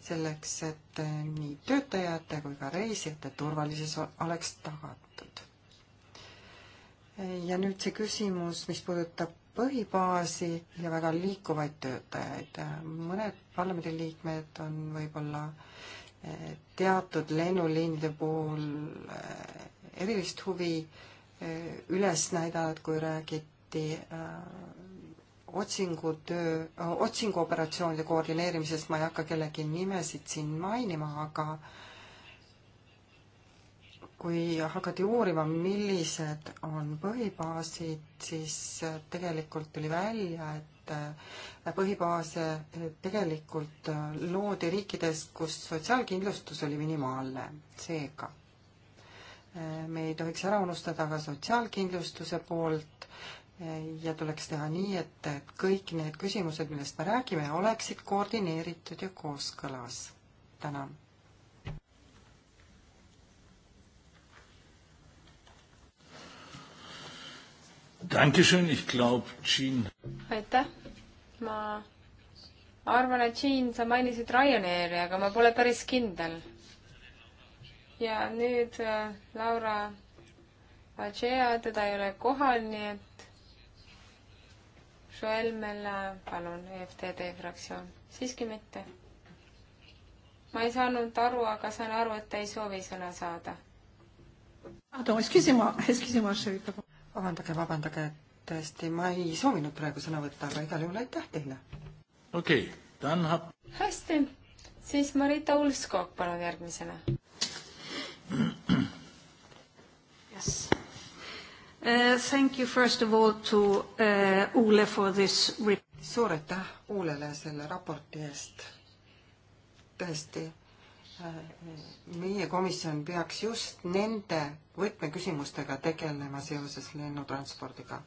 A: selleks, et nii töötajate kui ka reisijate turvalisus oleks tagatud. ja nüüd see küsimus, mis puudutab põhibaasi ja väga liikuvaid töötajaid. mõned parlamendiliikmed on võib-olla eh, teatud lennuliinide puhul eh, erilist huvi eh, üles näidanud, kui räägiti otsingutöö, otsinguoperatsioonide koordineerimisest ma ei hakka kellegi nimesid siin mainima, aga kui hakati uurima, millised on põhibaasid, siis tegelikult tuli välja, et põhibaase tegelikult loodi riikides, kus sotsiaalkindlustus oli minimaalne, seega me ei tohiks ära unustada ka sotsiaalkindlustuse poolt, ja tuleks teha nii, et, et kõik need küsimused, millest me räägime, oleksid koordineeritud ja kooskõlas. tänan.
B: aitäh, ma arvan, et Jean, sa mainisid Ryanairi, aga ma pole päris kindel. ja nüüd äh, Laura Agea, teda ei ole kohal, nii et Joel Mella, palun, EFTD fraktsioon. siiski mitte. ma ei saanud aru, aga saan aru, et te ei soovi sõna
A: saada. vabandage, vabandage, tõesti, ma ei soovinud praegu sõna võtta, aga igal juhul aitäh teile. okei okay,, Dan Happ.
B: hästi, siis Marita Ulskog, palun järgmisena.
A: Yes. Uh, thank you first of all to uh, Ole for this report. suur aitäh Olele selle raporti eest. tõesti, äh, meie komisjon peaks just nende võtmeküsimustega tegelema seoses lennutranspordiga.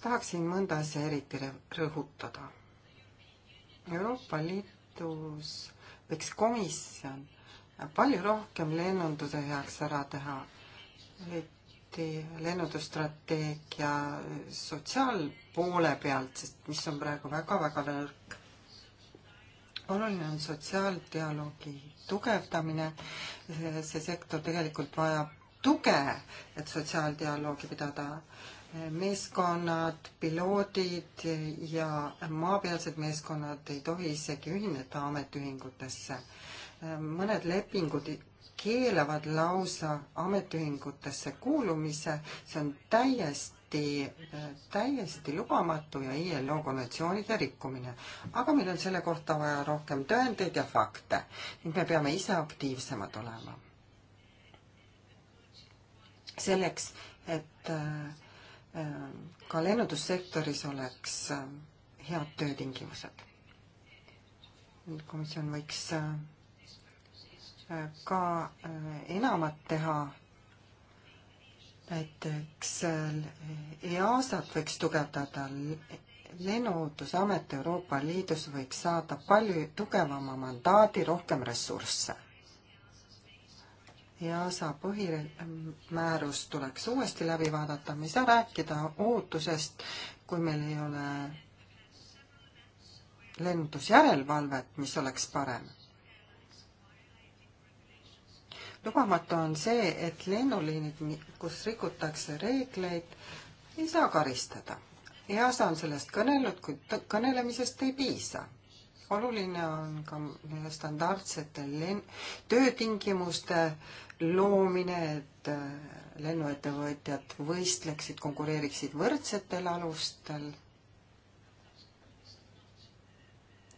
A: tahaksin mõnda asja eriti rõhutada. Euroopa Liidus võiks komisjon palju rohkem lennunduse heaks ära teha, et samuti lennundusstrateegia sotsiaalpoole pealt, sest mis on praegu väga-väga nõrk. oluline on sotsiaaldialoogi tugevdamine, see sektor tegelikult vajab tuge, et sotsiaaldialoogi pidada. meeskonnad, piloodid ja maapealsed meeskonnad ei tohi isegi ühineda ametiühingutesse mõned lepingud keelavad lausa ametiühingutesse kuulumise, see on täiesti, täiesti lubamatu ja ILO konventsioonide rikkumine. aga meil on selle kohta vaja rohkem tõendeid ja fakte ning me peame ise aktiivsemad olema. selleks, et äh, äh, ka lennundussektoris oleks äh, head töötingimused. komisjon võiks ka äh, enamat teha. näiteks äh, EASA-t võiks tugevdada, lennuohutusamet Euroopa Liidus võiks saada palju tugevama mandaadi, rohkem ressursse. EASA põhimäärus tuleks uuesti läbi vaadata, me ei saa rääkida ohutusest, kui meil ei ole lendusjärelevalvet, mis oleks parem lubamatu on see, et lennuliinid, kus rikutakse reegleid, ei saa karistada. EASA on sellest kõnelnud, kuid kõnelemisest ei piisa. oluline on ka standardsete len-, töötingimuste loomine, et äh, lennuettevõtjad võistleksid, konkureeriksid võrdsetel alustel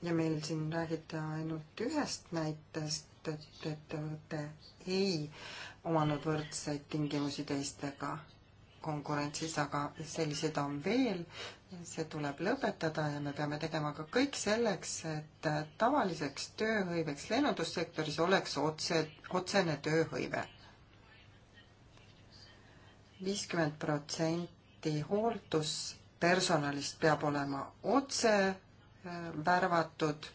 A: ja meil siin räägiti ainult ühest näitest, et, et ettevõte ei omanud võrdseid tingimusi teistega konkurentsis, aga selliseid on veel, see tuleb lõpetada ja me peame tegema ka kõik selleks, et tavaliseks tööhõiveks lennundussektoris oleks otse, otsene tööhõive. viiskümmend protsenti hoolduspersonalist peab olema otse äh, värvatud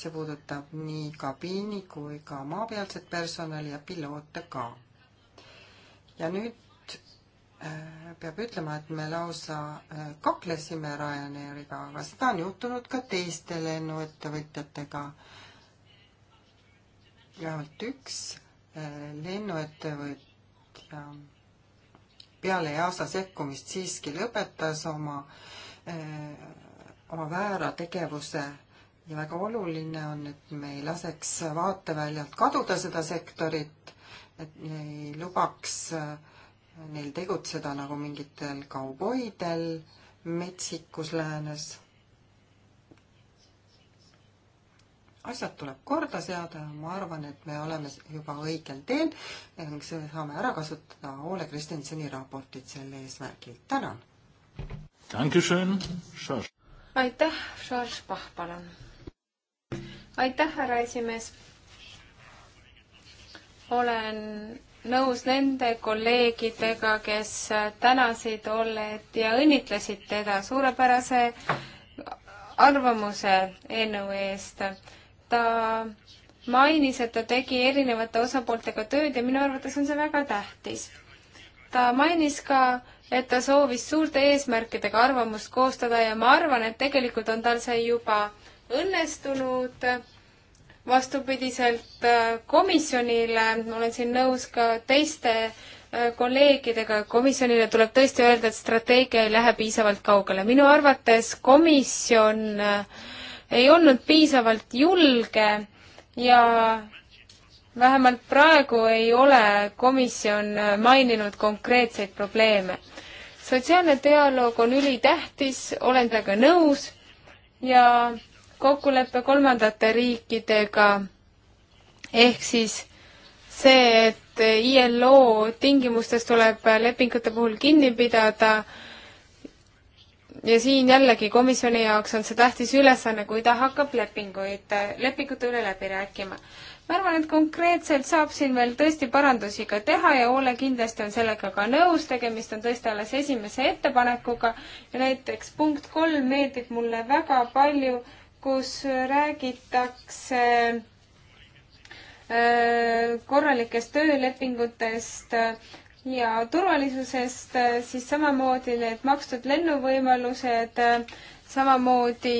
A: see puudutab nii kabiini kui ka maapealset personali ja piloote ka. ja nüüd äh, peab ütlema, et me lausa äh, kaklesime Ryanairiga, aga seda on juhtunud ka teiste lennuettevõtjatega. vähemalt üks äh, lennuettevõtja peale EASA sekkumist siiski lõpetas oma, oma väära tegevuse ja väga oluline on, et me ei laseks vaateväljalt kaduda seda sektorit, et me ei lubaks äh, neil tegutseda nagu mingitel kauboidel metsikus läänes. asjad tuleb korda seada, ma arvan, et me oleme juba õigel teel ning saame ära kasutada Ole Kristjansoni raportit sel eesmärgil. tänan!
B: aitäh, Charles Pahv, palun! aitäh, härra esimees. olen nõus nende kolleegidega, kes tänasid Ollet ja õnnitlesid teda suurepärase arvamuse eelnõu eest. ta mainis, et ta tegi erinevate osapooltega tööd ja minu arvates on see väga tähtis. ta mainis ka, et ta soovis suurte eesmärkidega arvamust koostada ja ma arvan, et tegelikult on tal see juba õnnestunud. vastupidiselt äh, komisjonile olen siin nõus ka teiste äh, kolleegidega, komisjonile tuleb tõesti öelda, et strateegia ei lähe piisavalt kaugele. minu arvates komisjon äh, ei olnud piisavalt julge ja vähemalt praegu ei ole komisjon maininud konkreetseid probleeme. sotsiaalne dialoog on ülitähtis, olen temaga nõus ja kokkulepe kolmandate riikidega, ehk siis see, et ILO tingimustes tuleb lepingute puhul kinni pidada ja siin jällegi komisjoni jaoks on see tähtis ülesanne, kui ta hakkab lepinguid, lepingute üle läbi rääkima. ma arvan, et konkreetselt saab siin veel tõesti parandusi ka teha ja Oole kindlasti on sellega ka nõus, tegemist on tõesti alles esimese ettepanekuga ja näiteks punkt kolm meeldib mulle väga palju kus räägitakse äh, korralikest töölepingutest ja turvalisusest, siis samamoodi need makstud lennuvõimalused, samamoodi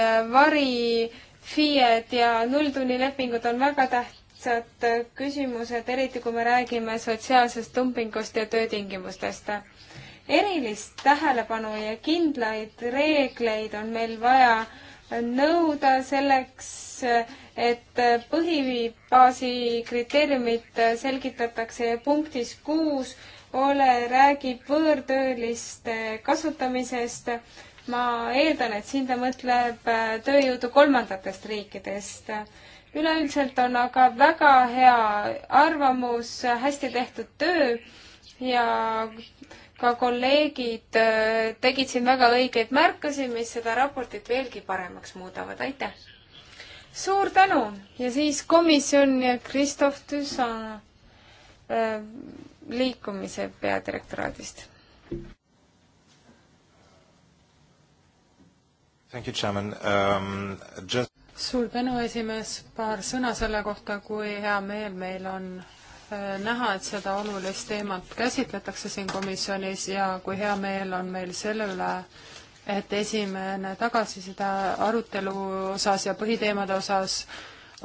B: äh, vari, FIE-d ja nulltunnilepingud on väga tähtsad küsimused, eriti kui me räägime sotsiaalsest dumpingust ja töötingimustest. erilist tähelepanu ja kindlaid reegleid on meil vaja äh, nõuda selleks, et põhibaasi kriteeriumid selgitatakse punktis kuus, ole, räägib võõrtööliste kasutamisest. ma eeldan, et siin ta mõtleb tööjõudu kolmandatest riikidest. üleüldiselt on aga väga hea arvamus, hästi tehtud töö ja ka kolleegid äh, tegid siin väga õigeid märkusi, mis seda raportit veelgi paremaks muudavad, aitäh! suur tänu ja siis komisjon ja Kristof Tüsson äh, liikumise peadirektoraadist.
A: Thank you, Chairman um,. Just...
C: suur tänu, esimees, paar sõna selle kohta, kui hea meel meil on Äh, näha, et seda olulist teemat käsitletakse siin komisjonis ja kui hea meel on meil selle üle, et esimene tagasiside arutelu osas ja põhiteemade osas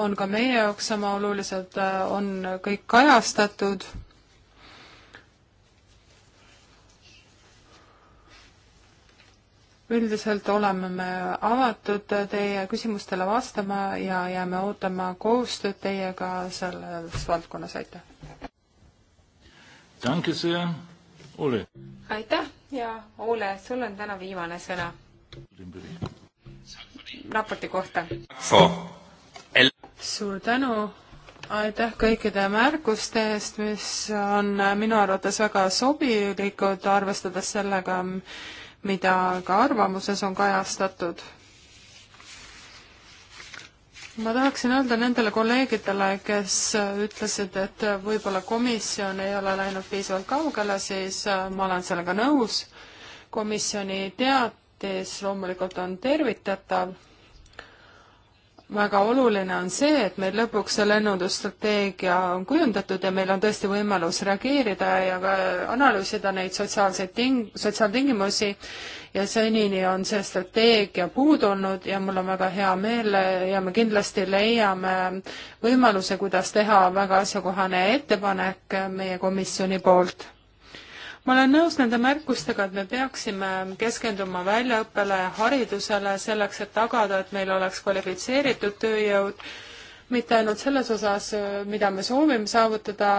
C: on ka meie jaoks sama olulised, äh, on kõik kajastatud. üldiselt oleme me avatud teie küsimustele vastama ja jääme ootama koostööd teiega selles valdkonnas, aitäh!
B: aitäh ja Ole, sul on täna viimane sõna raporti kohta.
C: suur tänu, aitäh kõikide märkuste eest, mis on minu arvates väga sobilikud, arvestades sellega, mida ka arvamuses on kajastatud ma tahaksin öelda nendele kolleegidele, kes ütlesid, et võib-olla komisjon ei ole läinud piisavalt kaugele, siis äh, ma olen sellega nõus. komisjoni teatis loomulikult on tervitatav väga oluline on see, et meil lõpuks see lennundusstrateegia on kujundatud ja meil on tõesti võimalus reageerida ja ka analüüsida neid sotsiaalseid ting-, sotsiaaltingimusi ja senini on see strateegia puudu olnud ja mul on väga hea meel ja me kindlasti leiame võimaluse, kuidas teha väga asjakohane ettepanek meie komisjoni poolt ma olen nõus nende märkustega, et me peaksime keskenduma väljaõppele ja haridusele selleks, et tagada, et meil oleks kvalifitseeritud tööjõud, mitte ainult selles osas, mida me soovime saavutada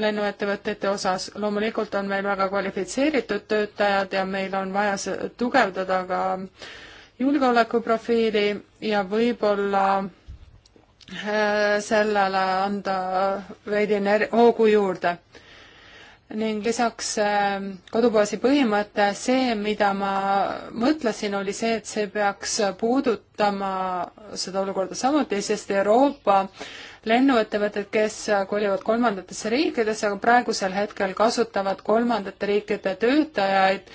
C: lennuettevõtete osas, loomulikult on meil väga kvalifitseeritud töötajad ja meil on vaja tugevdada ka julgeolekuprofiili ja võib-olla äh, sellele anda veidi hoogu juurde ning lisaks ähm, kodubaasi põhimõte, see, mida ma mõtlesin, oli see, et see peaks puudutama seda olukorda samuti, sest Euroopa lennuettevõtted, kes kolivad kolmandatesse riikidesse, aga praegusel hetkel kasutavad kolmandate riikide töötajaid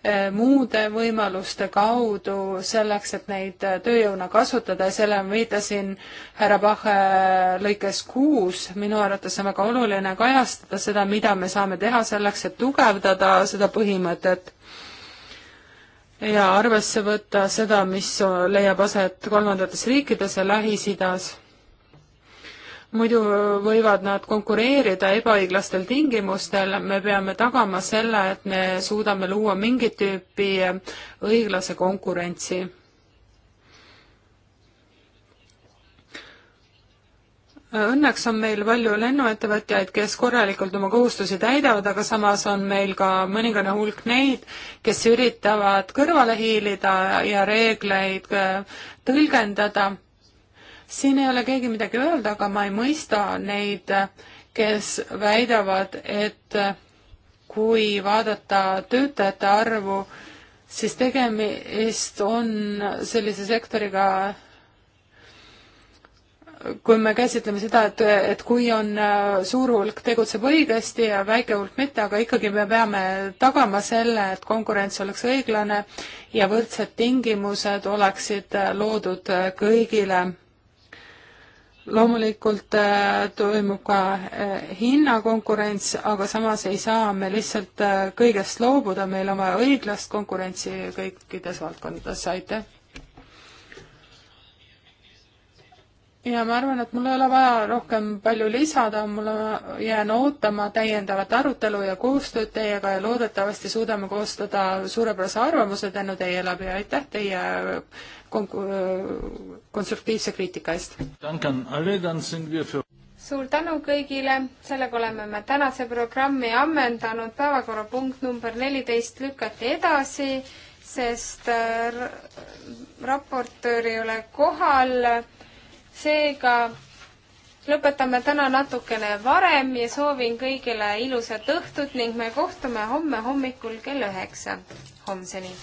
C: Äh, muude võimaluste kaudu selleks, et neid äh, tööjõuna kasutada ja selle ma viitasin härra Pahe äh, lõikes kuus, minu arvates on väga oluline kajastada seda, mida me saame teha selleks, et tugevdada seda põhimõtet ja arvesse võtta seda, mis leiab aset kolmandates riikides ja Lähis-Idas muidu võivad nad konkureerida ebaõiglastel tingimustel, me peame tagama selle, et me suudame luua mingit tüüpi õiglase konkurentsi. Õnneks on meil palju lennuettevõtjaid, kes korralikult oma kohustusi täidavad, aga samas on meil ka mõningane hulk neid, kes üritavad kõrvale hiilida ja reegleid äh, tõlgendada siin ei ole keegi midagi öelda, aga ma ei mõista neid, kes väidavad, et kui vaadata töötajate arvu, siis tegemist on sellise sektoriga, kui me käsitleme seda, et, et kui on äh, suur hulk tegutseb õigesti ja väike hulk mitte, aga ikkagi me peame tagama selle, et konkurents oleks õiglane ja võrdsed tingimused oleksid äh, loodud äh, kõigile loomulikult äh, toimub ka äh, hinnakonkurents, aga samas ei saa me lihtsalt äh, kõigest loobuda, meil on vaja õiglast konkurentsi kõikides valdkondades, aitäh! ja ma arvan, et mul ei ole vaja rohkem palju lisada, mul jään ootama täiendavat arutelu ja koostööd teiega ja loodetavasti suudame koostada suurepärase arvamuse tänu teie läbi ja aitäh teie konstruktiivse kriitika eest!
B: suur tänu kõigile, sellega oleme me tänase programmi ammendanud, päevakorrapunkt number neliteist lükati edasi, sest äh, raportöör ei ole kohal seega lõpetame täna natukene varem ja soovin kõigile ilusat õhtut ning me kohtume homme hommikul kell üheksa. homseni!